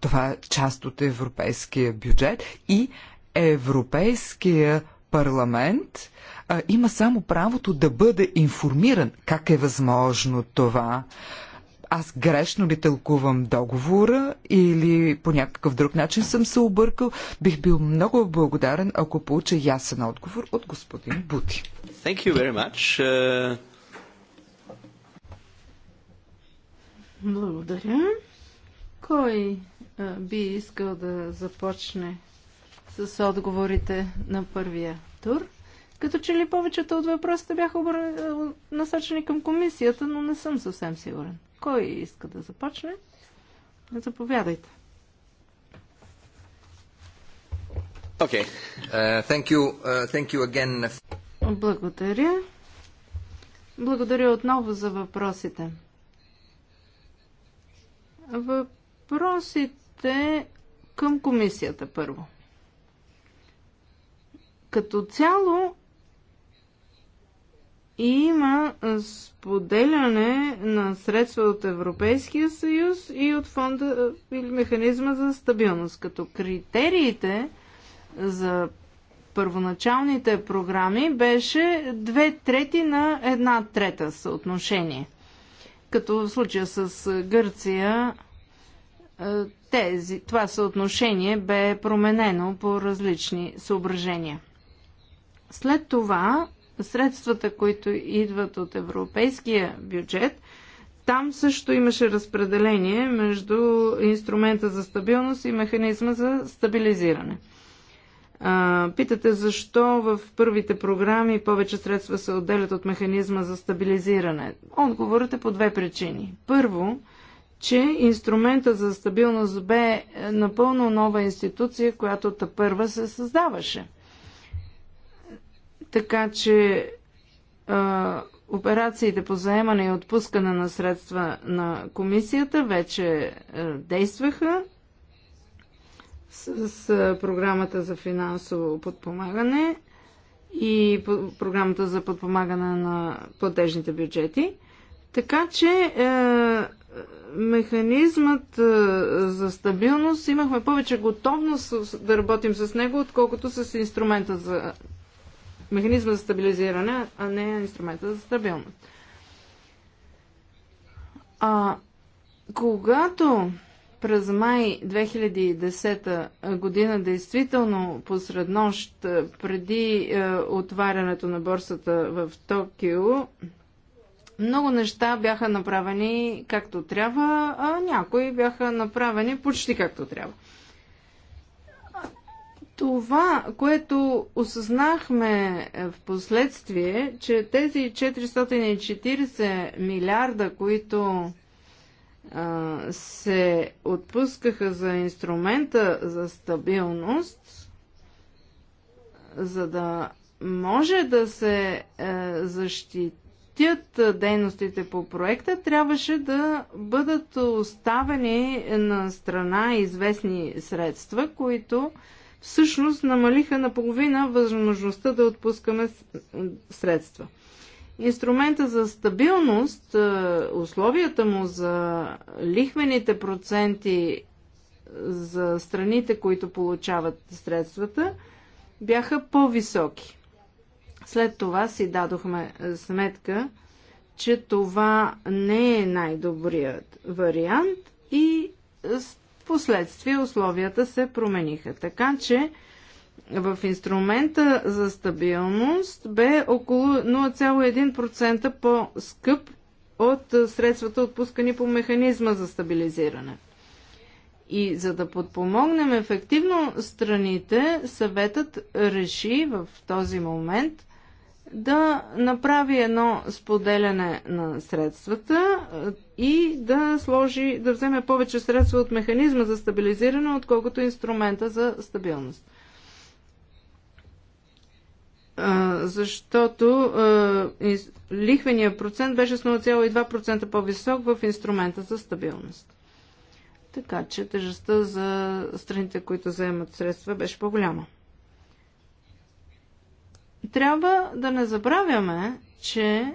Това е част от европейския бюджет и Европейския парламент а, има само правото да бъде информиран как е възможно това аз грешно ли тълкувам договора или по някакъв друг начин съм се объркал, бих бил много благодарен, ако получа ясен отговор от господин Бути. Thank you very much. Uh... Благодаря. Кой uh, би искал да започне с отговорите на първия тур? Като че ли повечето от въпросите бяха обр... Е, насочени към комисията, но не съм съвсем сигурен. Кой иска да започне? Заповядайте. Okay. Uh, thank you. Uh, thank you again. Благодаря. Благодаря отново за въпросите. Въпросите към комисията първо. Като цяло и има споделяне на средства от Европейския съюз и от фонда е, или механизма за стабилност. Като критериите за първоначалните програми беше две трети на една трета съотношение. Като в случая с Гърция е, тези, това съотношение бе променено по различни съображения. След това средствата, които идват от европейския бюджет, там също имаше разпределение между инструмента за стабилност и механизма за стабилизиране. питате защо в първите програми повече средства се отделят от механизма за стабилизиране. Отговорът е по две причини. Първо, че инструмента за стабилност бе напълно нова институция, която първа се създаваше. Така че а, операциите по заемане и отпускане на средства на комисията вече а, е, действаха с, с а, е, програмата за финансово подпомагане и по, програмата за подпомагане на платежните бюджети. Така че а, е, механизмът за стабилност имахме повече готовност да работим с него, отколкото с инструмента за механизма за стабилизиране, а не инструмента за стабилност. А когато през май 2010 година, действително посред нощ, преди е, отварянето на борсата в Токио, много неща бяха направени както трябва, а някои бяха направени почти както трябва. Това, което осъзнахме е, в последствие, че тези 440 милиарда, които а, се отпускаха за инструмента за стабилност, за да може да се е, защитят е, дейностите по проекта, трябваше да бъдат оставени на страна известни средства, които всъщност намалиха наполовина възможността да отпускаме средства. Инструмента за стабилност, е, условията му за лихвените проценти е, за страните, които получават средствата, бяха по-високи. След това си дадохме е, сметка, че това не е най-добрият вариант и последствие условията се промениха. Така че в инструмента за стабилност бе около 0,1% по-скъп от средствата отпускани по механизма за стабилизиране. И за да подпомогнем ефективно страните, съветът реши в този момент да направи едно споделяне на средствата и да сложи, да вземе повече средства от механизма за стабилизиране, отколкото инструмента за стабилност. Защото лихвения процент беше с 0,2% по-висок в инструмента за стабилност. Така че тежестта за страните, които заемат средства, беше по-голяма. Трябва да не забравяме, че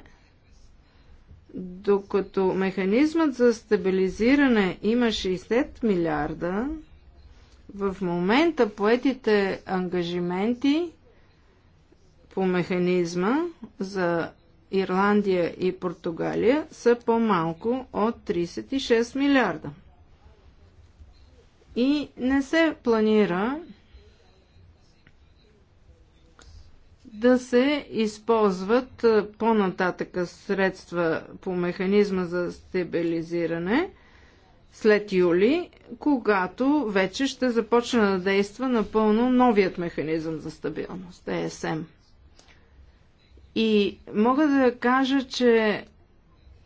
докато механизмът за стабилизиране има 60 милиарда, в момента поетите ангажименти по механизма за Ирландия и Португалия са по-малко от 36 милиарда. И не се планира да се използват по-нататъка средства по механизма за стабилизиране след юли, когато вече ще започне да действа напълно новият механизъм за стабилност, ЕСМ. И мога да кажа, че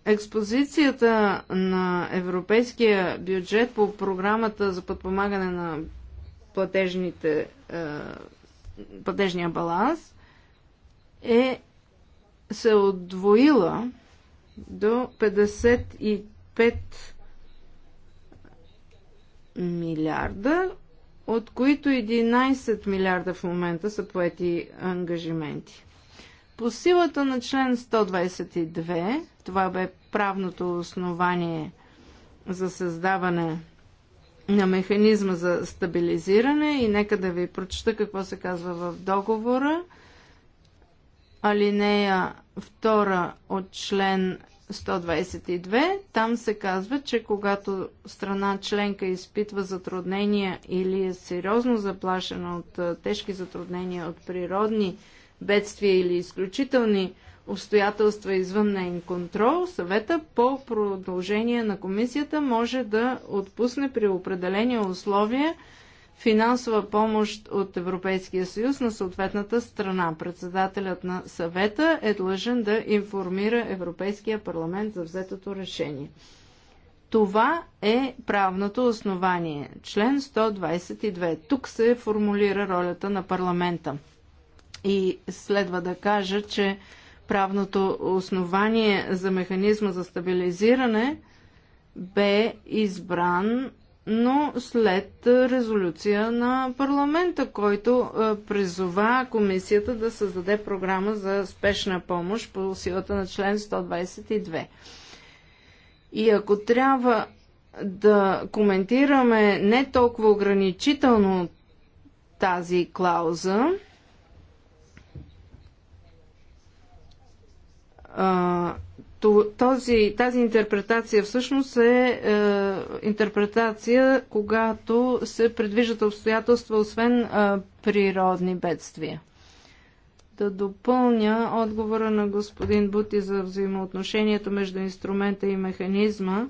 експозицията на европейския бюджет по програмата за подпомагане на платежните, платежния баланс е се отвоила до 55 милиарда, от които 11 милиарда в момента са поети ангажименти. По силата на член 122, това бе правното основание за създаване на механизма за стабилизиране и нека да ви прочета какво се казва в договора – алинея 2 от член 122, там се казва, че когато страна членка изпитва затруднения или е сериозно заплашена от тежки затруднения от природни бедствия или изключителни обстоятелства извън нейн контрол, съвета по продължение на комисията може да отпусне при определени условия финансова помощ от Европейския съюз на съответната страна. Председателят на съвета е длъжен да информира Европейския парламент за взетото решение. Това е правното основание. Член 122. Тук се формулира ролята на парламента. И следва да кажа, че правното основание за механизма за стабилизиране бе избран но след резолюция на парламента, който е, призова комисията да създаде програма за спешна помощ по силата на член 122. И ако трябва да коментираме не толкова ограничително тази клауза, а, този, тази интерпретация всъщност е, е интерпретация, когато се предвиждат обстоятелства, освен е, природни бедствия. Да допълня отговора на господин Бути за взаимоотношението между инструмента и механизма.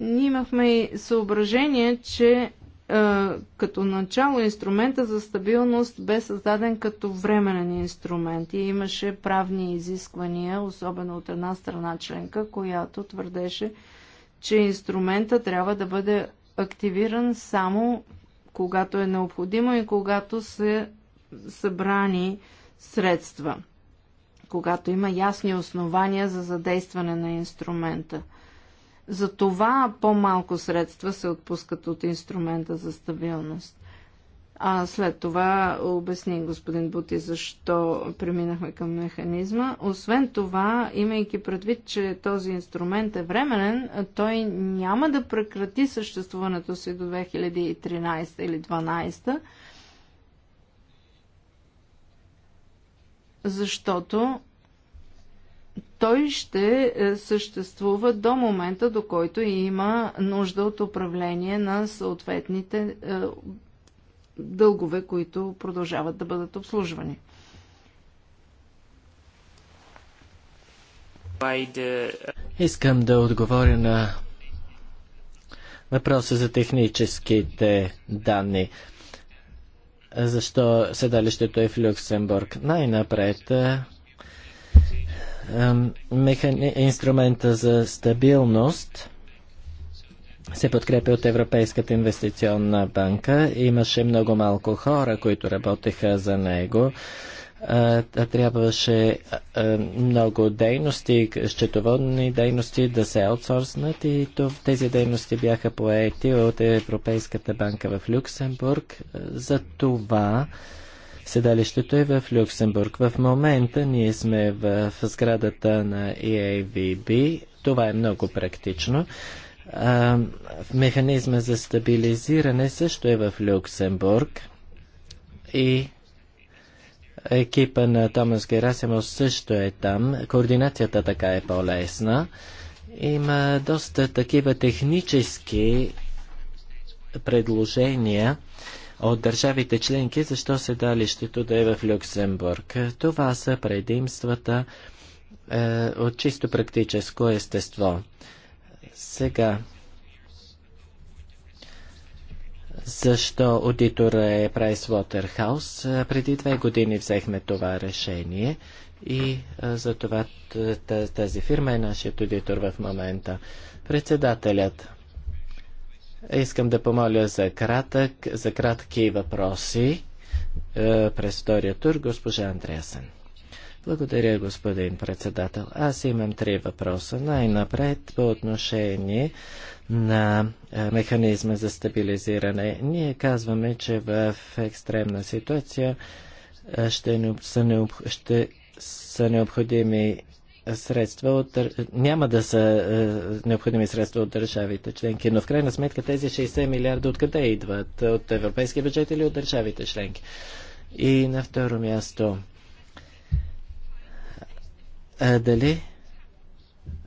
Ние имахме и съображение, че е, като начало инструмента за стабилност бе създаден като временен инструмент и имаше правни изисквания, особено от една страна членка, която твърдеше, че инструмента трябва да бъде активиран само когато е необходимо и когато се събрани средства, когато има ясни основания за задействане на инструмента – за това по-малко средства се отпускат от инструмента за стабилност. А след това обясни господин Бути защо преминахме към механизма. Освен това, имайки предвид, че този инструмент е временен, той няма да прекрати съществуването си до 2013 или 2012, защото той ще е, съществува до момента, до който има нужда от управление на съответните е, дългове, които продължават да бъдат обслужвани. Искам да отговоря на въпроса за техническите данни. Защо седалището е в Люксембург? Най-напред е, Механи... Инструмента за стабилност се подкрепя от Европейската инвестиционна банка. Имаше много малко хора, които работеха за него. А, трябваше а, много дейности, счетоводни дейности да се аутсорснат и тези дейности бяха поети от Европейската банка в Люксембург. За това Седалището е в Люксембург. В момента ние сме в сградата на EAVB. Това е много практично. механизма за стабилизиране също е в Люксембург и екипа на Томас Герасимов също е там. Координацията така е по-лесна. Има доста такива технически предложения, от държавите членки, защо седалището да е в Люксембург. Това са предимствата е, от чисто практическо естество. Сега, защо аудитора е Pricewaterhouse? Е, преди две години взехме това решение и е, за това тази фирма е нашият аудитор в момента. Председателят Искам да помоля за, кратък, за кратки въпроси е, през втория тур госпожа Андреасен. Благодаря, господин председател. Аз имам три въпроса. Най-напред по отношение на е, механизма за стабилизиране. Ние казваме, че в екстремна ситуация е, ще, са, необ... ще са необходими средства от, няма да са е, необходими средства от държавите членки, но в крайна сметка тези 60 милиарда откъде идват? От европейския бюджет или от държавите членки? И на второ място, а, е, дали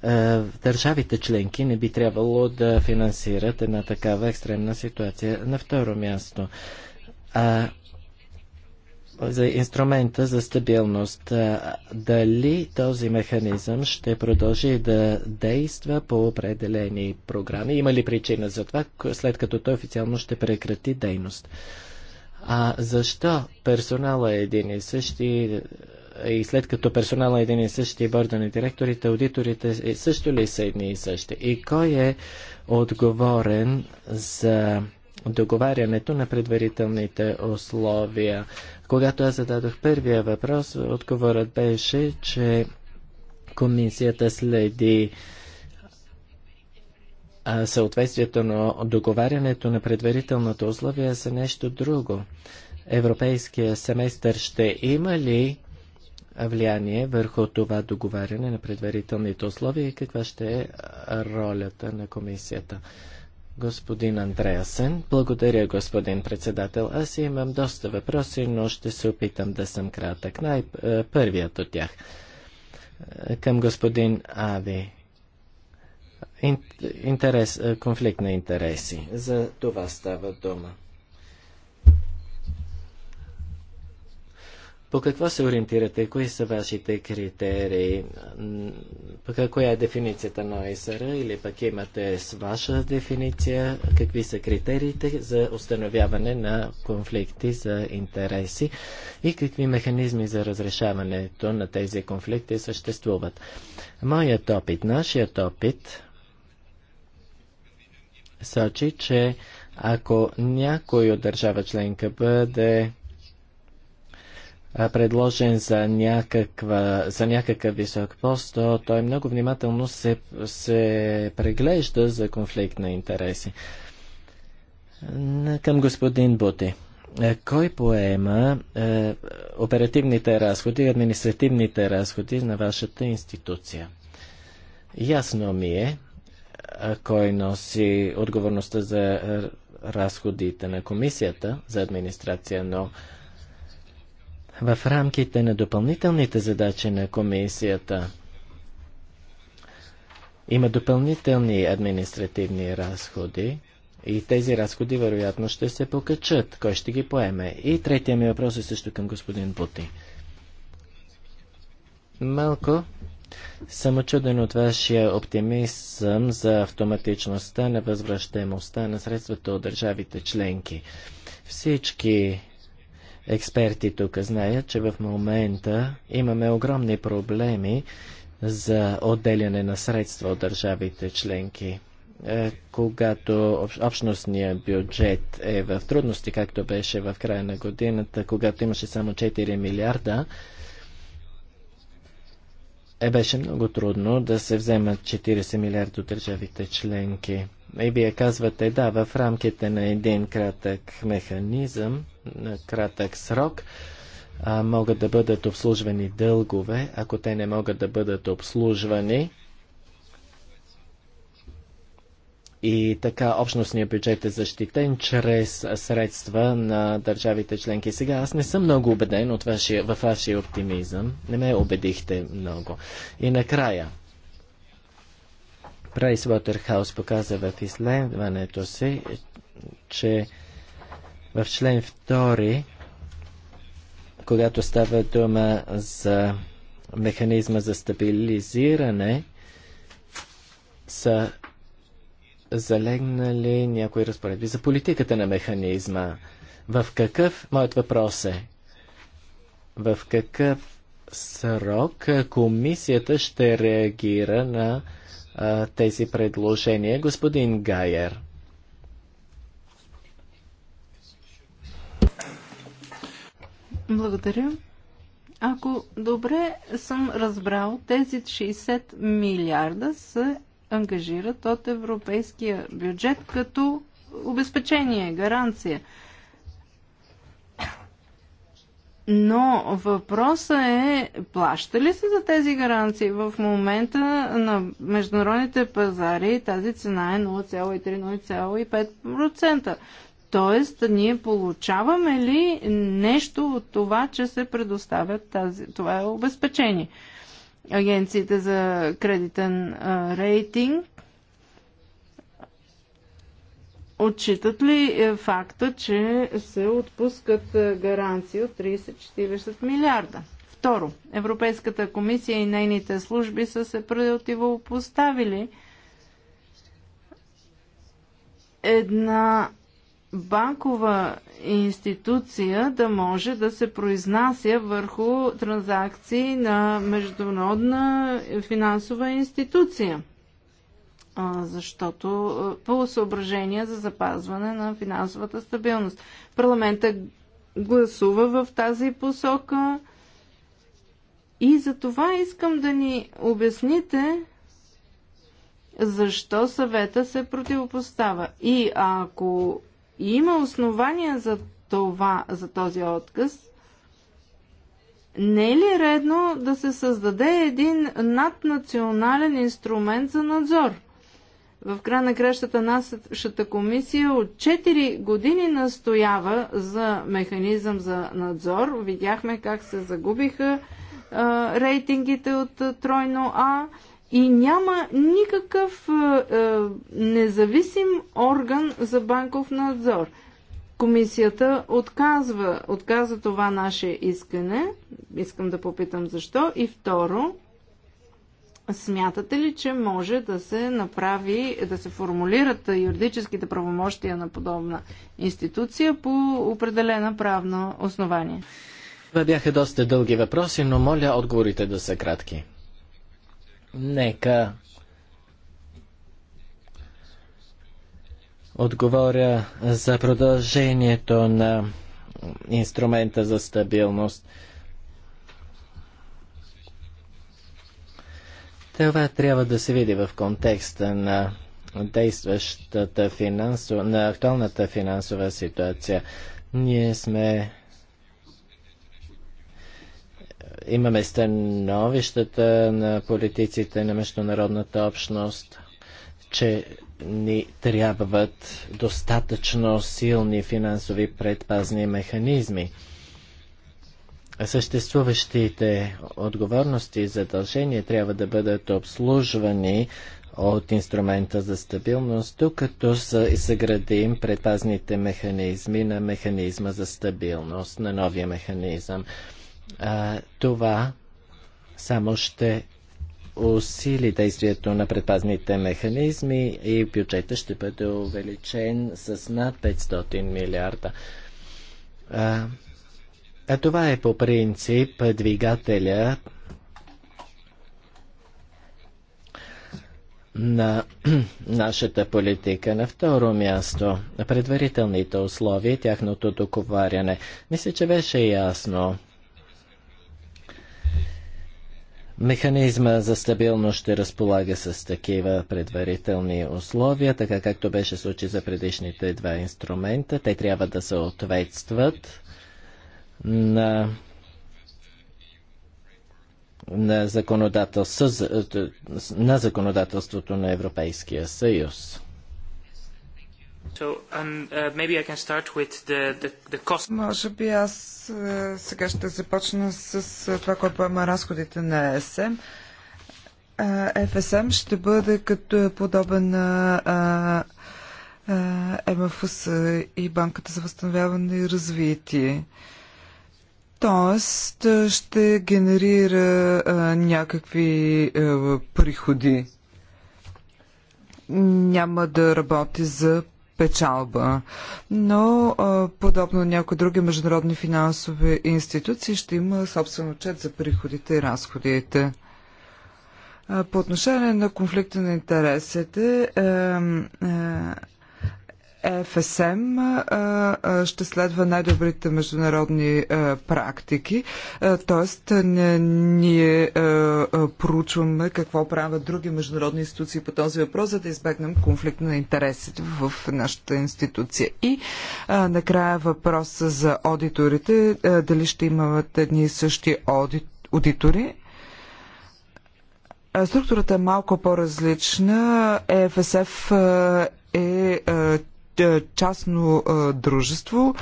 а, е, държавите членки не би трябвало да финансират една такава екстремна ситуация? На второ място, а, за инструмента за стабилност. Дали този механизъм ще продължи да действа по определени програми? Има ли причина за това, след като той официално ще прекрати дейност? А защо персонала е един и същи е, и след като персонала е един и същи, борда на директорите, аудиторите е, също ли са едни и същи? И кой е отговорен за договарянето на предварителните условия. Когато аз зададох първия въпрос, отговорът беше, че комисията следи съответствието на договарянето на предварителното условие за нещо друго. Европейския семестър ще има ли влияние върху това договаряне на предварителните условия и каква ще е ролята на комисията? Господин Андреасен, благодаря, господин председател. Аз имам доста въпроси, но ще се опитам да съм кратък. Най-първият е, от тях е, към господин Ави. Интерес, е, конфликт на интереси. За това става дума. По какво се ориентирате? Кои са вашите критерии? Коя е дефиницията на ОСР? Или пък имате с ваша дефиниция? Какви са критериите за установяване на конфликти за интереси? И какви механизми за разрешаването на тези конфликти съществуват? Моят опит, нашият опит сочи, че ако някой от държава членка бъде предложен за, някаква, за някакъв висок пост, то той много внимателно се, се преглежда за конфликт на интереси. Към господин Бути. Кой поема е, оперативните разходи и административните разходи на вашата институция? Ясно ми е, кой носи отговорността за разходите на комисията за администрация, но в рамките на допълнителните задачи на комисията. Има допълнителни административни разходи и тези разходи вероятно ще се покачат. Кой ще ги поеме? И третия ми въпрос е също към господин Бути. Малко съм очуден от вашия оптимизъм за автоматичността на възвръщаемостта на средствата от държавите членки. Всички експерти тук знаят, че в момента имаме огромни проблеми за отделяне на средства от държавите членки. Е, когато общностният бюджет е в трудности, както беше в края на годината, когато имаше само 4 милиарда, е беше много трудно да се вземат 40 милиарда от държавите членки. И вие казвате, да, в рамките на един кратък механизъм, на кратък срок, а, могат да бъдат обслужвани дългове, ако те не могат да бъдат обслужвани. И така общностният бюджет е защитен чрез средства на държавите членки. Сега аз не съм много убеден от вашия, във вашия оптимизъм. Не ме убедихте много. И накрая, Уотерхаус показа в изследването си, че в член 2, когато става дума за механизма за стабилизиране, са залегнали някои разпоредби за политиката на механизма. В какъв, моят въпрос е, в какъв срок комисията ще реагира на тези предложения. Господин Гайер. Благодаря. Ако добре съм разбрал, тези 60 милиарда се ангажират от европейския бюджет като обезпечение, гаранция. Но въпросът е, плаща ли се за тези гаранции? В момента на международните пазари тази цена е 0,3-0,5%. Тоест, ние получаваме ли нещо от това, че се предоставят тази, това е обезпечение? Агенциите за кредитен а, рейтинг Отчитат ли е, факта, че се отпускат е, гаранции от 30-40 милиарда? Второ, Европейската комисия и нейните служби са се противопоставили една банкова институция да може да се произнася върху транзакции на международна финансова институция защото по съображение за запазване на финансовата стабилност. Парламента гласува в тази посока и за това искам да ни обясните защо съвета се противопостава. И ако има основания за това, за този отказ, не е ли редно да се създаде един наднационален инструмент за надзор? в края на кращата нашата комисия от 4 години настоява за механизъм за надзор. Видяхме как се загубиха а, рейтингите от тройно А и няма никакъв а, независим орган за банков надзор. Комисията отказва, отказва това наше искане. Искам да попитам защо. И второ, Смятате ли, че може да се направи, да се формулират юридическите правомощия на подобна институция по определена правна основание? Това бяха доста дълги въпроси, но моля отговорите да са кратки. Нека отговоря за продължението на инструмента за стабилност – Това трябва да се види в контекста на действащата финансова, на актуалната финансова ситуация. Ние сме имаме становищата на политиците на международната общност, че ни трябват достатъчно силни финансови предпазни механизми. Съществуващите отговорности и задължения трябва да бъдат обслужвани от инструмента за стабилност, докато съградим предпазните механизми на механизма за стабилност, на новия механизъм. А, това само ще усили действието на предпазните механизми и бюджета ще бъде увеличен с над 500 милиарда. А, а това е по принцип двигателя на нашата политика. На второ място, предварителните условия и тяхното договаряне. Мисля, че беше ясно. Механизма за стабилност ще разполага с такива предварителни условия, така както беше случай за предишните два инструмента. Те трябва да съответстват на на, законодателство, на законодателството на Европейския съюз. Um, uh, Може би аз е, сега ще започна с е, това, което поема разходите на ЕСМ. Е, ФСМ ще бъде като подобен на МФС и Банката за възстановяване и развитие. Тоест ще генерира а, някакви а, приходи. Няма да работи за печалба. Но а, подобно някои други международни финансови институции ще има собствен отчет за приходите и разходите. А, по отношение на конфликта на интересите, а, а, е, е, ФСМ ще следва най-добрите международни е, практики, т.е. ние е, проучваме какво правят други международни институции по този въпрос, за да избегнем конфликт на интересите в нашата институция. И накрая въпроса за аудиторите, дали ще имат едни и същи аудитори, Структурата е малко по-различна. ЕФСФ е е частно дружество,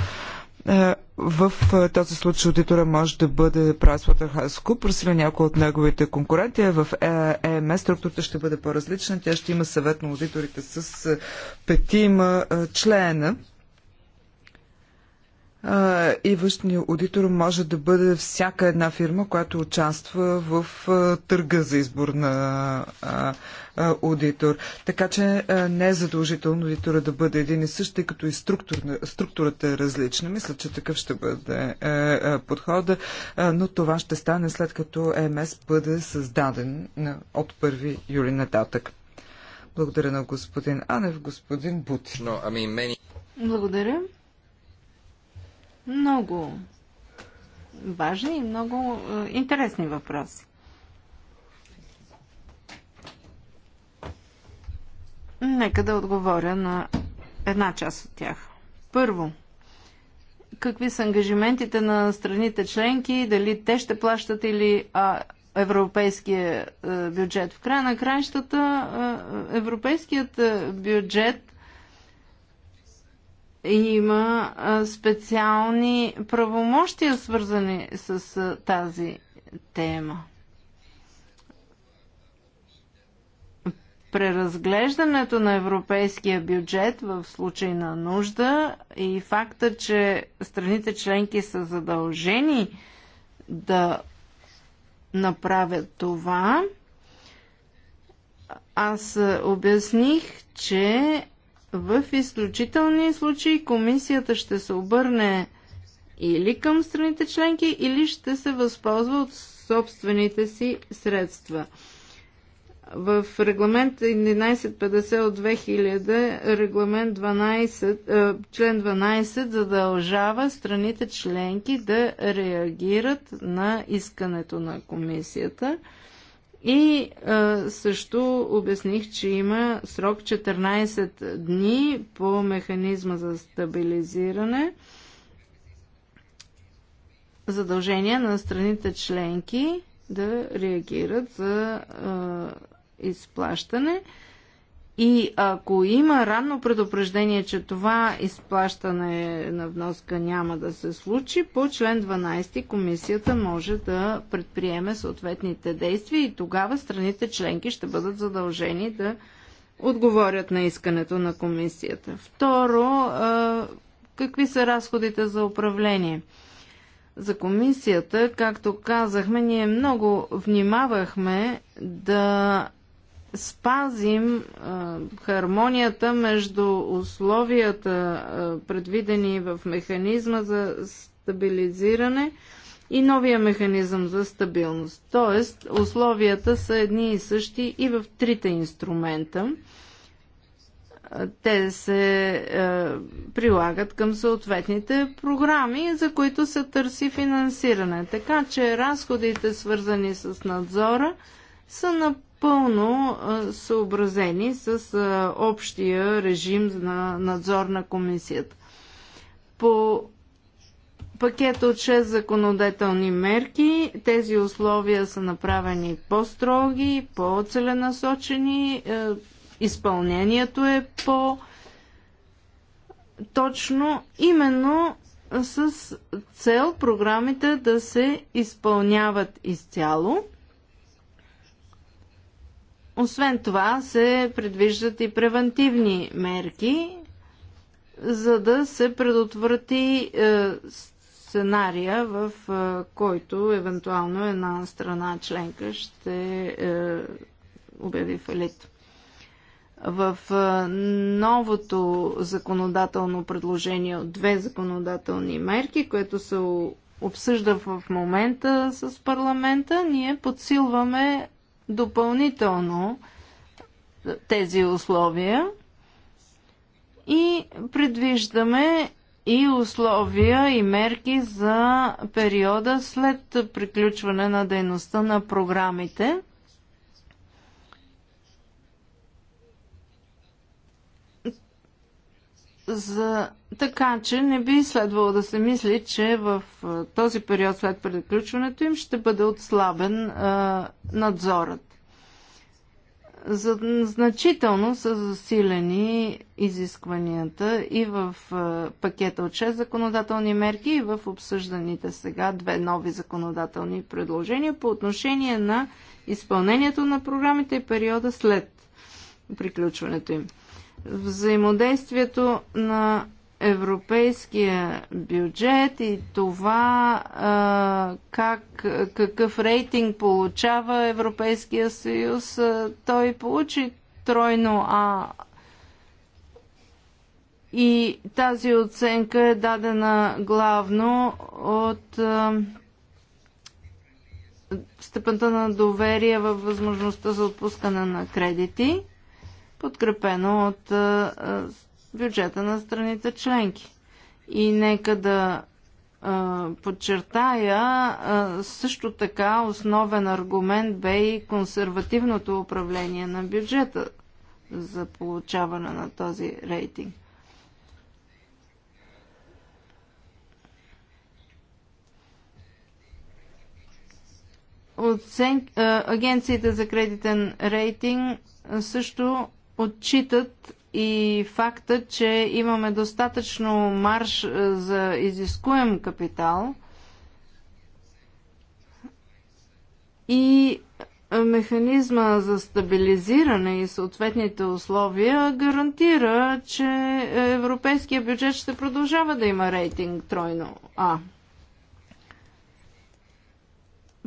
в този случай аудитора може да бъде PricewaterhouseCoopers или някой от неговите конкуренти. В ЕМС структурата ще бъде по-различна. Тя ще има съвет на аудиторите с петима члена и външния аудитор може да бъде всяка една фирма, която участва в търга за избор на аудитор. Така че не е задължително аудитора да бъде един и същ, тъй като и структурата е различна. Мисля, че такъв ще бъде е, е, подхода, но това ще стане след като ЕМС бъде създаден от 1 юли нататък. Благодаря на господин Анев, господин Бутин. Благодаря. Много важни и много е, интересни въпроси. Нека да отговоря на една част от тях. Първо, какви са ангажиментите на страните членки, дали те ще плащат или а, европейския е, бюджет. В края на краищата е, европейският бюджет има специални правомощия, свързани с тази тема. преразглеждането на европейския бюджет в случай на нужда и факта, че страните членки са задължени да направят това, аз обясних, че в изключителни случаи комисията ще се обърне или към страните членки, или ще се възползва от собствените си средства. В регламент 1150 от 2000, регламент 12, е, член 12 задължава страните членки да реагират на искането на комисията и а, също обясних, че има срок 14 дни по механизма за стабилизиране задължение на страните членки да реагират за а, изплащане. И ако има ранно предупреждение, че това изплащане на вноска няма да се случи, по член 12 комисията може да предприеме съответните действия и тогава страните членки ще бъдат задължени да отговорят на искането на комисията. Второ, какви са разходите за управление? За комисията, както казахме, ние много внимавахме да спазим а, хармонията между условията, а, предвидени в механизма за стабилизиране и новия механизъм за стабилност. Тоест, условията са едни и същи и в трите инструмента. Те се е, прилагат към съответните програми, за които се търси финансиране. Така че разходите, свързани с надзора, са на Пълно съобразени с общия режим на надзор на комисията. По пакет от 6 законодателни мерки. Тези условия са направени по-строги, по-целенасочени, изпълнението е по- точно именно с цел програмите да се изпълняват изцяло освен това се предвиждат и превентивни мерки, за да се предотврати е, сценария, в е, който евентуално една страна членка ще е, обяви фалит. В новото законодателно предложение от две законодателни мерки, което се обсъжда в момента с парламента, ние подсилваме допълнително тези условия и предвиждаме и условия и мерки за периода след приключване на дейността на програмите – За... Така че не би следвало да се мисли, че в този период след приключването им ще бъде отслабен а, надзорът. За... Значително са засилени изискванията и в а, пакета от 6 законодателни мерки и в обсъжданите сега две нови законодателни предложения по отношение на изпълнението на програмите и периода след приключването им взаимодействието на европейския бюджет и това а, как, какъв рейтинг получава Европейския съюз. А, той получи тройно А. И тази оценка е дадена главно от а, степента на доверие във възможността за отпускане на кредити подкрепено от бюджета на страните членки. И нека да подчертая, също така основен аргумент бе и консервативното управление на бюджета за получаване на този рейтинг. Агенциите за кредитен рейтинг също отчитат и факта, че имаме достатъчно марш е, за изискуем капитал и е, механизма за стабилизиране и съответните условия гарантира, че е, европейския бюджет ще продължава да има рейтинг тройно А.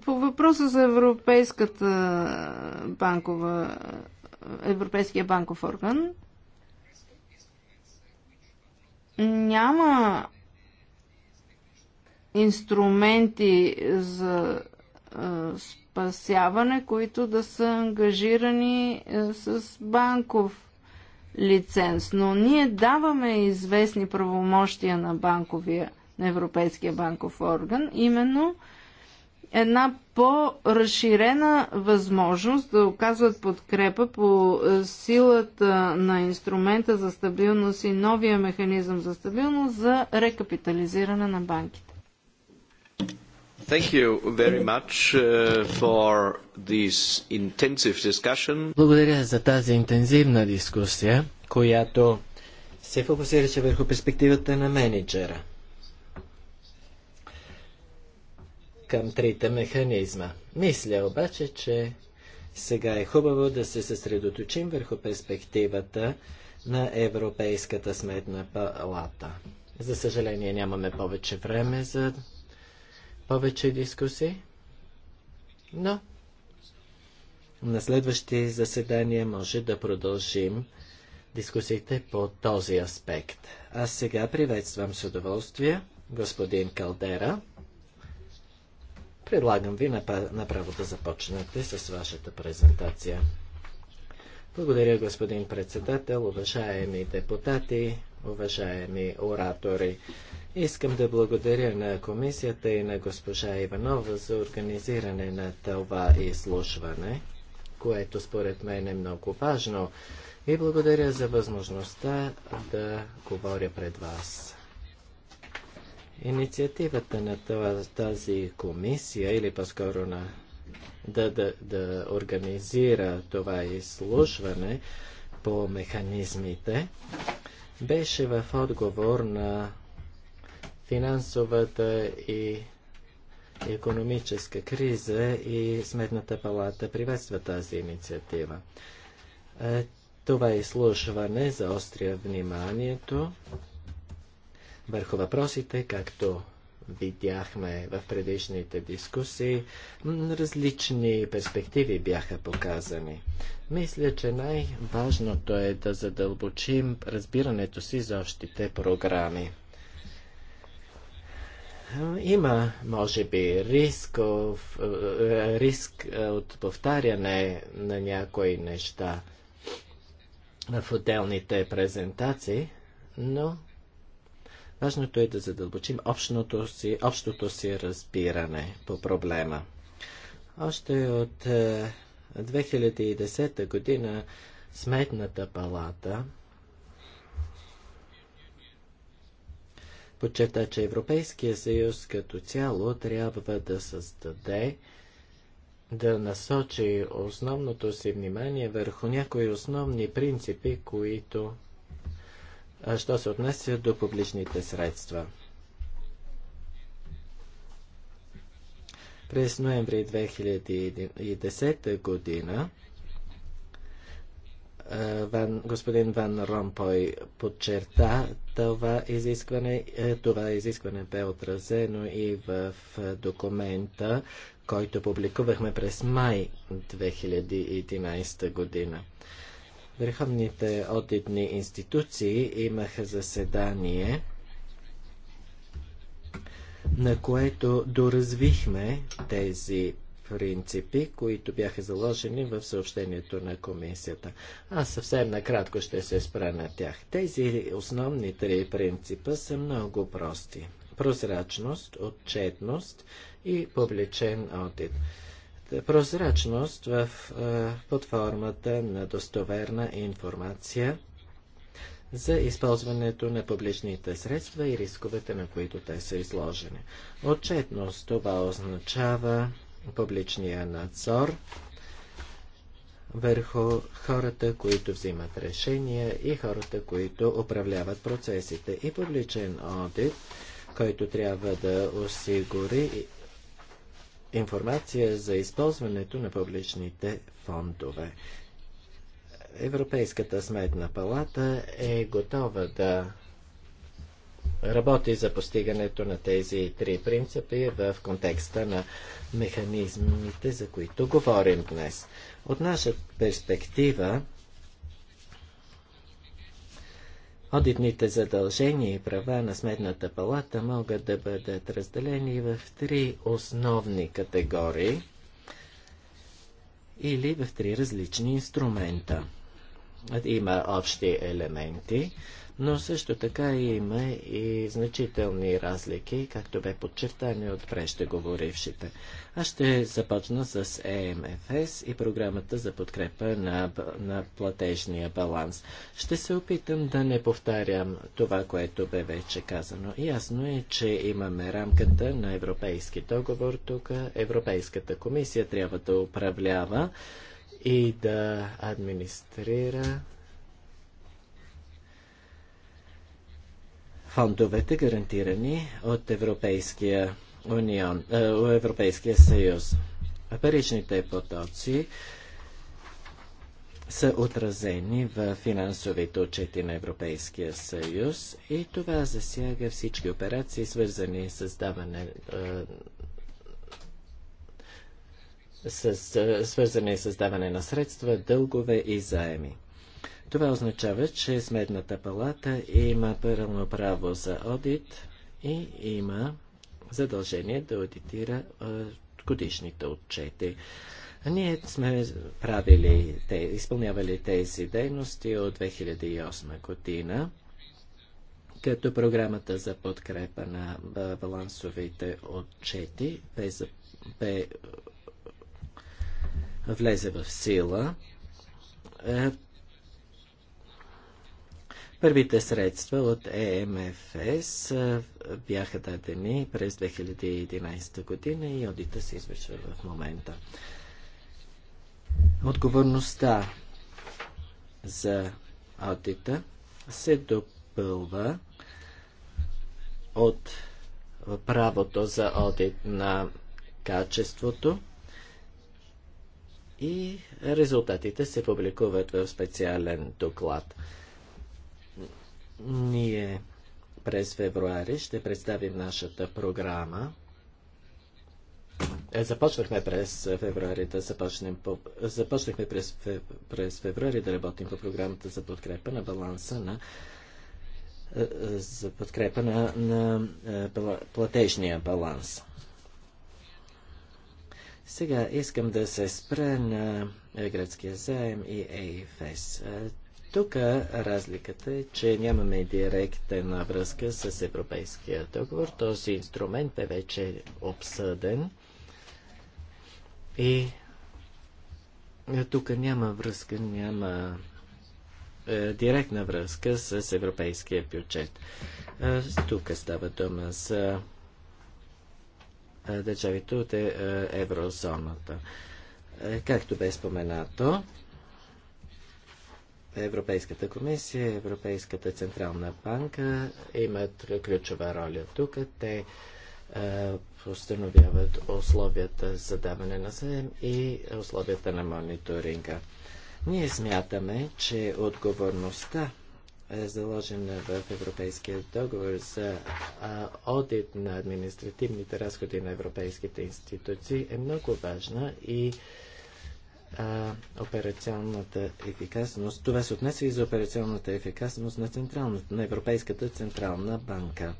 По въпроса за Европейската банкова Европейския банков орган. Няма инструменти за спасяване, които да са ангажирани с банков лиценз. Но ние даваме известни правомощия на банковия, на Европейския банков орган, именно една по-разширена възможност да оказват подкрепа по е, силата на инструмента за стабилност и новия механизъм за стабилност за рекапитализиране на банките. Е, Благодаря за тази интензивна дискусия, която се фокусираше върху перспективата на менеджера – към трите механизма. Мисля обаче, че сега е хубаво да се съсредоточим върху перспективата на Европейската сметна палата. За съжаление нямаме повече време за повече дискусии, но на следващи заседания може да продължим дискусиите по този аспект. Аз сега приветствам с удоволствие господин Калдера. Предлагам ви направо да започнете с вашата презентация. Благодаря, господин председател, уважаеми депутати, уважаеми оратори. Искам да благодаря на комисията и на госпожа Иванова за организиране на това изслушване, което според мен е много важно. И благодаря за възможността да говоря пред вас Инициативата на тази комисия, или по-скоро на да, да, да организира това изслушване по механизмите, беше в отговор на финансовата и економическа криза и Сметната палата приветства тази инициатива. Е, това изслушване заостря вниманието върху въпросите, както видяхме в предишните дискусии, различни перспективи бяха показани. Мисля, че най-важното е да задълбочим разбирането си за общите програми. Има, може би, риск, е, риск от повтаряне на някои неща в отделните презентации, но Важното е да задълбочим общото си, общото си разбиране по проблема. Още от 2010 е, година Сметната палата подчерта, че Европейския съюз като цяло трябва да създаде да насочи основното си внимание върху някои основни принципи, които що се отнася до публичните средства. През ноември 2010 година Ван, господин Ван Ромпой подчерта това изискване. Е, това изискване бе отразено и в документа, който публикувахме през май 2011 година. Върховните одитни институции имаха заседание, на което доразвихме тези принципи, които бяха заложени в съобщението на комисията. Аз съвсем накратко ще се спра на тях. Тези основни три принципа са много прости. Прозрачност, отчетност и публичен одит прозрачност в, е, под формата на достоверна информация за използването на публичните средства и рисковете, на които те са изложени. Отчетност това означава публичния надзор върху хората, които взимат решения и хората, които управляват процесите. И публичен одит, който трябва да осигури информация за използването на публичните фондове. Европейската сметна палата е готова да работи за постигането на тези три принципи в контекста на механизмите, за които говорим днес. От наша перспектива, Одитните задължения и права на Сметната палата могат да бъдат разделени в три основни категории или в три различни инструмента. Има общи елементи, но също така има и значителни разлики, както бе подчертани от преждеговорившите. Аз ще започна с ЕМФС e и програмата за подкрепа на, на платежния баланс. Ще се опитам да не повтарям това, което бе вече казано. Ясно е, че имаме рамката на европейски договор. Тук Европейската комисия трябва да управлява и да администрира фондовете, гарантирани от Европейския, унион, е, Европейския съюз. Паричните потоци са отразени в финансовите отчети на Европейския съюз и това засяга всички операции, свързани с даване е, с, е, свързани с даване на средства, дългове и заеми. Това означава, че Сметната палата има пълно право за одит и има задължение да аудитира годишните отчети. Ние сме правили, те, изпълнявали тези дейности от 2008 година, като програмата за подкрепа на балансовите отчети бе, бе влезе в сила. Първите средства от ЕМФС бяха дадени през 2011 година и одита се извършва в момента. Отговорността за одита се допълва от правото за одит на качеството и резултатите се публикуват в специален доклад. Ние през февруари ще представим нашата програма. Е, започнахме през февруари да започнем по... Започнахме през, фев... през февруари да работим по програмата за подкрепа на баланса на е, е, за подкрепа на, на платежния баланс. Сега искам да се спра на гръцкия заем и ЕФС. Тук разликата е, че нямаме директна връзка с Европейския договор. Този инструмент е вече обсъден и тук няма връзка, няма е, директна връзка с европейския бюджет. тук става дума с държавите от е, е, еврозоната. Както бе споменато, Европейската комисия, Европейската централна банка имат ключова роля тук. Те установяват е, условията за даване на заем и условията на мониторинга. Ние смятаме, че отговорността е заложена в Европейския договор за е, одит на административните разходи на европейските институции е много важна и а, операционната ефикасност. Това се отнесе и за операционната ефикасност на, централната, на Европейската централна банка.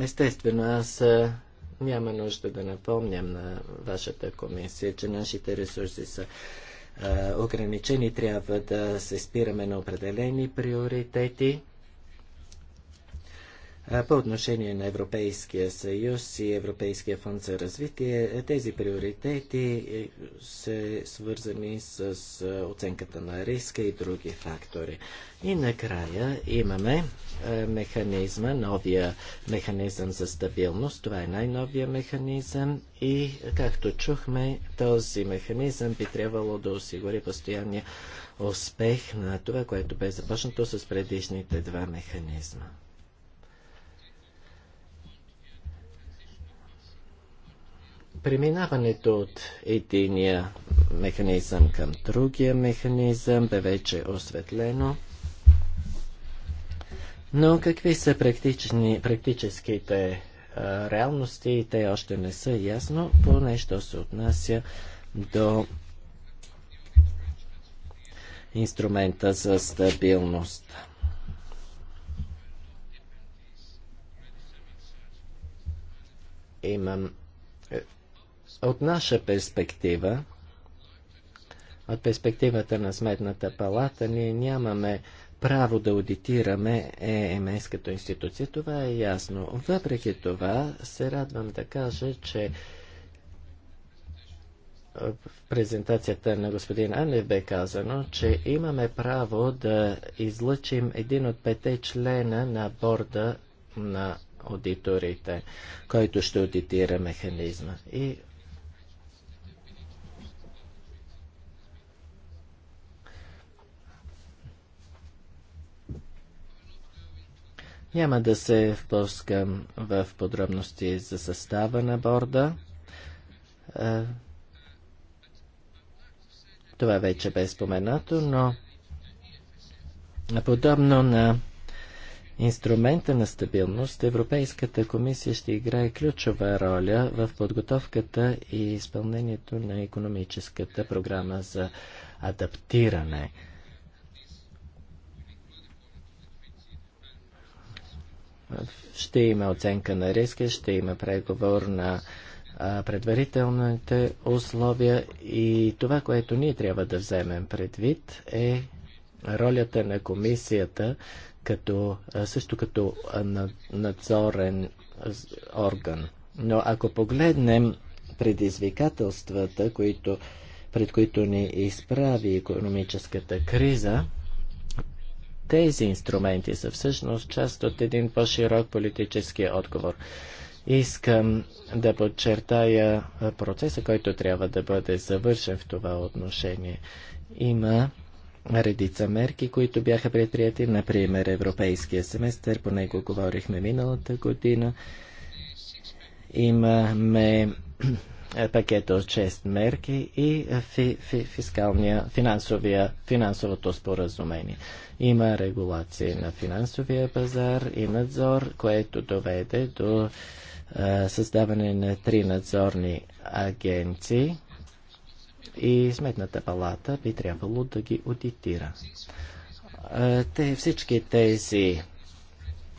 Естествено, аз няма нужда да напомням на вашата комисия, че нашите ресурси са а, ограничени. Трябва да се спираме на определени приоритети по отношение на Европейския съюз и Европейския фонд за развитие, е, тези приоритети е, са свързани с оценката на риска и други фактори. И накрая имаме механизма, новия механизъм за стабилност. Това е най-новия механизъм и, както чухме, този механизъм би трябвало да осигури постоянния успех на това, което бе започнато с предишните два механизма. Преминаването от единия механизъм към другия механизъм бе вече осветлено. Но какви са практическите а, реалности те още не са ясно, поне що се отнася до инструмента за стабилност. Имам от наша перспектива, от перспективата на Сметната палата, ние нямаме право да аудитираме ЕМС като институция. Това е ясно. Въпреки това, се радвам да кажа, че е, в презентацията на господин Анев бе казано, че имаме право да излъчим един от пете члена на борда на аудиторите, който ще аудитира механизма. И Няма да се впускам в подробности за състава на борда. Е, това вече бе споменато, но подобно на инструмента на стабилност, Европейската комисия ще играе ключова роля в подготовката и изпълнението на економическата програма за адаптиране. Ще има оценка на риска, ще има преговор на предварителните условия и това, което ние трябва да вземем предвид е ролята на комисията като, също като надзорен орган. Но ако погледнем предизвикателствата, които, пред които ни изправи економическата криза, тези инструменти са всъщност част от един по-широк политически отговор. Искам да подчертая процеса, който трябва да бъде завършен в това отношение. Има редица мерки, които бяха предприяти, например Европейския семестър, по него говорихме миналата година. Имаме е, пакета от 6 мерки и е, фи, фи, фискалния, финансовия, финансовото споразумение. Има регулации на финансовия пазар и надзор, което доведе до е, създаване на три надзорни агенции и Сметната палата би трябвало да ги аудитира. Е, те, всички тези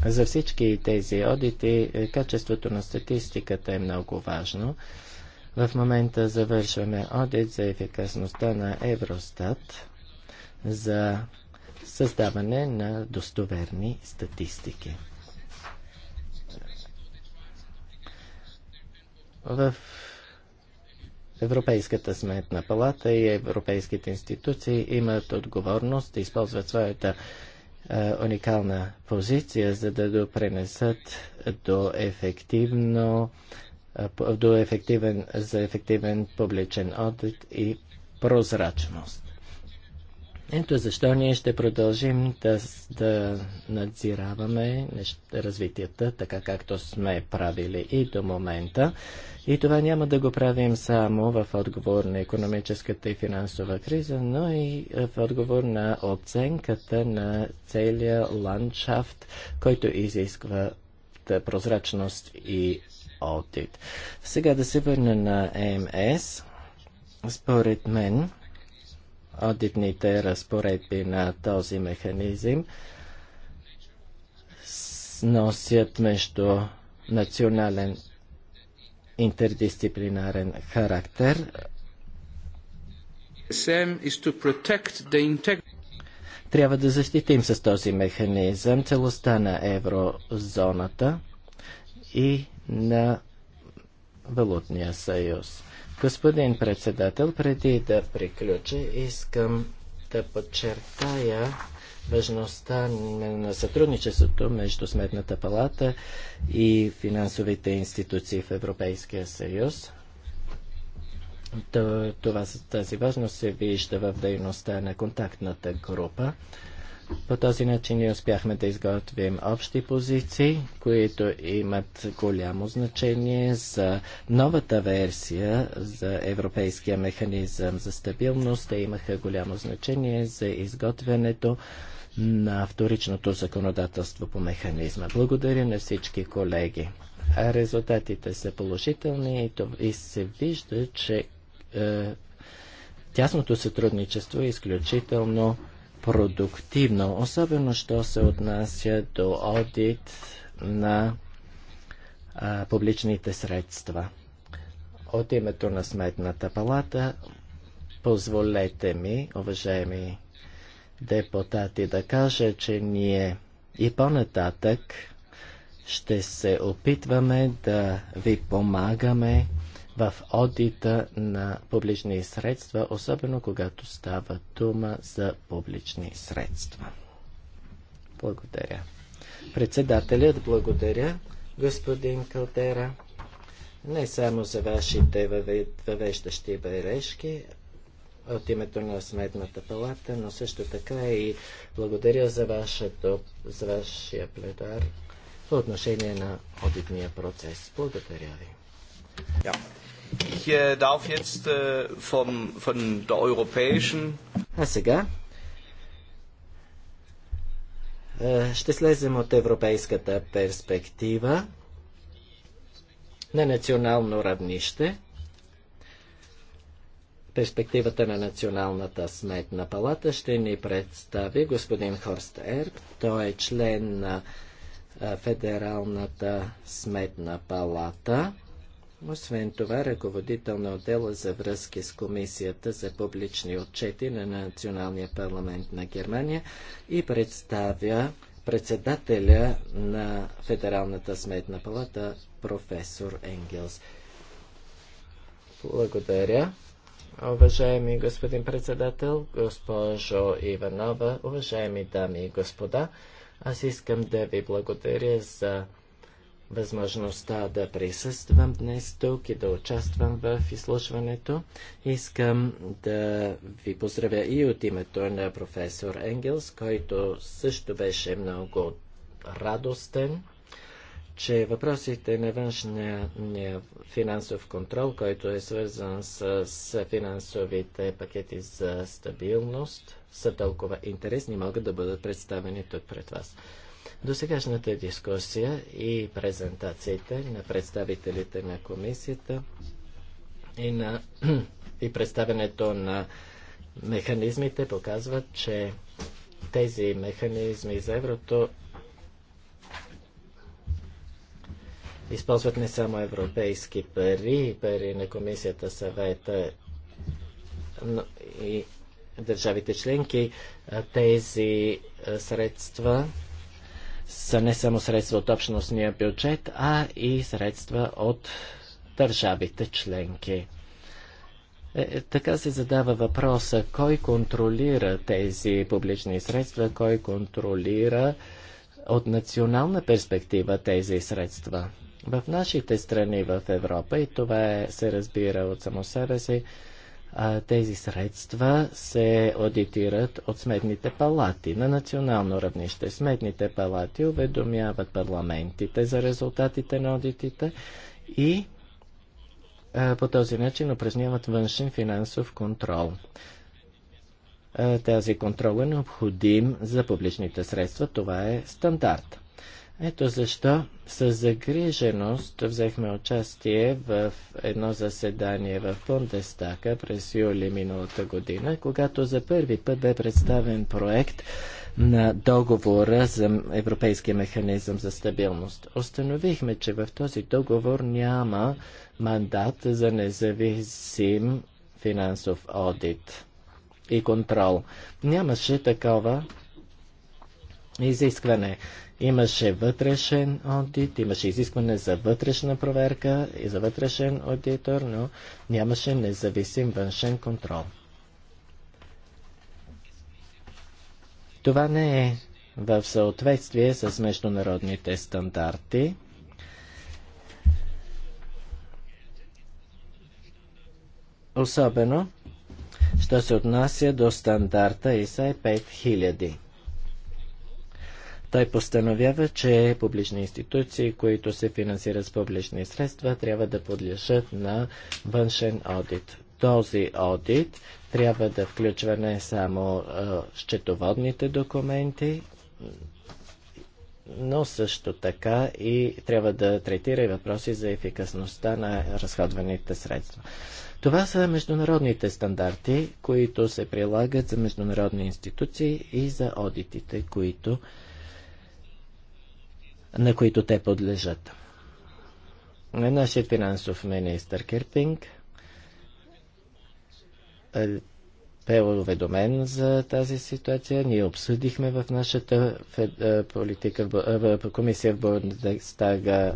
за всички тези одити е, качеството на статистиката е много важно. В момента завършваме одит за ефикасността на Евростат за създаване на достоверни статистики. В Европейската сметна палата и европейските институции имат отговорност да използват своята е, уникална позиция, за да допренесат до ефективно до ефективен, за ефективен публичен одит и прозрачност. Ето защо ние ще продължим да, да надзираваме развитията, така както сме правили и до момента. И това няма да го правим само в отговор на економическата и финансова криза, но и в отговор на оценката на целия ландшафт, който изисква прозрачност и одит. Сега да се върна на ЕМС. Според мен, одитните разпоредби на този механизъм носят между национален интердисциплинарен характер. Трябва да защитим с този механизъм целостта на еврозоната и на Валутния съюз. Господин председател, преди да приключа, искам да подчертая важността на сътрудничеството между Сметната палата и финансовите институции в Европейския съюз. Това, тази важност се вижда в дейността на контактната група. По този начин ние успяхме да изготвим общи позиции, които имат голямо значение за новата версия за Европейския механизъм за стабилност. Те имаха голямо значение за изготвянето на вторичното законодателство по механизма. Благодаря на всички колеги. Резултатите са положителни и, се вижда, че е, тясното сътрудничество е изключително продуктивно, особено що се отнася до одит на а, публичните средства. От името на Сметната палата, позволете ми, уважаеми депутати, да кажа, че ние и по-нататък ще се опитваме да ви помагаме в одита на публични средства, особено когато става дума за публични средства. Благодаря. Председателят благодаря, господин Калтера, не само за вашите въвеждащи бележки, от името на Сметната палата, но също така и благодаря за, вашето, за вашия пледар по отношение на одитния процес. Благодаря ви. Ja. Ich äh, darf jetzt äh, vom, von der europäischen... А сега э, ще слезем от европейската перспектива на национално равнище, перспективата на Националната сметна палата ще ни представи господин Хорст Ерб. Той е член на э, Федералната сметна палата. Освен това, ръководител на отдела за връзки с Комисията за публични отчети на Националния парламент на Германия и представя председателя на Федералната сметна палата професор Енгелс. Благодаря. Уважаеми господин председател, госпожо Иванова, уважаеми дами и господа, аз искам да ви благодаря за възможността да присъствам днес тук и да участвам в изслушването. Искам да ви поздравя и от името на професор Енгелс, който също беше много радостен, че въпросите на външния финансов контрол, който е свързан с, с финансовите пакети за стабилност, са толкова интересни, могат да бъдат представени тук пред вас. До сегашната дискусия и презентациите на представителите на комисията и, на, и представянето на механизмите показват, че тези механизми за еврото използват не само европейски пари, пари на комисията, съвета но и държавите членки. Тези средства са не само средства от общностния бюджет, а и средства от държавите членки. Е, е, така се задава въпроса, кой контролира тези публични средства, кой контролира от национална перспектива тези средства. В нашите страни в Европа, и това е, се разбира от само себе си, тези средства се аудитират от сметните палати. На национално равнище сметните палати уведомяват парламентите за резултатите на аудитите и по този начин упражняват външен финансов контрол. Тази контрол е необходим за публичните средства. Това е стандарт. Ето защо с загриженост взехме участие в едно заседание в Бундестака през юли миналата година, когато за първи път бе представен проект на договора за Европейския механизъм за стабилност. Остановихме, че в този договор няма мандат за независим финансов одит и контрол. Нямаше такова изискване. Имаше вътрешен одит, имаше изискване за вътрешна проверка и за вътрешен аудитор, но нямаше независим външен контрол. Това не е в съответствие с международните стандарти. Особено, що се отнася до стандарта ISA 5000. Е той постановява, че публични институции, които се финансират с публични средства, трябва да подлежат на външен одит. Този одит трябва да включва не само е, счетоводните документи, но също така и трябва да третира и въпроси за ефикасността на разходваните средства. Това са международните стандарти, които се прилагат за международни институции и за одитите, които на които те подлежат. Нашият финансов министр Кирпинг е, бе уведомен за тази ситуация. Ние обсъдихме в нашата е, е, политика, в комисия в Бундестага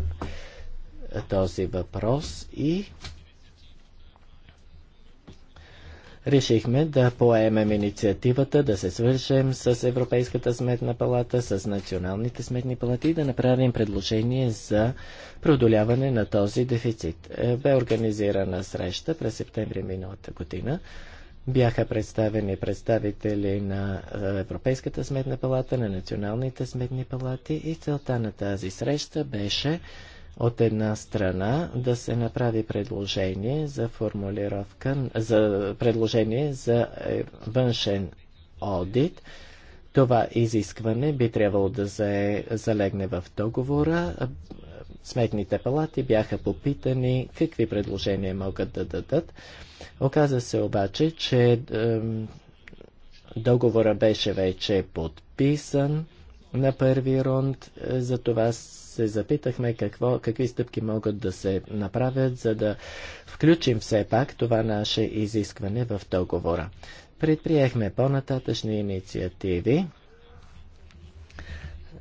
този въпрос и решихме да поемем инициативата, да се свържем с Европейската сметна палата, с националните сметни палати и да направим предложение за продоляване на този дефицит. Е, бе организирана среща през септември миналата година. Бяха представени представители на е, Европейската сметна палата, на националните сметни палати и целта на тази среща беше от една страна да се направи предложение за формулировка, за предложение за е, външен одит, това изискване би трябвало да залегне в договора. Сметните палати бяха попитани какви предложения могат да дадат. Оказа се обаче, че договора беше вече подписан на първи рунд, е, затова се запитахме какво, какви стъпки могат да се направят, за да включим все пак това наше изискване в договора. Предприехме по-нататъчни инициативи.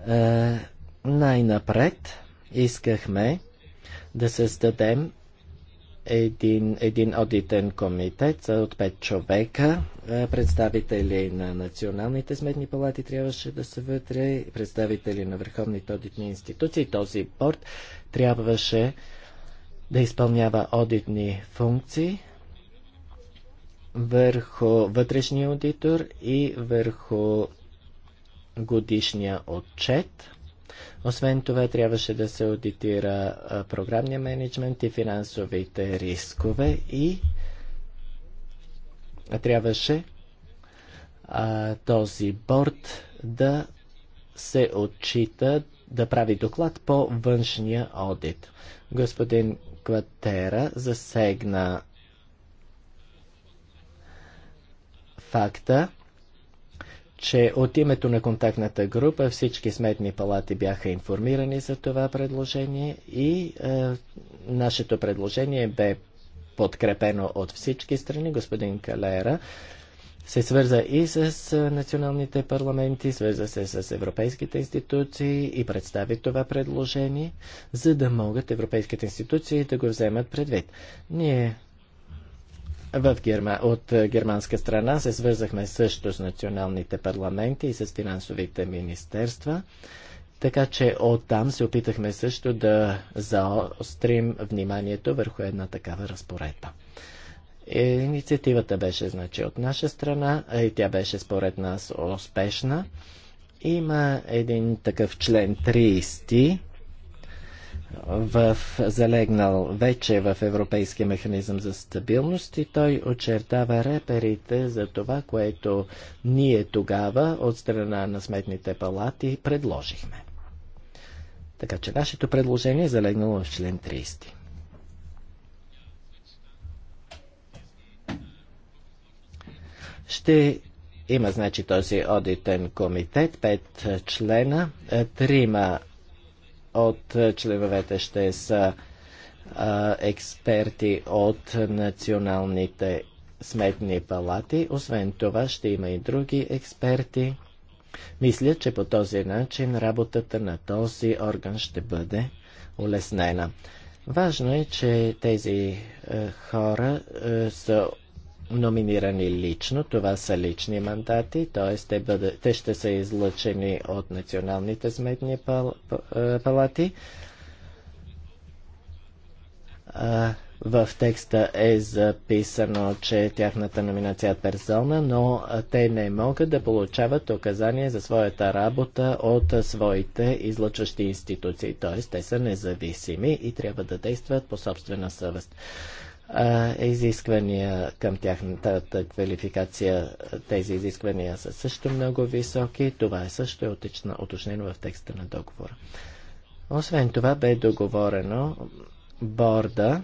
Е, най-напред искахме да създадем един, един одитен комитет от пет човека. Е, представители на националните сметни палати трябваше да са вътре, представители на върховните одитни институции. Този борт трябваше да изпълнява одитни функции върху вътрешния аудитор и върху годишния отчет. Освен това, трябваше да се аудитира програмния менеджмент и финансовите рискове и трябваше а, този борт да се отчита да прави доклад по външния одит. Господин Кватера засегна факта, че от името на контактната група всички сметни палати бяха информирани за това предложение и е, нашето предложение бе подкрепено от всички страни. Господин Калера се свърза и с е, националните парламенти, свърза се с европейските институции и представи това предложение, за да могат европейските институции да го вземат предвид. Ние в Герма... от е, германска страна се свързахме също с националните парламенти и с финансовите министерства. Така че оттам се опитахме също да заострим вниманието върху една такава разпоредба. Е, инициативата беше значи от наша страна е, и тя беше според нас успешна. Има един такъв член 30 в, залегнал вече в Европейския механизъм за стабилност и той очертава реперите за това, което ние тогава от страна на сметните палати предложихме. Така че нашето предложение е залегнало в член 30. Ще има, значи, този одитен комитет, пет члена, трима от е, членовете ще са а, е, експерти от националните сметни палати. Освен това ще има и други експерти. Мисля, че по този начин работата на този орган ще бъде улеснена. Важно е, че тези е, хора е, са номинирани лично, това са лични мандати, т.е. Те, те ще са излъчени от националните сметни пал, е, палати. А, в текста е записано, че тяхната номинация е персона, но те не могат да получават указания за своята работа от своите излъчващи институции. Т.е. те са независими и трябва да действат по собствена съвест изисквания към тяхната квалификация, тези изисквания са също много високи. Това е също е уточнено в текста на договора. Освен това бе договорено борда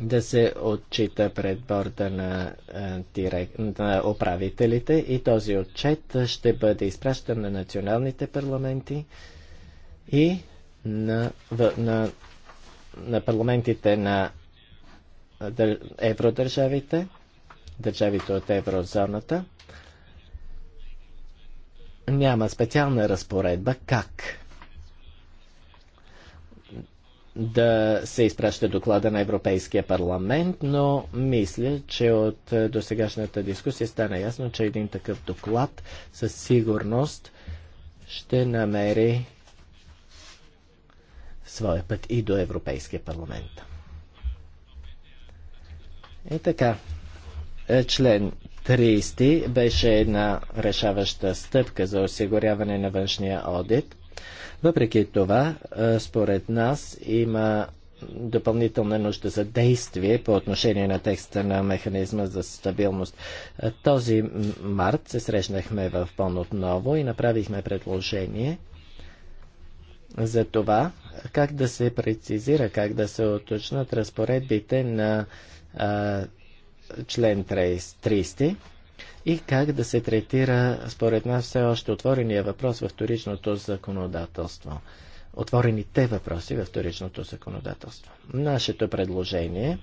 да се отчита пред борда на, на управителите и този отчет ще бъде изпращан на националните парламенти и на, на, на парламентите на евродържавите, държавите от еврозоната, няма специална разпоредба как да се изпраща доклада на Европейския парламент, но мисля, че от досегашната дискусия стана ясно, че един такъв доклад със сигурност ще намери своя път и до Европейския парламент. И е така, е, член 30 беше една решаваща стъпка за осигуряване на външния одит. Въпреки това, е, според нас има допълнителна нужда за действие по отношение на текста на механизма за стабилност. Този март се срещнахме в Бон отново и направихме предложение за това как да се прецизира, как да се оточнат разпоредбите на член 30 и как да се третира, според нас, все още отворения въпрос във вторичното законодателство. Отворените въпроси във вторичното законодателство. Нашето предложение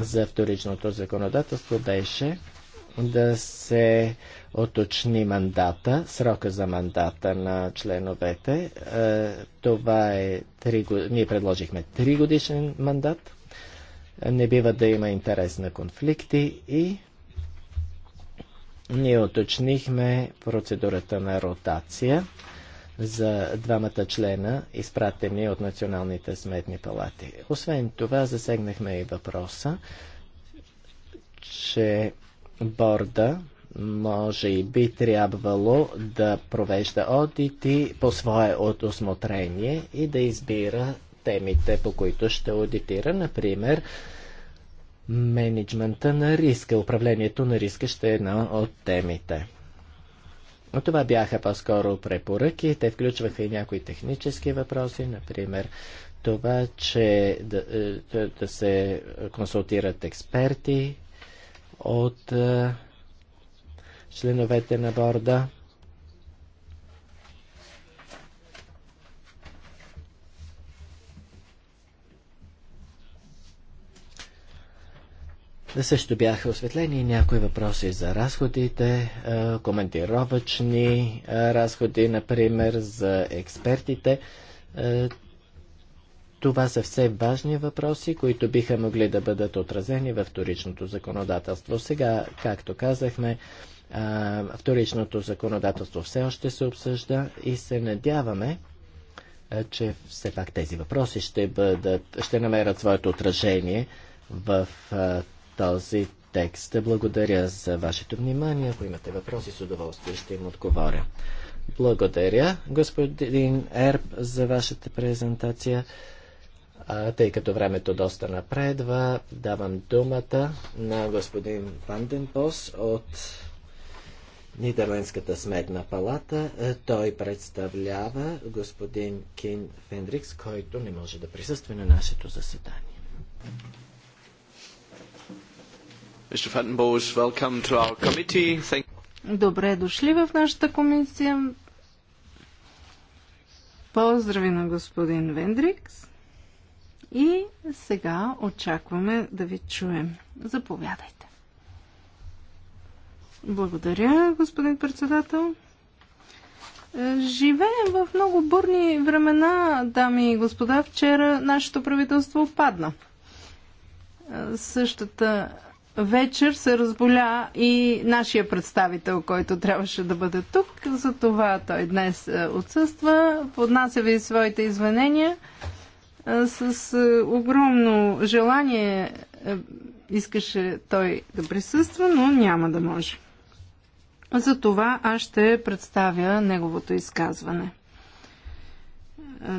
за вторичното законодателство беше да се оточни мандата, срока за мандата на членовете. Е, това е 3, ние предложихме 3 годишен мандат не бива да има интерес на конфликти и ние уточнихме процедурата на ротация за двамата члена, изпратени от националните сметни палати. Освен това, засегнахме и въпроса, че борда може и би трябвало да провежда одити по свое осмотрение и да избира темите, по които ще аудитира, например, менеджмента на риска, управлението на риска ще е една от темите. Но това бяха по-скоро препоръки. Те включваха и някои технически въпроси, например това, че да, е, да, да се консултират експерти от е, членовете на борда. Също бяха осветлени някои въпроси за разходите, е, коментировачни е, разходи, например, за експертите. Е, това са все важни въпроси, които биха могли да бъдат отразени във вторичното законодателство. Сега, както казахме, вторичното законодателство все още се обсъжда и се надяваме, че все пак тези въпроси ще, бъдат, ще намерят своето отражение в този текст. Благодаря за вашето внимание. Ако имате въпроси, с удоволствие ще им отговоря. Благодаря, господин Ерб, за вашата презентация. А, тъй като времето доста напредва, давам думата на господин Ванденпос от Нидерландската сметна палата. Е, той представлява господин Кин Фендрикс, който не може да присъства на нашето заседание. Добре дошли в нашата комисия. Поздрави на господин Вендрикс. И сега очакваме да ви чуем. Заповядайте. Благодаря, господин председател. Е, живеем в много бурни времена, дами и господа. Вчера нашето правителство падна. Е, същата вечер се разболя и нашия представител, който трябваше да бъде тук. Затова той днес е, отсъства. Поднася ви своите извинения. Е, с е, огромно желание искаше той да присъства, но няма да може. Затова аз ще представя неговото изказване.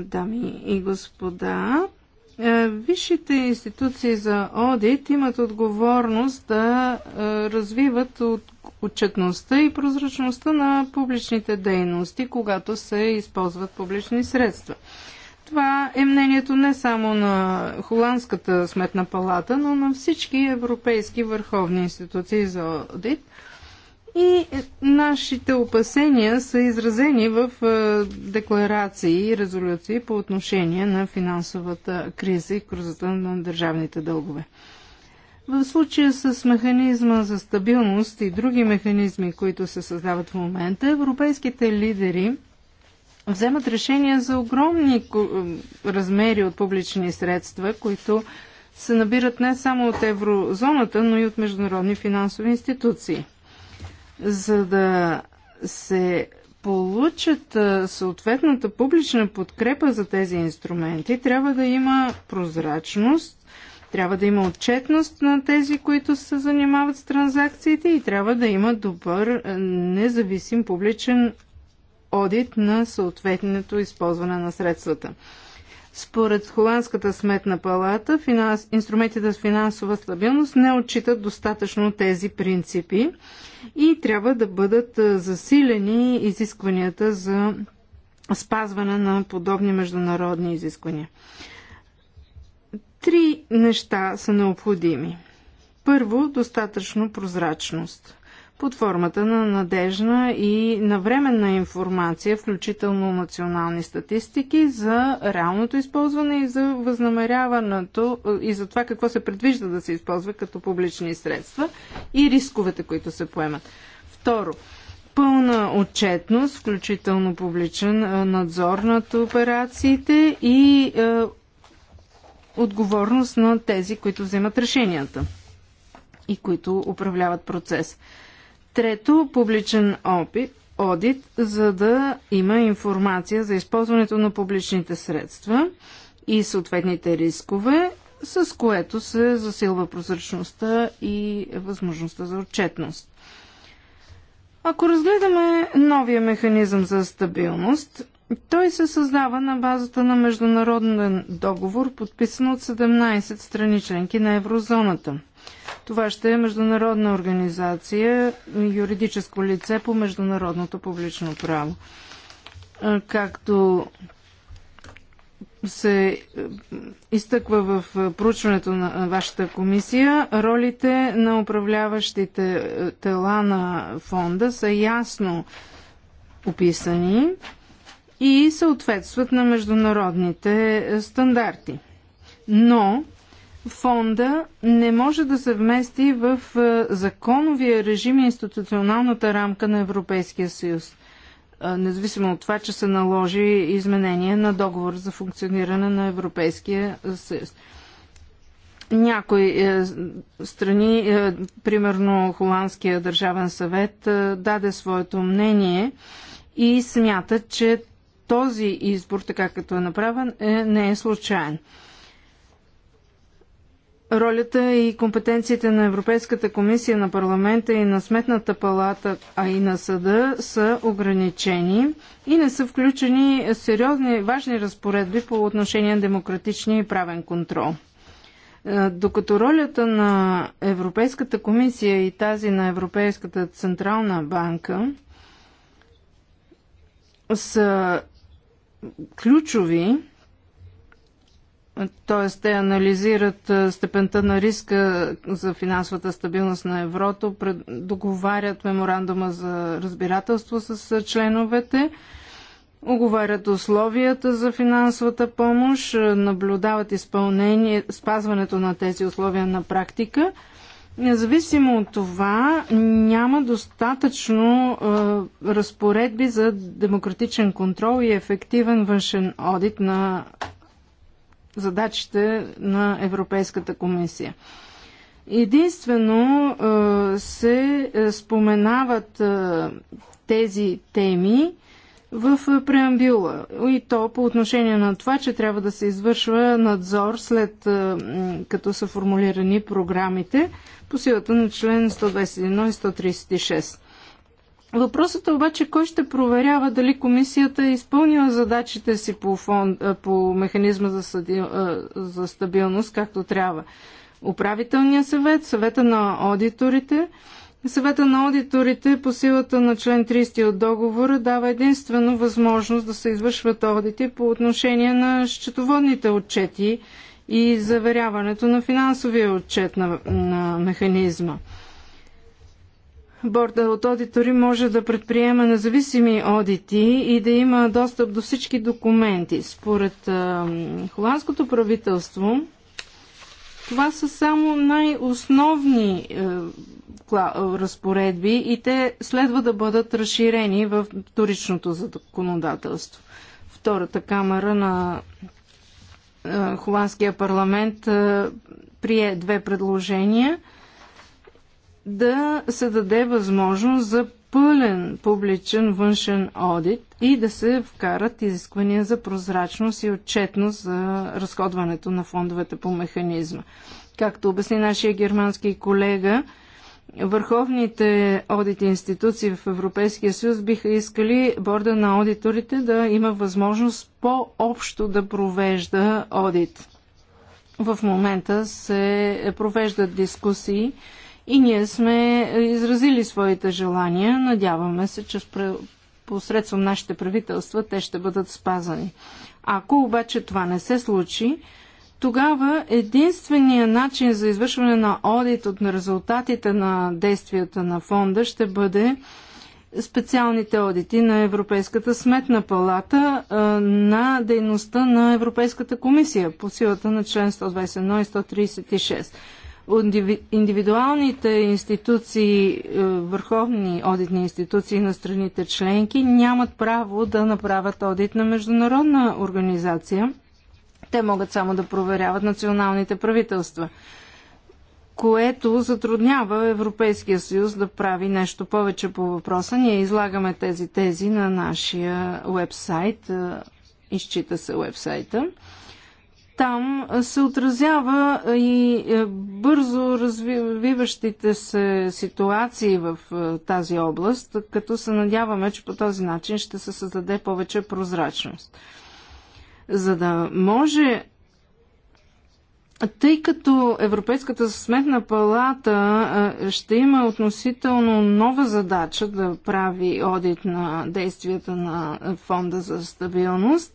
Дами и господа, е, висшите институции за одит имат отговорност да е, развиват отчетността и прозрачността на публичните дейности, когато се използват публични средства. Това е мнението не само на Холандската сметна палата, но на всички европейски върховни институции за одит – и нашите опасения са изразени в е, декларации и резолюции по отношение на финансовата криза и кризата на държавните дългове. В случая с механизма за стабилност и други механизми, които се създават в момента, европейските лидери вземат решения за огромни е, размери от публични средства, които се набират не само от еврозоната, но и от международни финансови институции. За да се получат съответната публична подкрепа за тези инструменти, трябва да има прозрачност, трябва да има отчетност на тези, които се занимават с транзакциите и трябва да има добър независим публичен одит на съответното използване на средствата. Според Холандската сметна палата, финанс... инструментите за финансова стабилност не отчитат достатъчно тези принципи и трябва да бъдат засилени изискванията за спазване на подобни международни изисквания. Три неща са необходими. Първо, достатъчно прозрачност под формата на надежна и навременна информация, включително национални статистики за реалното използване и за възнамеряването и за това какво се предвижда да се използва като публични средства и рисковете, които се поемат. Второ, пълна отчетност, включително публичен е, надзор над операциите и е, отговорност на тези, които вземат решенията и които управляват процес. Трето, публичен опит, одит, за да има информация за използването на публичните средства и съответните рискове, с което се засилва прозрачността и възможността за отчетност. Ако разгледаме новия механизъм за стабилност, той се създава на базата на международен договор, подписан от 17 страни членки на еврозоната – това ще е международна организация, юридическо лице по международното публично право. Както се е, изтъква в е, проучването на е, вашата комисия, ролите на управляващите тела на фонда са ясно описани и съответстват на международните стандарти. Но фонда не може да се вмести в е, законовия режим и институционалната рамка на Европейския съюз, е, независимо от това, че се наложи изменение на договор за функциониране на Европейския съюз. Някои е, страни, примерно Холандския държавен съвет, даде своето мнение и смята, че този избор, така като е направен, не е случайен ролята и компетенциите на Европейската комисия, на парламента и на Сметната палата, а и на съда са ограничени и не са включени сериозни важни разпоредби по отношение на демократичния и правен контрол. Е, докато ролята на Европейската комисия и тази на Европейската централна банка са ключови, т.е. те анализират степента на риска за финансовата стабилност на еврото, договарят меморандума за разбирателство с членовете, оговарят условията за финансовата помощ, наблюдават изпълнение, спазването на тези условия на практика. Независимо от това, няма достатъчно е, разпоредби за демократичен контрол и ефективен външен одит на задачите на Европейската комисия. Единствено е, се е, споменават е, тези теми в преамбюла и то по отношение на това, че трябва да се извършва надзор след като са формулирани програмите по силата на член 121 и 136. Въпросът е обаче кой ще проверява дали комисията е изпълнила задачите си по, фонд, по механизма за, съди, за стабилност както трябва. Управителният съвет, съвета на аудиторите. Съвета на аудиторите по силата на член 30 от договора дава единствено възможност да се извършват аудити по отношение на счетоводните отчети и заверяването на финансовия отчет на, на механизма борда от аудитори може да предприема независими одити и да има достъп до всички документи. Според а, холандското правителство, това са само най-основни е, разпоредби и те следва да бъдат разширени в вторичното законодателство. Втората камера на е, Холандския парламент а, е, прие две предложения – да се даде възможност за пълен публичен външен одит и да се вкарат изисквания за прозрачност и отчетност за разходването на фондовете по механизма. Както обясни нашия германски колега, върховните одит институции в Европейския съюз биха искали борда на аудиторите да има възможност по-общо да провежда одит. В момента се провеждат дискусии и ние сме изразили своите желания. Надяваме се, че посредством нашите правителства те ще бъдат спазани. Ако обаче това не се случи, тогава единственият начин за извършване на одит от резултатите на действията на фонда ще бъде специалните одити на Европейската сметна палата на дейността на Европейската комисия по силата на член 121 и 136 индивидуалните институции, е, върховни одитни институции на страните членки нямат право да направят одит на международна организация. Те могат само да проверяват националните правителства, което затруднява Европейския съюз да прави нещо повече по въпроса. Ние излагаме тези тези на нашия вебсайт. Е, изчита се вебсайта. Там се отразява и е, бързо развиващите се ситуации в тази област, като се надяваме, че по този начин ще се създаде повече прозрачност. За да може тъй като Европейската сметна палата ще има относително нова задача да прави одит на действията на Фонда за стабилност,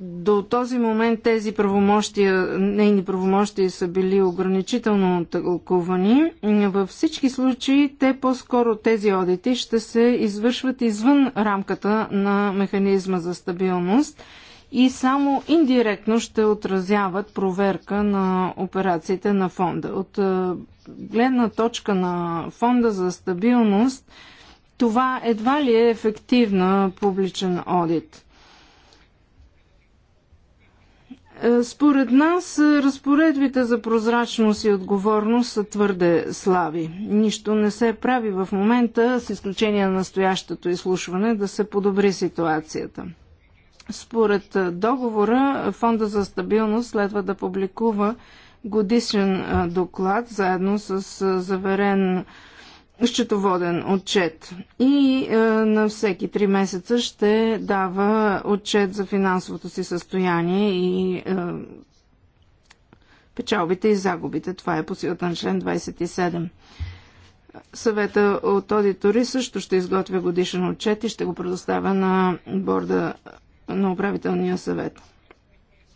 до този момент тези правомощия, нейни правомощия са били ограничително тълкувани. Във всички случаи те по-скоро тези одити ще се извършват извън рамката на механизма за стабилност и само индиректно ще отразяват проверка на операциите на фонда. От е, гледна точка на фонда за стабилност, това едва ли е ефективна публичен одит. Е, според нас е, разпоредбите за прозрачност и отговорност са твърде слаби. Нищо не се прави в момента, с изключение на настоящото изслушване, да се подобри ситуацията. Според е, договора, Фонда за стабилност следва да публикува годишен доклад заедно с заверен счетоводен отчет и е, на всеки три месеца ще дава отчет за финансовото си състояние и е, печалбите и загубите. Това е по силата на член 27. Съвета от аудитори също ще изготвя годишен отчет и ще го предоставя на борда на управителния съвет.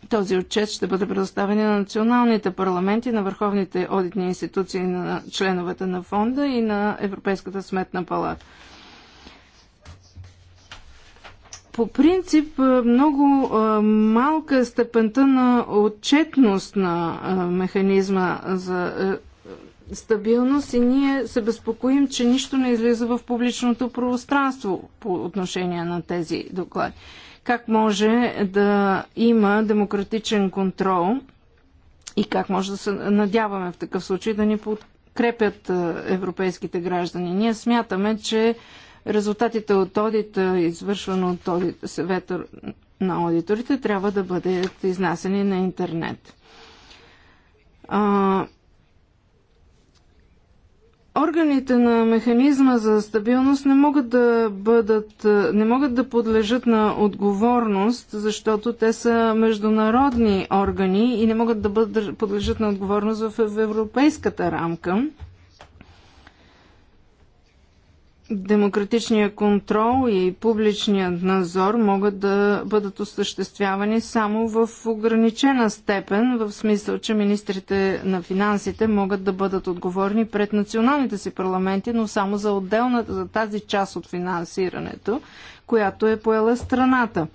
Този отчет ще бъде предоставен на националните парламенти, на върховните одитни институции, на членовете на фонда и на Европейската сметна палата. По принцип, е, много е, малка е степента на отчетност на е, механизма за стабилност и ние се безпокоим, че нищо не излиза в публичното пространство по отношение на тези доклади как може да има демократичен контрол и как може да се надяваме в такъв случай да ни подкрепят е, европейските граждани. Ние смятаме, че резултатите от одита, извършвано от одит, съвета на аудиторите, трябва да бъдат изнасени на интернет. Органите на механизма за стабилност не могат да бъдат, е, не могат да подлежат на отговорност, защото те са международни органи и не могат да бъдат, подлежат на отговорност в европейската рамка. Демократичния контрол и публичният надзор могат да бъдат осъществявани само в ограничена степен, в смисъл, че министрите на финансите могат да бъдат отговорни пред националните си парламенти, но само за отделната, за тази част от финансирането, която е поела страната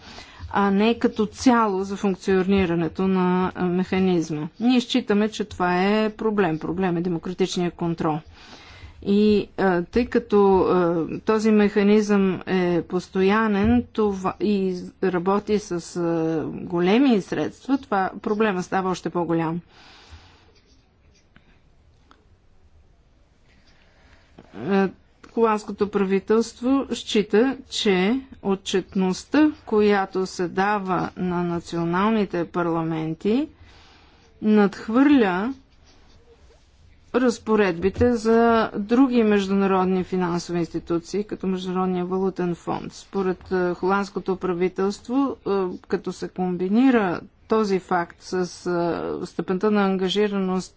а не като цяло за функционирането на механизма. Ние считаме, че това е проблем. Проблем е демократичния контрол. И а, тъй като а, този механизъм е постоянен това, и работи с а, големи средства, това проблема става още по-голям. Холандското правителство счита, че отчетността, която се дава на националните парламенти, надхвърля разпоредбите за други международни финансови институции, като Международния валутен фонд. Според е, холандското правителство, е, като се комбинира този факт с е, степента на ангажираност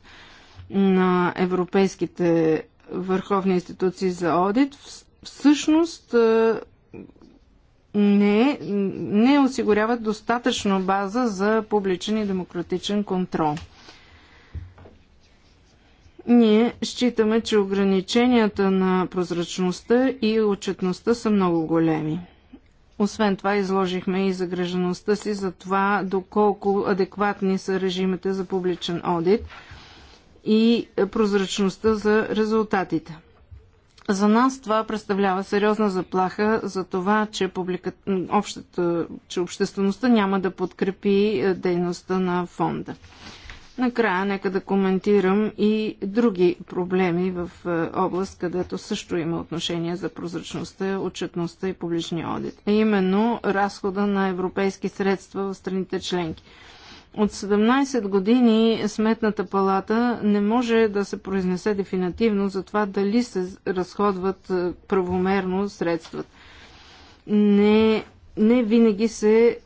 на европейските върховни институции за одит, всъщност не, не осигуряват достатъчно база за публичен и демократичен контрол. Ние считаме, че ограниченията на прозрачността и отчетността са много големи. Освен това, изложихме и загрежеността си за това доколко адекватни са режимите за публичен одит и прозрачността за резултатите. За нас това представлява сериозна заплаха за това, че, публика... общата... че обществеността няма да подкрепи е, дейността на фонда. Накрая нека да коментирам и други проблеми в е, област, където също има отношение за прозрачността, отчетността и публичния одит. А именно разхода на европейски средства в страните членки. От 17 години Сметната палата не може да се произнесе дефинативно за това дали се разходват е, правомерно средствата. Не, не винаги се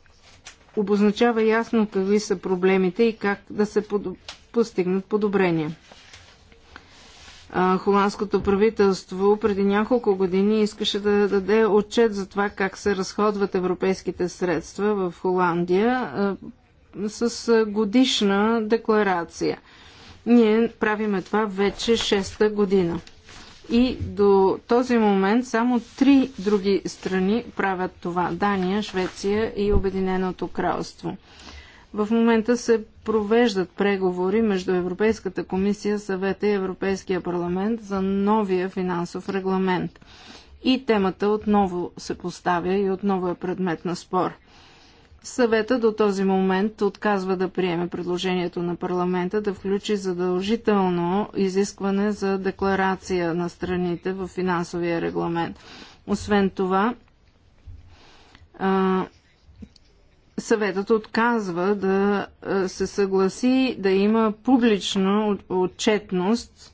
обозначава ясно какви са проблемите и как да се под... постигнат подобрения. Холандското правителство преди няколко години искаше да даде отчет за това как се разходват европейските средства в Холандия с годишна декларация. Ние правиме това вече 6-та година. И до този момент само три други страни правят това Дания, Швеция и Обединеното кралство. В момента се провеждат преговори между Европейската комисия, съвета и Европейския парламент за новия финансов регламент. И темата отново се поставя и отново е предмет на спор. Съвета до този момент отказва да приеме предложението на парламента да включи задължително изискване за декларация на страните в финансовия регламент. Освен това, съветът отказва да се съгласи да има публична отчетност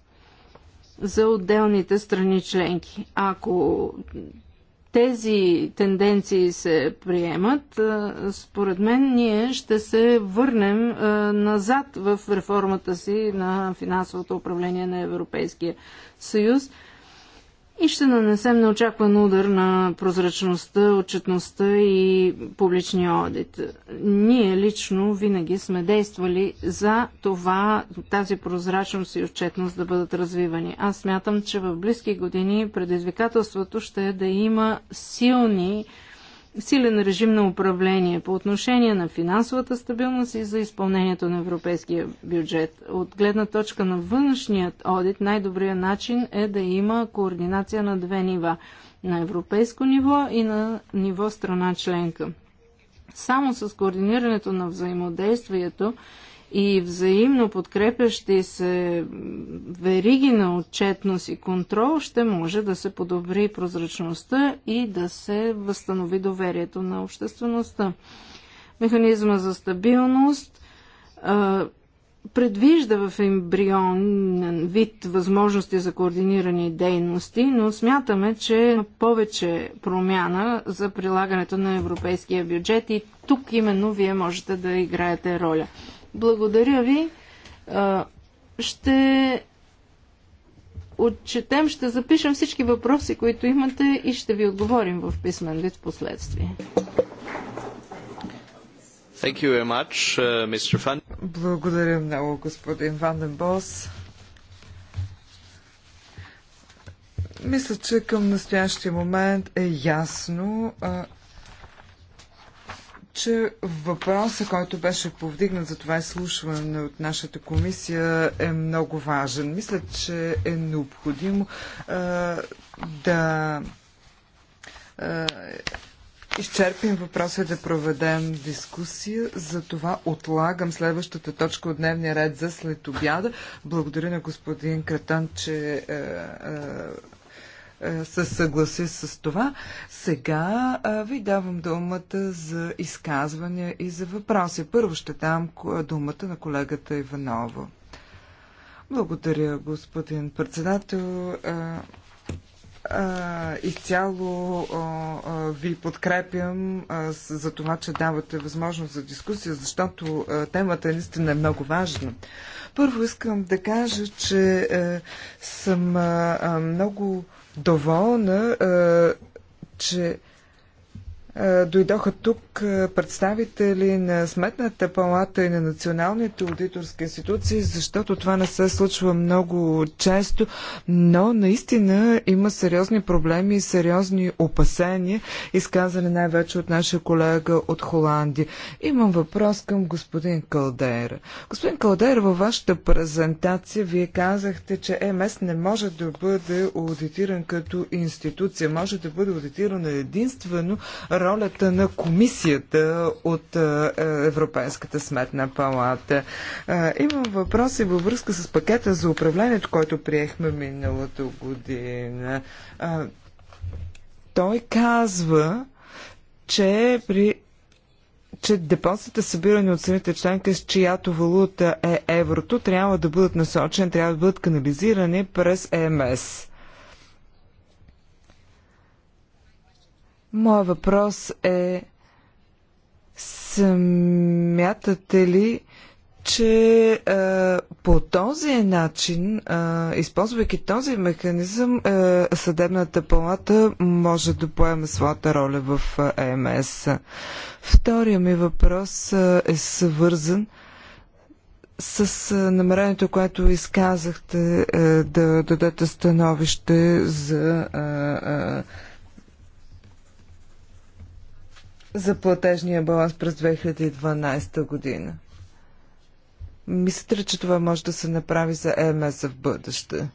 за отделните страни членки. Ако тези тенденции се приемат, според мен ние ще се върнем назад в реформата си на финансовото управление на Европейския съюз и ще нанесем неочакван удар на прозрачността, отчетността и публичния одит. Ние лично винаги сме действали за това тази прозрачност и отчетност да бъдат развивани. Аз смятам, че в близки години предизвикателството ще е да има силни силен режим на управление по отношение на финансовата стабилност и за изпълнението на европейския бюджет. От гледна точка на външният одит най-добрият начин е да има координация на две нива на европейско ниво и на ниво страна членка. Само с координирането на взаимодействието и взаимно подкрепящи се вериги на отчетност и контрол ще може да се подобри прозрачността и да се възстанови доверието на обществеността. Механизма за стабилност а, предвижда в ембрион вид възможности за координирани дейности, но смятаме, че повече промяна за прилагането на европейския бюджет и тук именно вие можете да играете роля. Благодаря ви. Ще отчетем, ще запишем всички въпроси, които имате и ще ви отговорим в писмен вид в последствие. Uh, Благодаря много, господин Ванденбос. Бос. Мисля, че към настоящия момент е ясно че въпросът, който беше повдигнат за това изслушване от нашата комисия е много важен. Мисля, че е необходимо а, да а, изчерпим въпроса да проведем дискусия. За това отлагам следващата точка от дневния ред за след обяда. Благодаря на господин Кратан, че е, е, се съгласи с това. Сега ви давам думата за изказвания и за въпроси. Първо ще дам думата на колегата Иванова. Благодаря, господин председател. Изцяло ви подкрепям за това, че давате възможност за дискусия, защото темата наистина е много важна. Първо искам да кажа, че е, съм много доволна, че дойдоха тук тук представители на Сметната палата и на националните аудиторски институции, защото това не се случва много често, но наистина има сериозни проблеми и сериозни опасения, изказани най-вече от нашия колега от Холандия. Имам въпрос към господин Калдера. Господин Калдера, във вашата презентация вие казахте, че МС не може да бъде аудитиран като институция. Може да бъде аудитирана единствено ролята на комисия комисията от е, е, Европейската сметна палата. Е, имам въпроси във връзка с пакета за управлението, който приехме миналата година. Той казва, че при че депозитите събирани от самите членки, с чиято валута е еврото, трябва да бъдат насочени, трябва да бъдат канализирани през ЕМС. Моят въпрос е Смятате ли, че а, по този начин, а, използвайки този механизъм, а, съдебната палата може да поеме своята роля в ЕМС. Втория ми въпрос а, е свързан с а, намерението, което изказахте а, да дадете становище за. А, а, за платежния баланс през 2012 година. Мислите ли, че това може да се направи за ЕМС в бъдеще?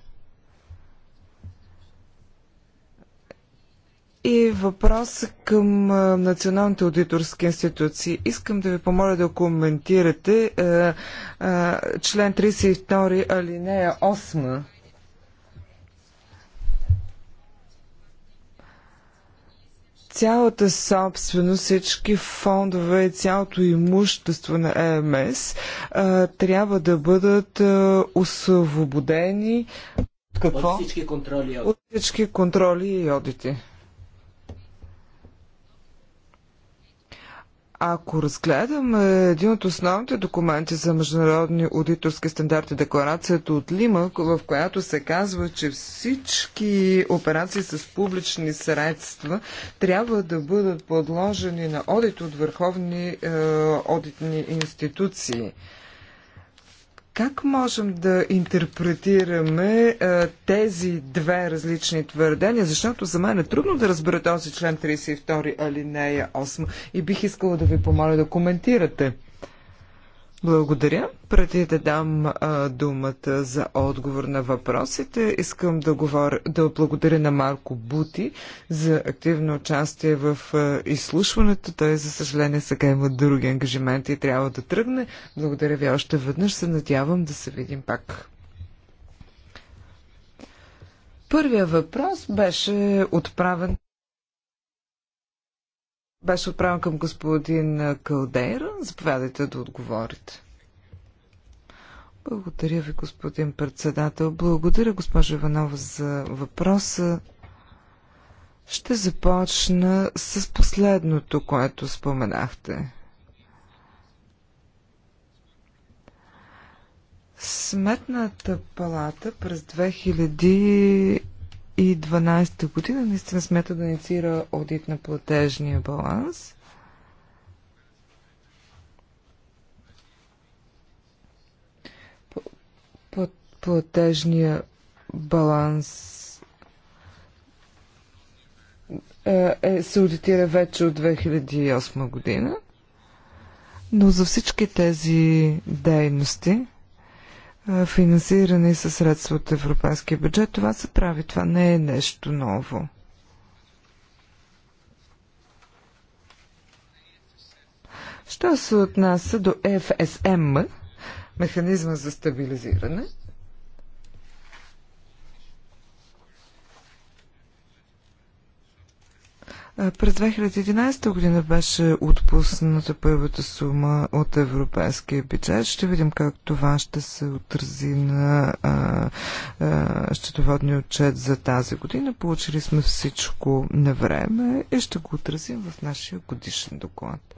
И въпрос към националните аудиторски институции. Искам да ви помоля да коментирате е, е, член 32 алинея 8 цялата собственост, всички фондове и цялото имущество на ЕМС а, трябва да бъдат а, освободени какво? От всички контроли и одити. От всички контроли и одити. Ако разгледаме един от основните документи за международни аудиторски стандарти, декларацията от Лима, в която се казва, че всички операции с публични средства трябва да бъдат подложени на одит от върховни е, одитни институции. Как можем да интерпретираме а, тези две различни твърдения? Защото за мен е трудно да разбера този член 32 алинея 8 и бих искала да ви помоля да коментирате. Благодаря. Преди да дам а, думата за отговор на въпросите, искам да, говоря, да благодаря на Марко Бути за активно участие в а, изслушването. Той, за съжаление, сега има други ангажименти и трябва да тръгне. Благодаря ви още веднъж. Се надявам да се видим пак. Първия въпрос беше отправен беше отправен към господин Калдейра. Заповядайте да отговорите. Благодаря ви, господин председател. Благодаря, госпожо Иванова, за въпроса. Ще започна с последното, което споменахте. Сметната палата през 2000 2012 година наистина смята да инициира аудит на платежния баланс. Платежния баланс е, е, се аудитира вече от 2008 година, но за всички тези дейности финансирани със средства от европейския бюджет. Това се прави, това не е нещо ново. Що се отнася до ФСМ, механизма за стабилизиране – През 2011 година беше отпусната първата сума от европейския бюджет. Ще видим как това ще се отрази на а, а, счетоводния отчет за тази година. Получили сме всичко на време и ще го отразим в нашия годишен доклад.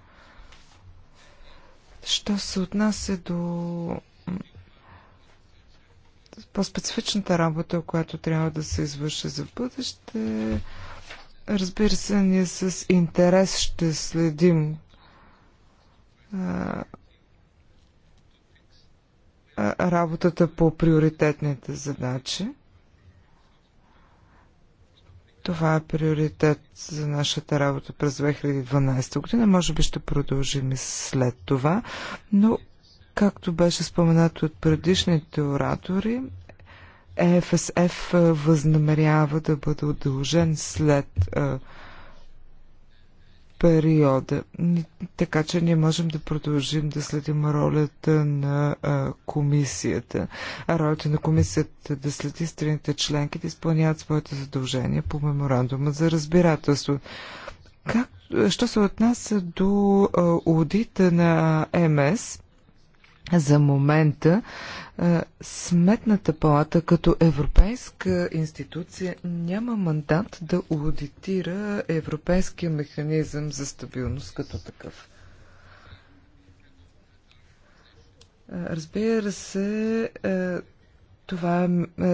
Що се отнася до по-специфичната работа, която трябва да се извърши за бъдеще, Разбира се, ние с интерес ще следим работата по приоритетните задачи. Това е приоритет за нашата работа през 2012 година. Може би ще продължим и след това, но както беше споменато от предишните оратори, ЕФСФ възнамерява да бъде удължен след периода. Така че ние можем да продължим да следим ролята на а, комисията. А ролята на комисията да следи страните членки да изпълняват своите задължения по меморандума за разбирателство. Как, що се отнася до аудита на МС, за момента Сметната палата като европейска институция няма мандат да аудитира европейския механизъм за стабилност като такъв. Разбира се, това,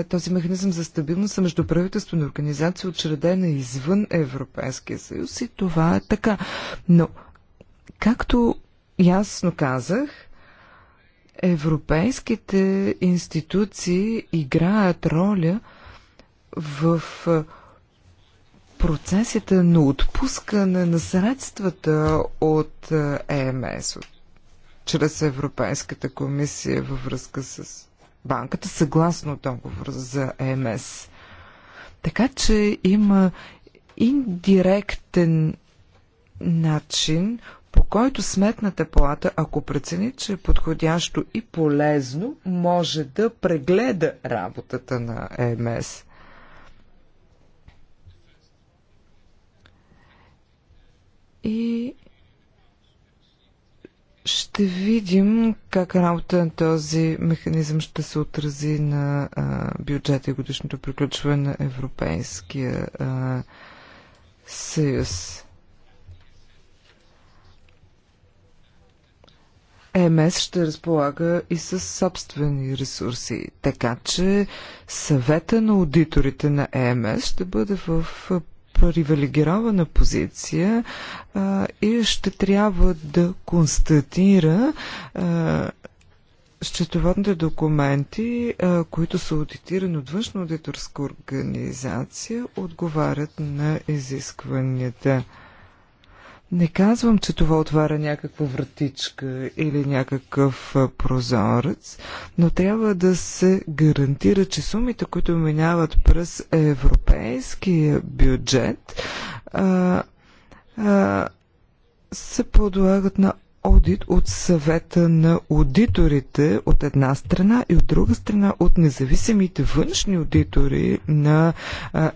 този механизъм за стабилност е междуправителствена организация, учредена извън Европейския съюз и това е така. Но, както ясно казах, Европейските институции играят роля в процесите на отпускане на средствата от ЕМС, чрез Европейската комисия във връзка с банката, съгласно договор за ЕМС. Така че има индиректен начин, по който сметната палата, ако прецени, че е подходящо и полезно, може да прегледа работата на ЕМС. И ще видим как работа на този механизъм ще се отрази на а, бюджета и годишното приключване на Европейския а, съюз. ЕМС ще разполага и с собствени ресурси, така че съвета на аудиторите на ЕМС ще бъде в привилегирована позиция а, и ще трябва да констатира а, счетоводните документи, а, които са аудитирани от външна аудиторска организация, отговарят на изискванията. Не казвам, че това отваря някаква вратичка или някакъв прозорец, но трябва да се гарантира, че сумите, които минават през европейския бюджет, а, а, се подлагат на одит от съвета на аудиторите от една страна и от друга страна от независимите външни аудитори на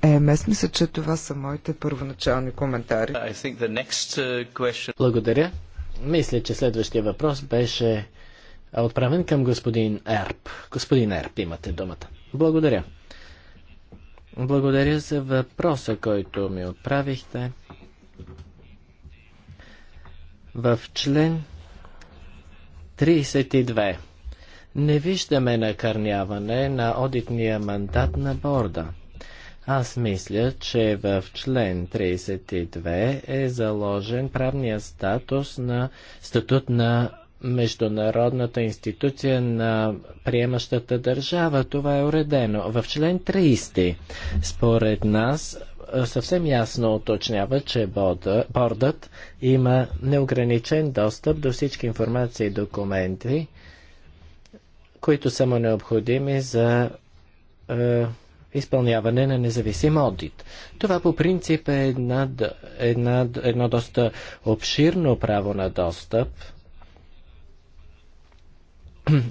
ЕМС. Мисля, че това са моите първоначални коментари. Uh, question... Благодаря. Мисля, че следващия въпрос беше отправен към господин Ерп. Господин Ерп, имате думата. Благодаря. Благодаря за въпроса, който ми отправихте. В член 32 не виждаме накърняване на одитния мандат на борда. Аз мисля, че в член 32 е заложен правния статус на статут на международната институция на приемащата държава. Това е уредено. В член 30, според нас, е, съвсем ясно уточнява, че бордът има неограничен достъп до всички информации и документи, които са му необходими за е, изпълняване на независим одит. Това по принцип е една, една, едно доста обширно право на достъп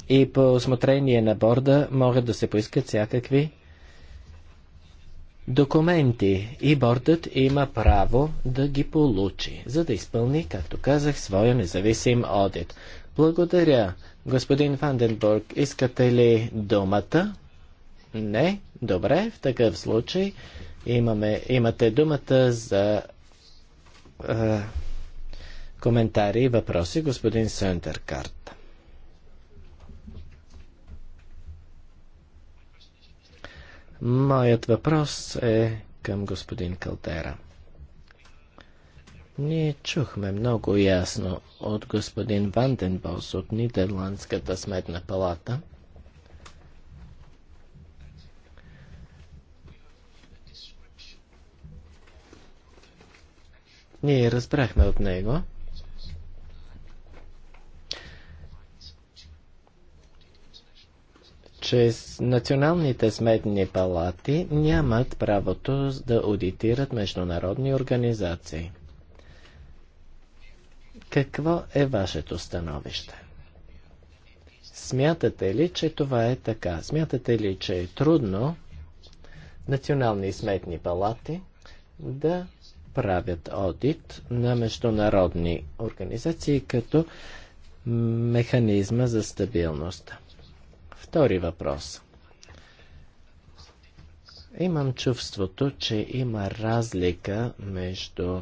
и по осмотрение на борда могат да се поискат всякакви документи и бордът има право да ги получи, за да изпълни, както казах, своя независим одит. Благодаря. Господин Ванденбург, искате ли думата? Не? Добре, в такъв случай имаме, имате думата за е, коментари и въпроси, господин Сендеркарт. Моят въпрос е към господин Калтера. Ние чухме много ясно от господин Ванденбос от Нидерландската сметна палата, Ние разбрахме от него, че националните сметни палати нямат правото да аудитират международни организации. Какво е вашето становище? Смятате ли, че това е така? Смятате ли, че е трудно национални сметни палати да правят одит на международни организации като механизма за стабилността? Втори въпрос. Имам чувството, че има разлика между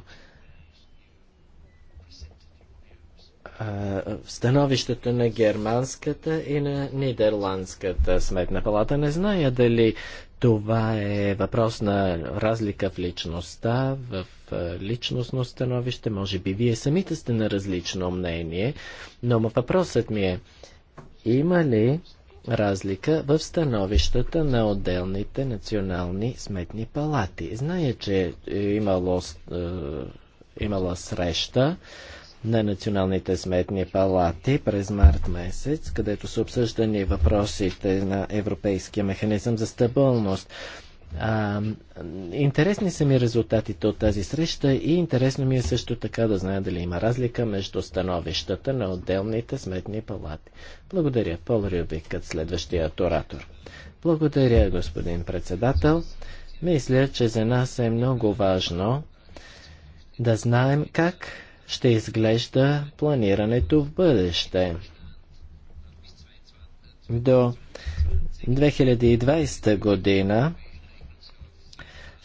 становището на германската и на нидерландската сметна палата. Не зная дали това е въпрос на разлика в личността, в личностно становище. Може би вие самите сте на различно мнение, но въпросът ми е, има ли разлика в становищата на отделните национални сметни палати. Зная, че е имало, е, имало среща на националните сметни палати през март месец, където са обсъждани въпросите на Европейския механизъм за стабилност. А, интересни са ми резултатите от тази среща и интересно ми е също така да зная дали има разлика между становищата на отделните сметни палати. Благодаря, Пол Рюбик като следващият оратор. Благодаря, господин председател. Мисля, че за нас е много важно да знаем как ще изглежда планирането в бъдеще. До 2020 година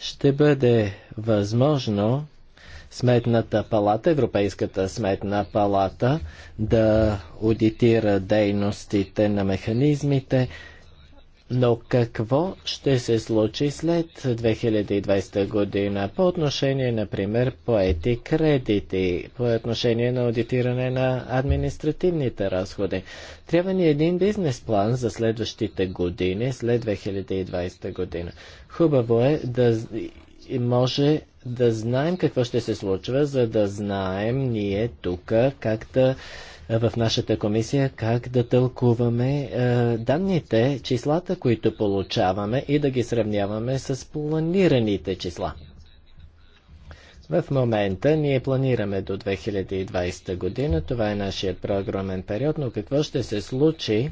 ще бъде възможно Сметната палата, Европейската сметна палата да аудитира дейностите на механизмите, но какво ще се случи след 2020 година по отношение, например, поети кредити, по отношение на аудитиране на административните разходи? Трябва ни един бизнес план за следващите години, след 2020 година. Хубаво е да може да знаем какво ще се случва, за да знаем ние тук как да е, в нашата комисия как да тълкуваме е, данните, числата, които получаваме и да ги сравняваме с планираните числа. В момента ние планираме до 2020 година, това е нашия програмен период, но какво ще се случи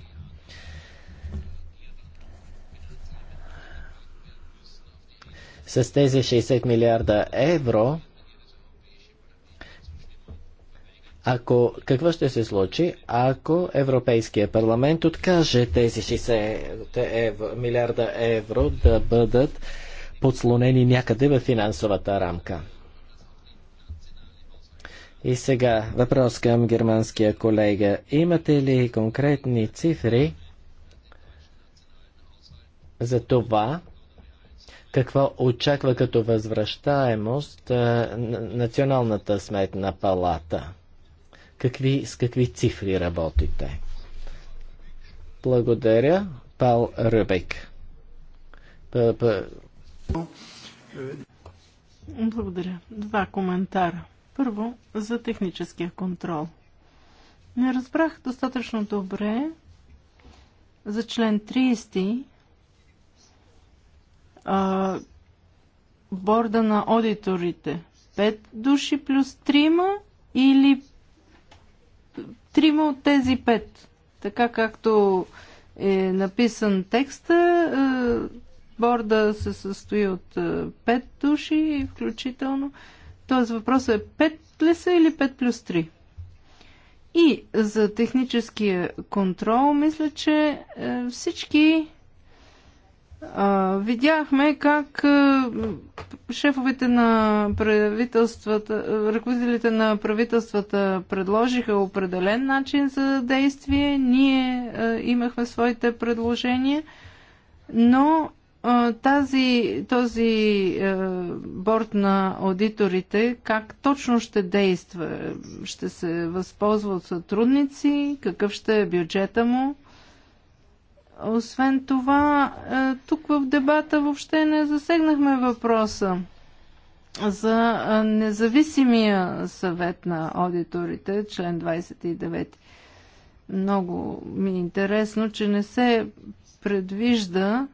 с тези 60 милиарда евро, Ако, какво ще се случи, ако Европейския парламент откаже тези 60 евро, милиарда евро да бъдат подслонени някъде в финансовата рамка? И сега въпрос към германския колега. Имате ли конкретни цифри за това, какво очаква като възвръщаемост Националната сметна палата? какви, с какви цифри работите. Благодаря, Пал Ръбек. Благодаря. Два коментара. Първо, за техническия контрол. Не разбрах достатъчно добре за член 30 а, борда на аудиторите. 5 души плюс 3 или трима от тези пет. Така както е написан текста, е, борда се състои от е, пет души, включително. Тоест въпросът е 5 ли са или 5 плюс 3? И за техническия контрол, мисля, че е, всички видяхме как шефовете на правителствата, ръководителите на правителствата предложиха определен начин за действие. Ние имахме своите предложения, но тази, този борт на аудиторите как точно ще действа? Ще се възползва от сътрудници? Какъв ще е бюджета му? Освен това, е, тук в дебата въобще не засегнахме въпроса за е, независимия съвет на аудиторите, член 29. Много ми е интересно, че не се предвижда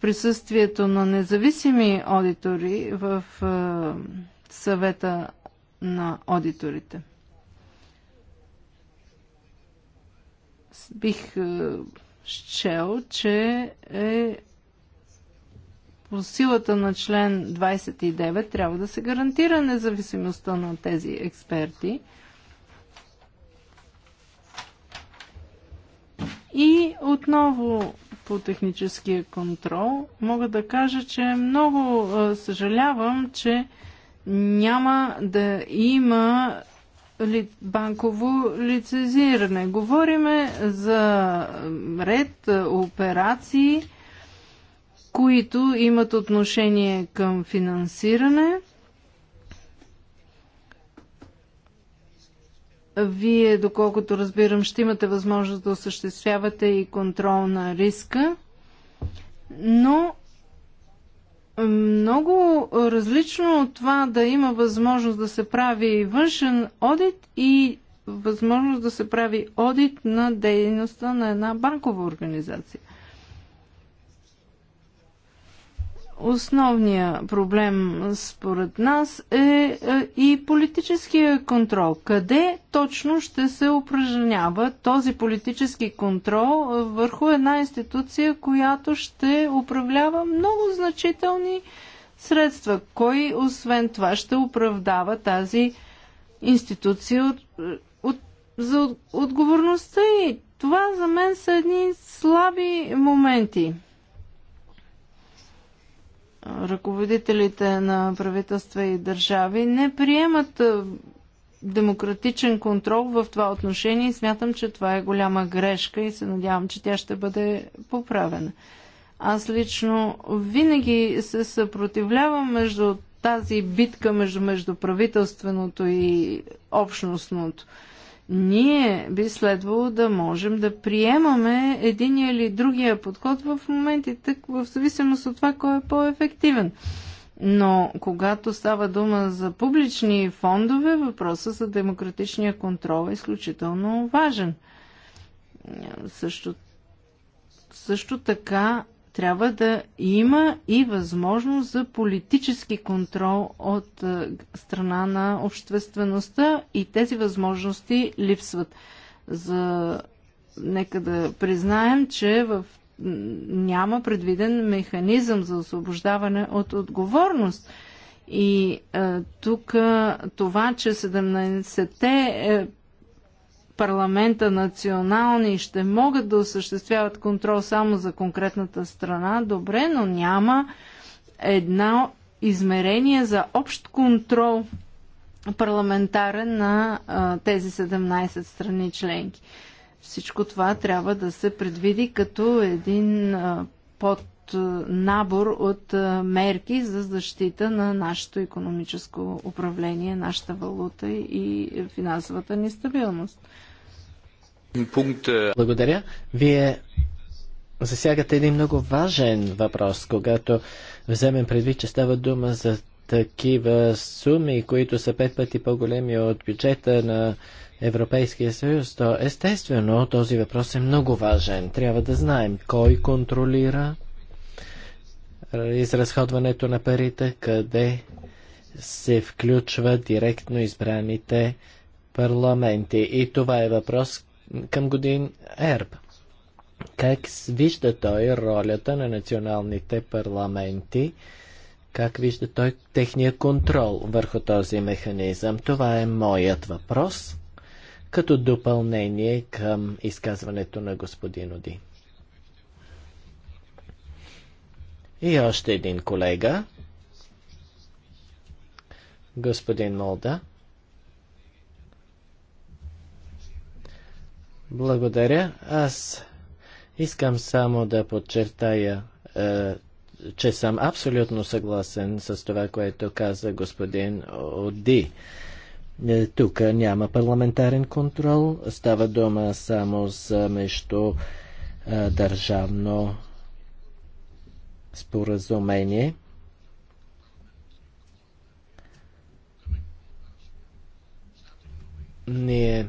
присъствието на независими аудитори в е, съвета на аудиторите. бих е, счел, че е по силата на член 29 трябва да се гарантира независимостта на тези експерти. И отново по техническия контрол мога да кажа, че много е, съжалявам, че няма да има банково лицензиране. Говориме за ред е, операции, които имат отношение към финансиране. Вие, доколкото разбирам, ще имате възможност да осъществявате и контрол на риска, но много различно от това да има възможност да се прави външен одит и възможност да се прави одит на дейността на една банкова организация. Основният проблем според нас е, е и политическия контрол. Къде точно ще се упражнява този политически контрол върху една институция, която ще управлява много значителни средства? Кой освен това ще оправдава тази институция от, от, за отговорността и това за мен са едни слаби моменти ръководителите на правителства и държави не приемат демократичен контрол в това отношение и смятам, че това е голяма грешка и се надявам, че тя ще бъде поправена. Аз лично винаги се съпротивлявам между тази битка между правителственото и общностното ние би следвало да можем да приемаме един или другия подход в моментите, в зависимост от това кой е по-ефективен. Но когато става дума за публични фондове, въпросът за демократичния контрол е изключително важен. Също, също така трябва да има и възможност за политически контрол от е, страна на обществеността и тези възможности липсват. За... Нека да признаем, че в... няма предвиден механизъм за освобождаване от отговорност. И е, тук е, това, че 17-те парламента национални ще могат да осъществяват контрол само за конкретната страна, добре, но няма едно измерение за общ контрол парламентарен на а, тези 17 страни членки. Всичко това трябва да се предвиди като един а, под набор от мерки за защита на нашето економическо управление, нашата валута и финансовата ни стабилност. Е, Благодаря. Вие засягате един много важен въпрос, когато вземем предвид, че става дума за такива суми, които са пет пъти по-големи от бюджета на Европейския съюз, то естествено този въпрос е много важен. Трябва да знаем кой контролира е, изразходването на парите, къде се включват директно избраните парламенти. И това е въпрос, към годин Ерб. Как вижда той ролята на националните парламенти? Как вижда той техния контрол върху този механизъм? Това е моят въпрос като допълнение към изказването на господин Оди. И още един колега, господин Молда. Благодаря. Аз искам само да подчертая, е, че съм абсолютно съгласен с това, което каза господин Оди. Е, тук няма парламентарен контрол, става дума само за между е, държавно споразумение. Ние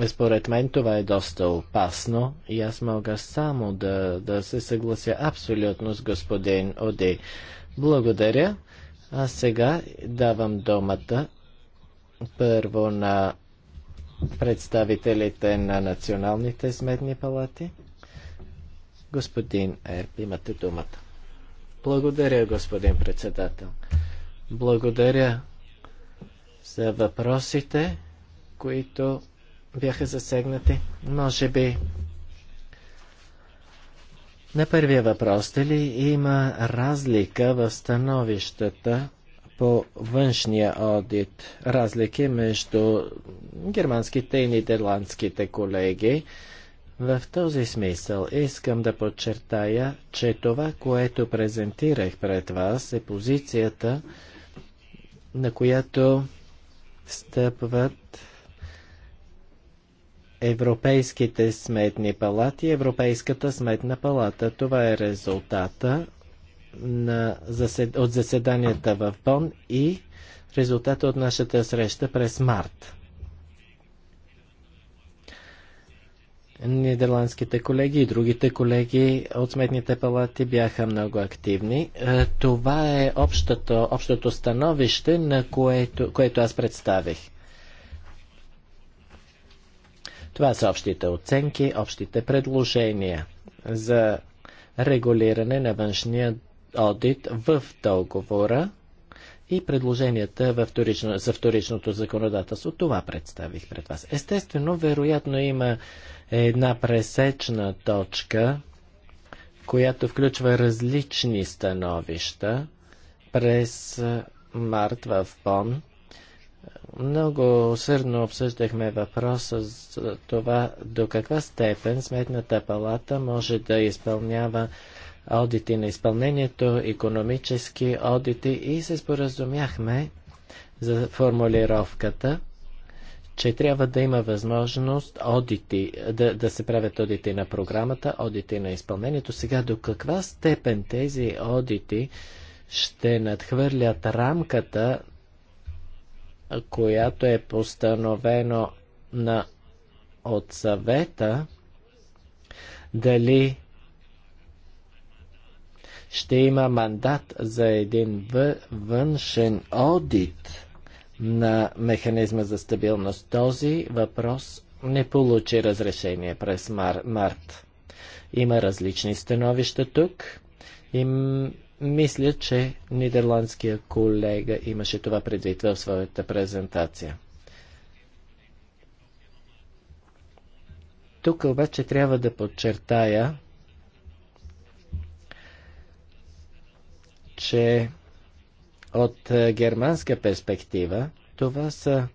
е, според мен това е доста опасно и аз мога само да, да се съглася абсолютно с господин Оди. Благодаря. А сега давам думата първо на представителите на националните сметни палати. Господин Ерп, имате думата. Благодаря, господин председател. Благодаря за въпросите, които бяха засегнати. Може би на първия въпрос, дали има разлика в становищата по външния одит, разлики между германските и нидерландските колеги? В този смисъл искам да подчертая, че това, което презентирах пред вас е позицията, на която стъпват Европейските сметни палати, Европейската сметна палата. Това е резултата на засед... от заседанията в Бон и резултата от нашата среща през март. Нидерландските колеги и другите колеги от сметните палати бяха много активни. Е, това е общото, общото становище, на което, което аз представих. Това са общите оценки, общите предложения за регулиране на външния одит в договора и предложенията във вторично, за вторичното законодателство. Това представих пред вас. Естествено, вероятно има една пресечна точка, която включва различни становища. През март в Бон много усърдно обсъждахме въпроса за това до каква степен Сметната палата може да изпълнява одити на изпълнението, економически одити и се споразумяхме за формулировката, че трябва да има възможност одити, да, да се правят одити на програмата, одити на изпълнението. Сега до каква степен тези одити ще надхвърлят рамката която е постановено на, от съвета, дали ще има мандат за един външен одит на механизма за стабилност. Този въпрос не получи разрешение през мар- март. Има различни становища тук и мисля, че нидерландския колега имаше това предвид в своята презентация. Тук обаче трябва да подчертая, че от германска перспектива това са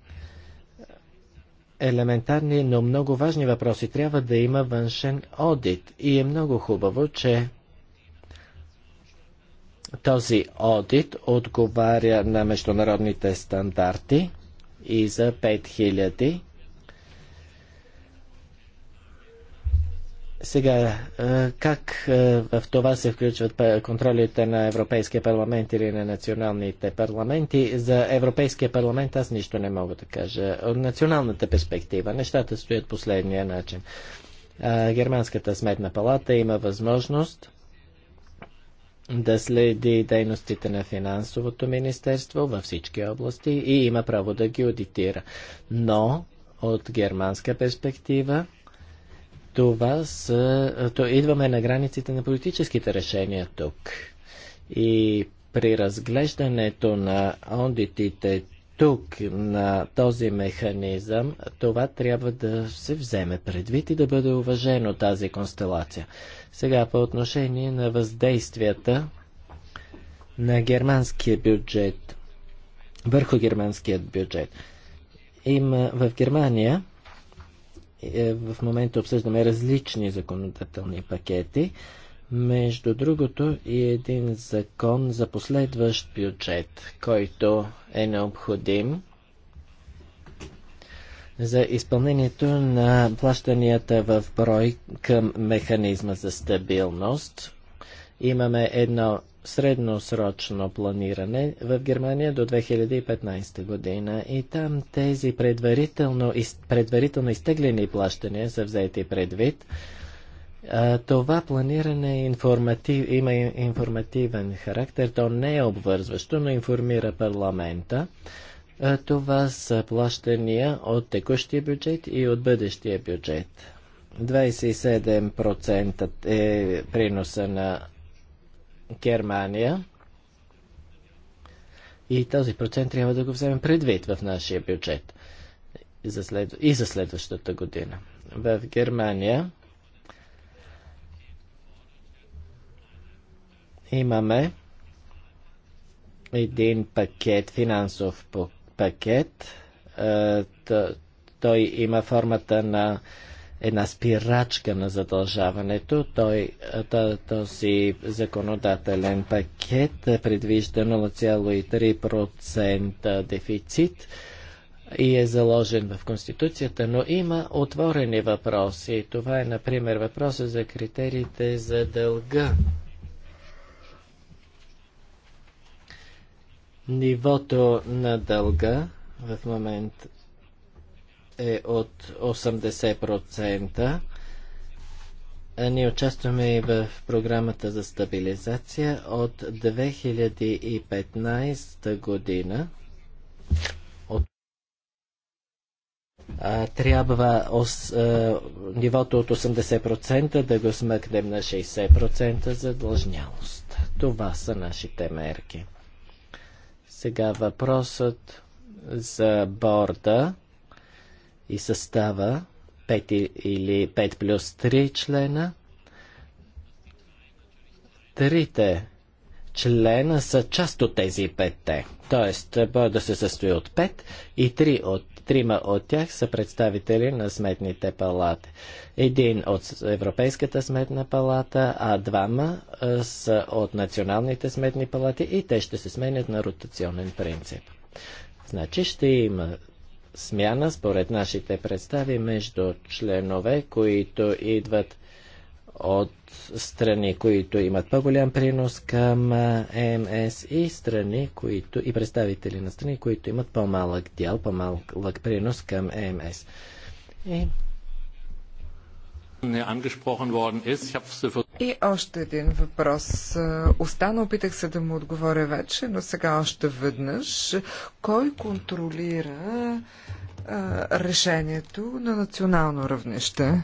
елементарни, но много важни въпроси. Трябва да има външен одит. И е много хубаво, че този одит отговаря на международните стандарти и за 5000. Сега, е, как е, в това се включват контролите на Европейския парламент или на националните парламенти? За Европейския парламент аз нищо не мога да кажа. От националната перспектива нещата стоят последния начин. Е, Германската сметна палата има възможност да следи дейностите на финансовото министерство във всички области и има право да ги аудитира. Но от германска перспектива това с, то идваме на границите на политическите решения тук. И при разглеждането на аудитите тук на този механизъм, това трябва да се вземе предвид и да бъде уважено тази констелация. Сега по отношение на въздействията на германския бюджет, върху германският бюджет. Има в Германия е, в момента обсъждаме различни законодателни пакети. Между другото и един закон за последващ бюджет, който е необходим за изпълнението на плащанията в брой към механизма за стабилност. Имаме едно средносрочно планиране в Германия до 2015 година и там тези предварително, из, предварително изтеглени плащания са взети предвид. А, това планиране е информатив, има информативен характер, то не е обвързващо, но информира парламента. Това са плащания от текущия бюджет и от бъдещия бюджет. 27% е приноса на Германия. И този процент трябва да го вземем предвид в нашия бюджет и за следващата година. В Германия имаме един пакет, финансов пакет пакет. Е, той има формата на една спирачка на задължаването. Той, е, този законодателен пакет предвижда 0,3% дефицит и е заложен в Конституцията, но има отворени въпроси. Това е, например, въпроса за критериите за дълга. Нивото на дълга в момент е от 80%. а Ние участваме и в програмата за стабилизация от 2015 година. От... А, трябва ос, а, нивото от 80% да го смъкнем на 60% за длъжнялост. Това са нашите мерки. Сега въпросът за борда и състава 5 или 5 плюс 3 члена. Трите члена са част от тези петте. Тоест, борда се състои от 5 и 3 от Трима от тях са представители на сметните палати. Един от Европейската сметна палата, а двама са от националните сметни палати и те ще се сменят на ротационен принцип. Значи ще има смяна според нашите представи между членове, които идват от страни, които имат по-голям принос към МС и страни, които и представители на страни, които имат по-малък дял, по-малък принос към МС. И... И още един въпрос. Остана, опитах се да му отговоря вече, но сега още веднъж. Кой контролира а, решението на национално равнище?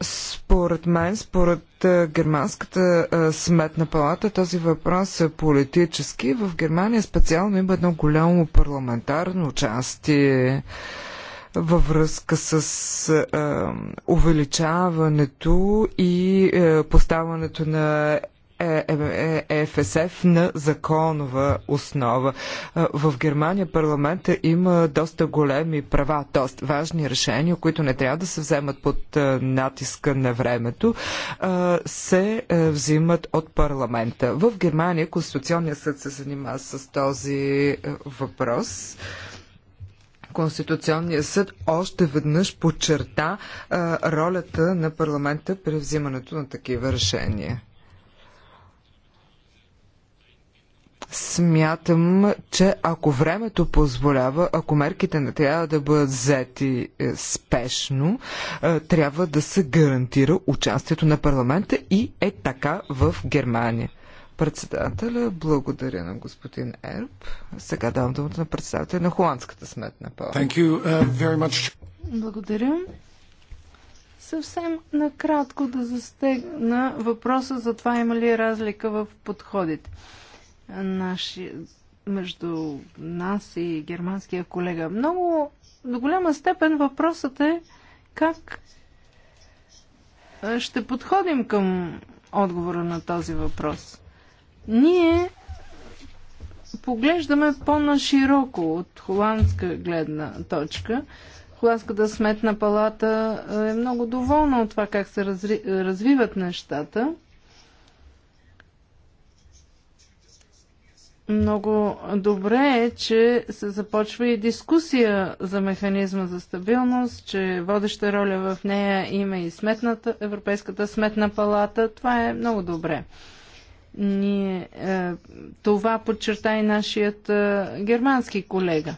Според мен, според германската сметна палата, този въпрос е политически. В Германия специално има едно голямо парламентарно участие във връзка с а, увеличаването и а, поставането на е, е, е, ЕФСФ на законова основа. В Германия парламента има доста големи права, т.е. важни решения, които не трябва да се вземат под натиска на времето, се взимат от парламента. В Германия Конституционният съд се занимава с този въпрос. Конституционният съд още веднъж подчерта ролята на парламента при взимането на такива решения. Смятам, че ако времето позволява, ако мерките не трябва да бъдат взети е, спешно, е, трябва да се гарантира участието на парламента и е така в Германия. Председателя, благодаря на господин Ерб. Сега давам думата на председателя на Холандската сметна палата. Uh, благодаря. Съвсем накратко да застегна въпроса за това има ли разлика в подходите наши, между нас и германския колега. Много до голяма степен въпросът е как ще подходим към отговора на този въпрос. Ние поглеждаме по-нашироко от холандска гледна точка. Холандската сметна палата е много доволна от това как се разви... развиват нещата. Много добре е, че се започва и дискусия за механизма за стабилност, че водеща роля в нея има и сметната, Европейската сметна палата. Това е много добре. Ние, е, това подчерта и нашият е, германски колега.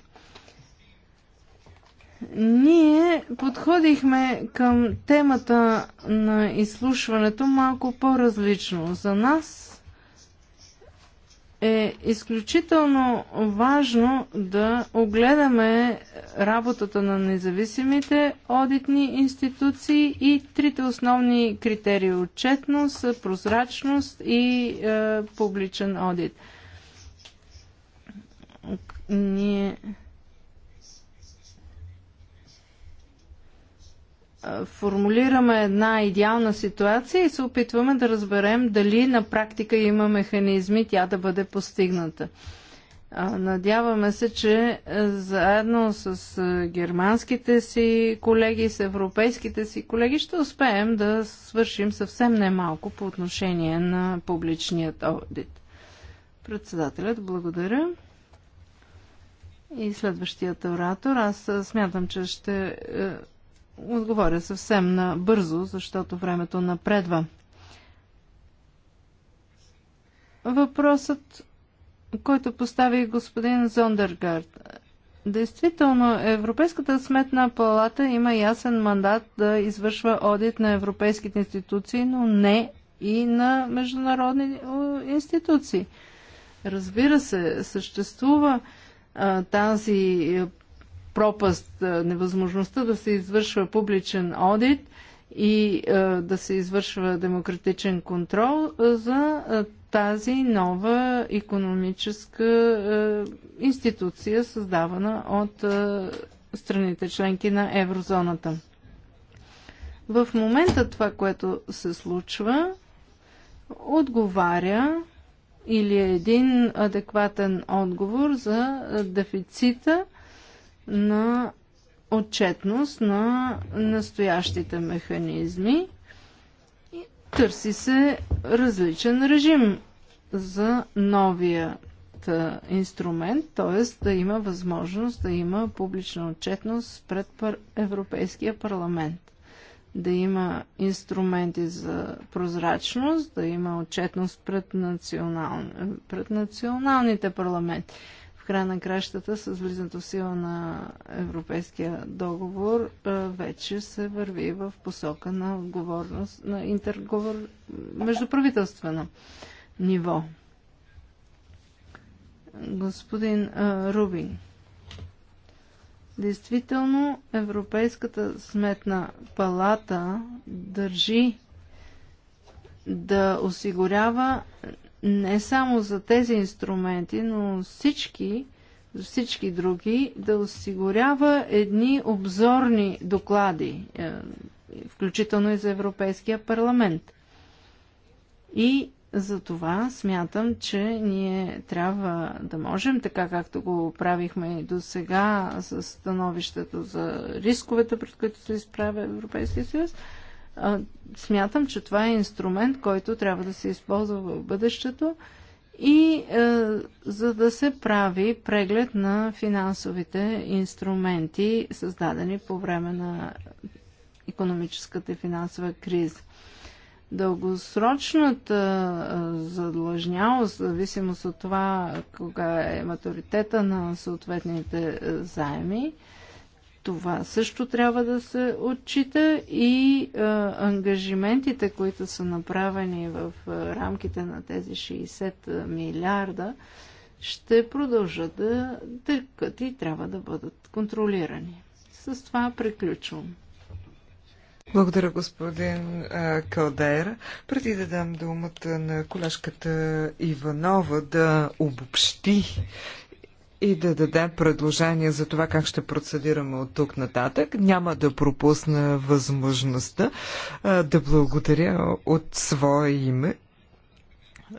Ние подходихме към темата на изслушването малко по-различно. За нас е изключително важно да огледаме работата на независимите одитни институции и трите основни критерии отчетност, прозрачност и е, публичен одит. Ние формулираме една идеална ситуация и се опитваме да разберем дали на практика има механизми тя да бъде постигната. Надяваме се, че е, заедно с е, германските си колеги, с европейските си колеги ще успеем да свършим съвсем немалко по отношение на публичният аудит. Председателят, благодаря. И следващият оратор, аз е, смятам, че ще отговоря съвсем набързо, защото времето напредва. Въпросът, който постави господин Зондергард. Действително, Европейската сметна палата има ясен мандат да извършва одит на европейските институции, но не и на международни институции. Разбира се, съществува а, тази пропаст, е, невъзможността да се извършва публичен одит и е, да се извършва демократичен контрол е, за тази нова економическа институция, създавана от страните членки на еврозоната. В момента това, което се случва, отговаря или е един адекватен отговор за дефицита на отчетност на настоящите механизми и търси се различен режим за новия инструмент, т.е. да има възможност да има публична отчетност пред Европейския парламент. Да има инструменти за прозрачност, да има отчетност пред, национал... пред националните парламенти края на кращата с влизането в сила на Европейския договор вече се върви в посока на отговорност, на интерговор междуправителствено ниво. Господин Рубин, действително Европейската сметна палата държи да осигурява не само за тези инструменти, но всички, за всички други, да осигурява едни обзорни доклади, е, включително и за Европейския парламент. И за това смятам, че ние трябва да можем, така както го правихме и до сега с становището за рисковете, пред които се изправя Европейския съюз, Смятам, че това е инструмент, който трябва да се използва в бъдещето и е, за да се прави преглед на финансовите инструменти, създадени по време на економическата и финансова криза. Дългосрочната е, задлъжнялост, зависимост от това кога е матуритета на съответните е, заеми, това също трябва да се отчита и а, ангажиментите, които са направени в а, рамките на тези 60 милиарда, ще продължат да тъкат и трябва да бъдат контролирани. С това приключвам. Благодаря, господин Калдер. Преди да дам думата на колежката Иванова да обобщи и да даде предложение за това как ще процедираме от тук нататък. Няма да пропусна възможността а, да благодаря от свое име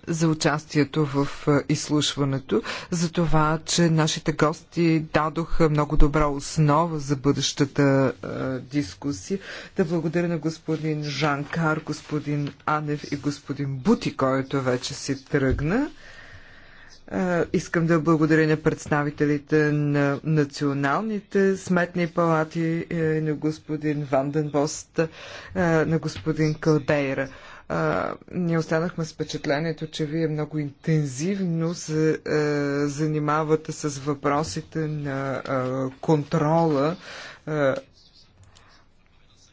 за участието в изслушването, за това, че нашите гости дадоха много добра основа за бъдещата дискусия. Да благодаря на господин Жанкар, господин Анев и господин Бути, който вече си тръгна. Искам да благодаря на представителите на националните сметни палати, е, на господин Ванденбост, е, на господин Калдейра. Ние останахме с впечатлението, че вие много интензивно се е, занимавате с въпросите на контрола,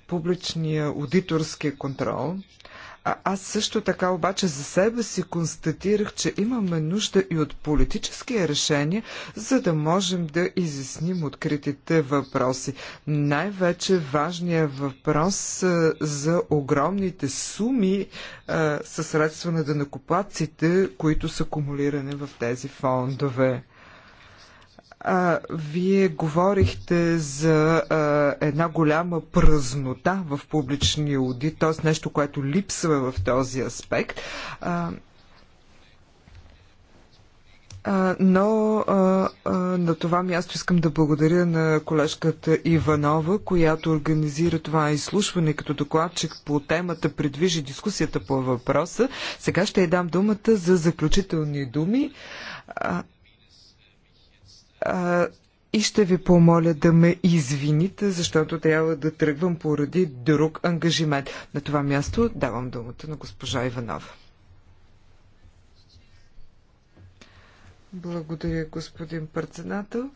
публичния аудиторски контрол. А, аз също така обаче за себе си констатирах, че имаме нужда и от политически решения, за да можем да изясним откритите въпроси. Най-вече важният въпрос а, за огромните суми а, със средства на дънакоплаците, които са кумулирани в тези фондове. А, вие говорихте за а, една голяма празнота в публичния аудит, т.е. нещо, което липсва в този аспект. А, но а, а, на това място искам да благодаря на колежката Иванова, която организира това изслушване като докладчик по темата, предвижи дискусията по въпроса. Сега ще й дам думата за заключителни думи. А, и ще ви помоля да ме извините, защото трябва да тръгвам поради друг ангажимент. На това място давам думата на госпожа Иванова. Благодаря, господин председател.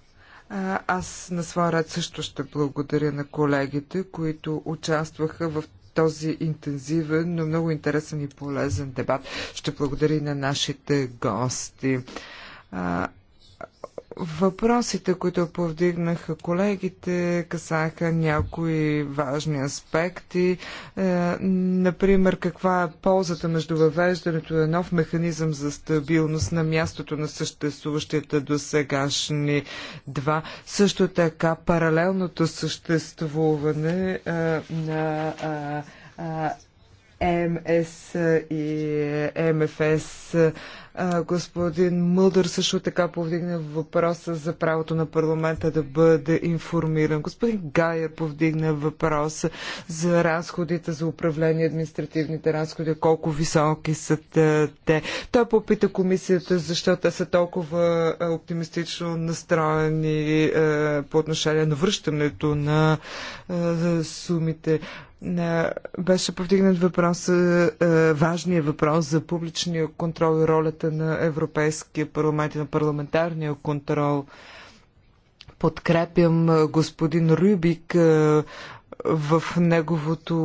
Аз на своя ред също ще благодаря на колегите, които участваха в този интензивен, но много интересен и полезен дебат. Ще благодаря и на нашите гости. Въпросите, които повдигнаха колегите, касаха някои важни аспекти. Е, например, каква е ползата между въвеждането на нов механизъм за стабилност на мястото на съществуващите до сегашни два. Също така паралелното съществуване е, на е, е МС и МФС. Господин Мълдър също така повдигна въпроса за правото на парламента да бъде информиран. Господин Гайер повдигна въпроса за разходите за управление, административните разходи, колко високи са те. Той попита комисията защо те са толкова оптимистично настроени по отношение на връщането на сумите беше повдигнат въпрос, е, е, важният въпрос за публичния контрол и ролята на Европейския парламент и на парламентарния контрол. Подкрепям е, господин Рюбик в неговото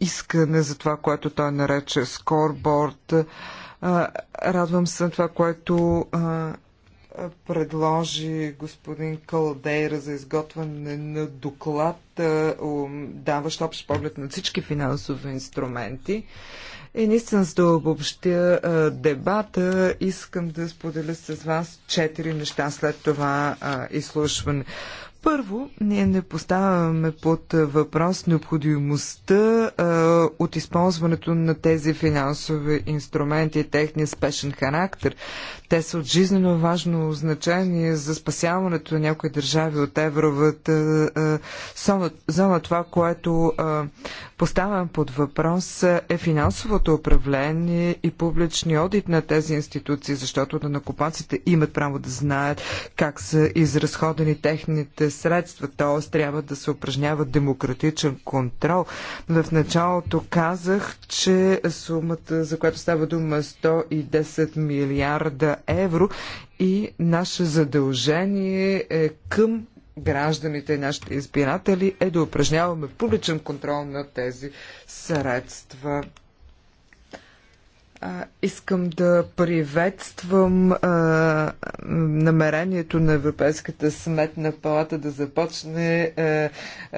искане за това, което той нарече скорборд. Радвам се на това, което предложи господин Калдейра за изготвяне на доклад, даващ общ поглед на всички финансови инструменти. И наистина, за да обобщя дебата, искам да споделя с вас четири неща след това изслушване. Първо, ние не поставяме под въпрос необходимостта а, от използването на тези финансови инструменти и техния спешен характер. Те са от жизнено важно значение за спасяването на някои държави от евровата зона. Това, което поставям под въпрос е финансовото управление и публичния одит на тези институции, защото накопаците имат право да знаят как са изразходени техните средства, т.е. трябва да се упражнява демократичен контрол. В началото казах, че сумата, за която става дума 110 е милиарда евро и наше задължение е към гражданите и нашите избиратели е да упражняваме публичен контрол на тези средства. Искам да приветствам а, намерението на Европейската сметна палата да започне а,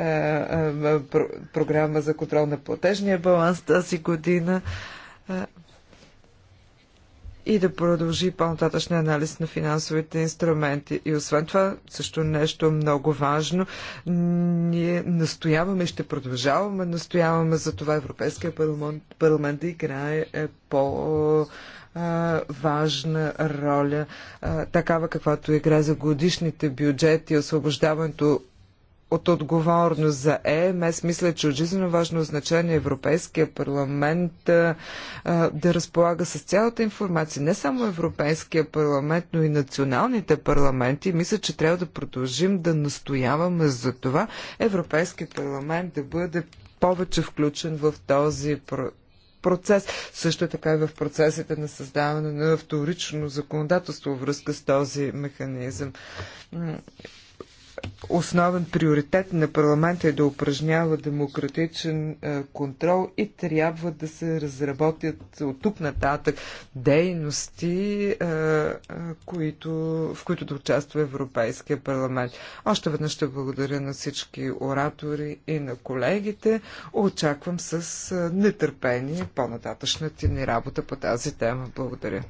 а, про, програма за контрол на платежния баланс тази година и да продължи по-нататъчния анализ на финансовите инструменти. И освен това, също нещо много важно, ние настояваме и ще продължаваме, настояваме за това Европейския парламент, парламент да играе е по- важна роля, такава каквато игра за годишните бюджети, освобождаването от отговорност за ЕМС, мисля, че от жизненно важно значение е Европейския парламент а, да разполага с цялата информация. Не само Европейския парламент, но и националните парламенти. Мисля, че трябва да продължим да настояваме за това Европейския парламент да бъде повече включен в този процес. Също така и в процесите на създаване на вторично законодателство връзка с този механизъм основен приоритет на парламента е да упражнява демократичен е, контрол и трябва да се разработят от тук нататък дейности, е, е, които, в които да участва Европейския парламент. Още веднъж ще благодаря на всички оратори и на колегите. Очаквам с нетърпение по-нататъчната ни работа по тази тема. Благодаря.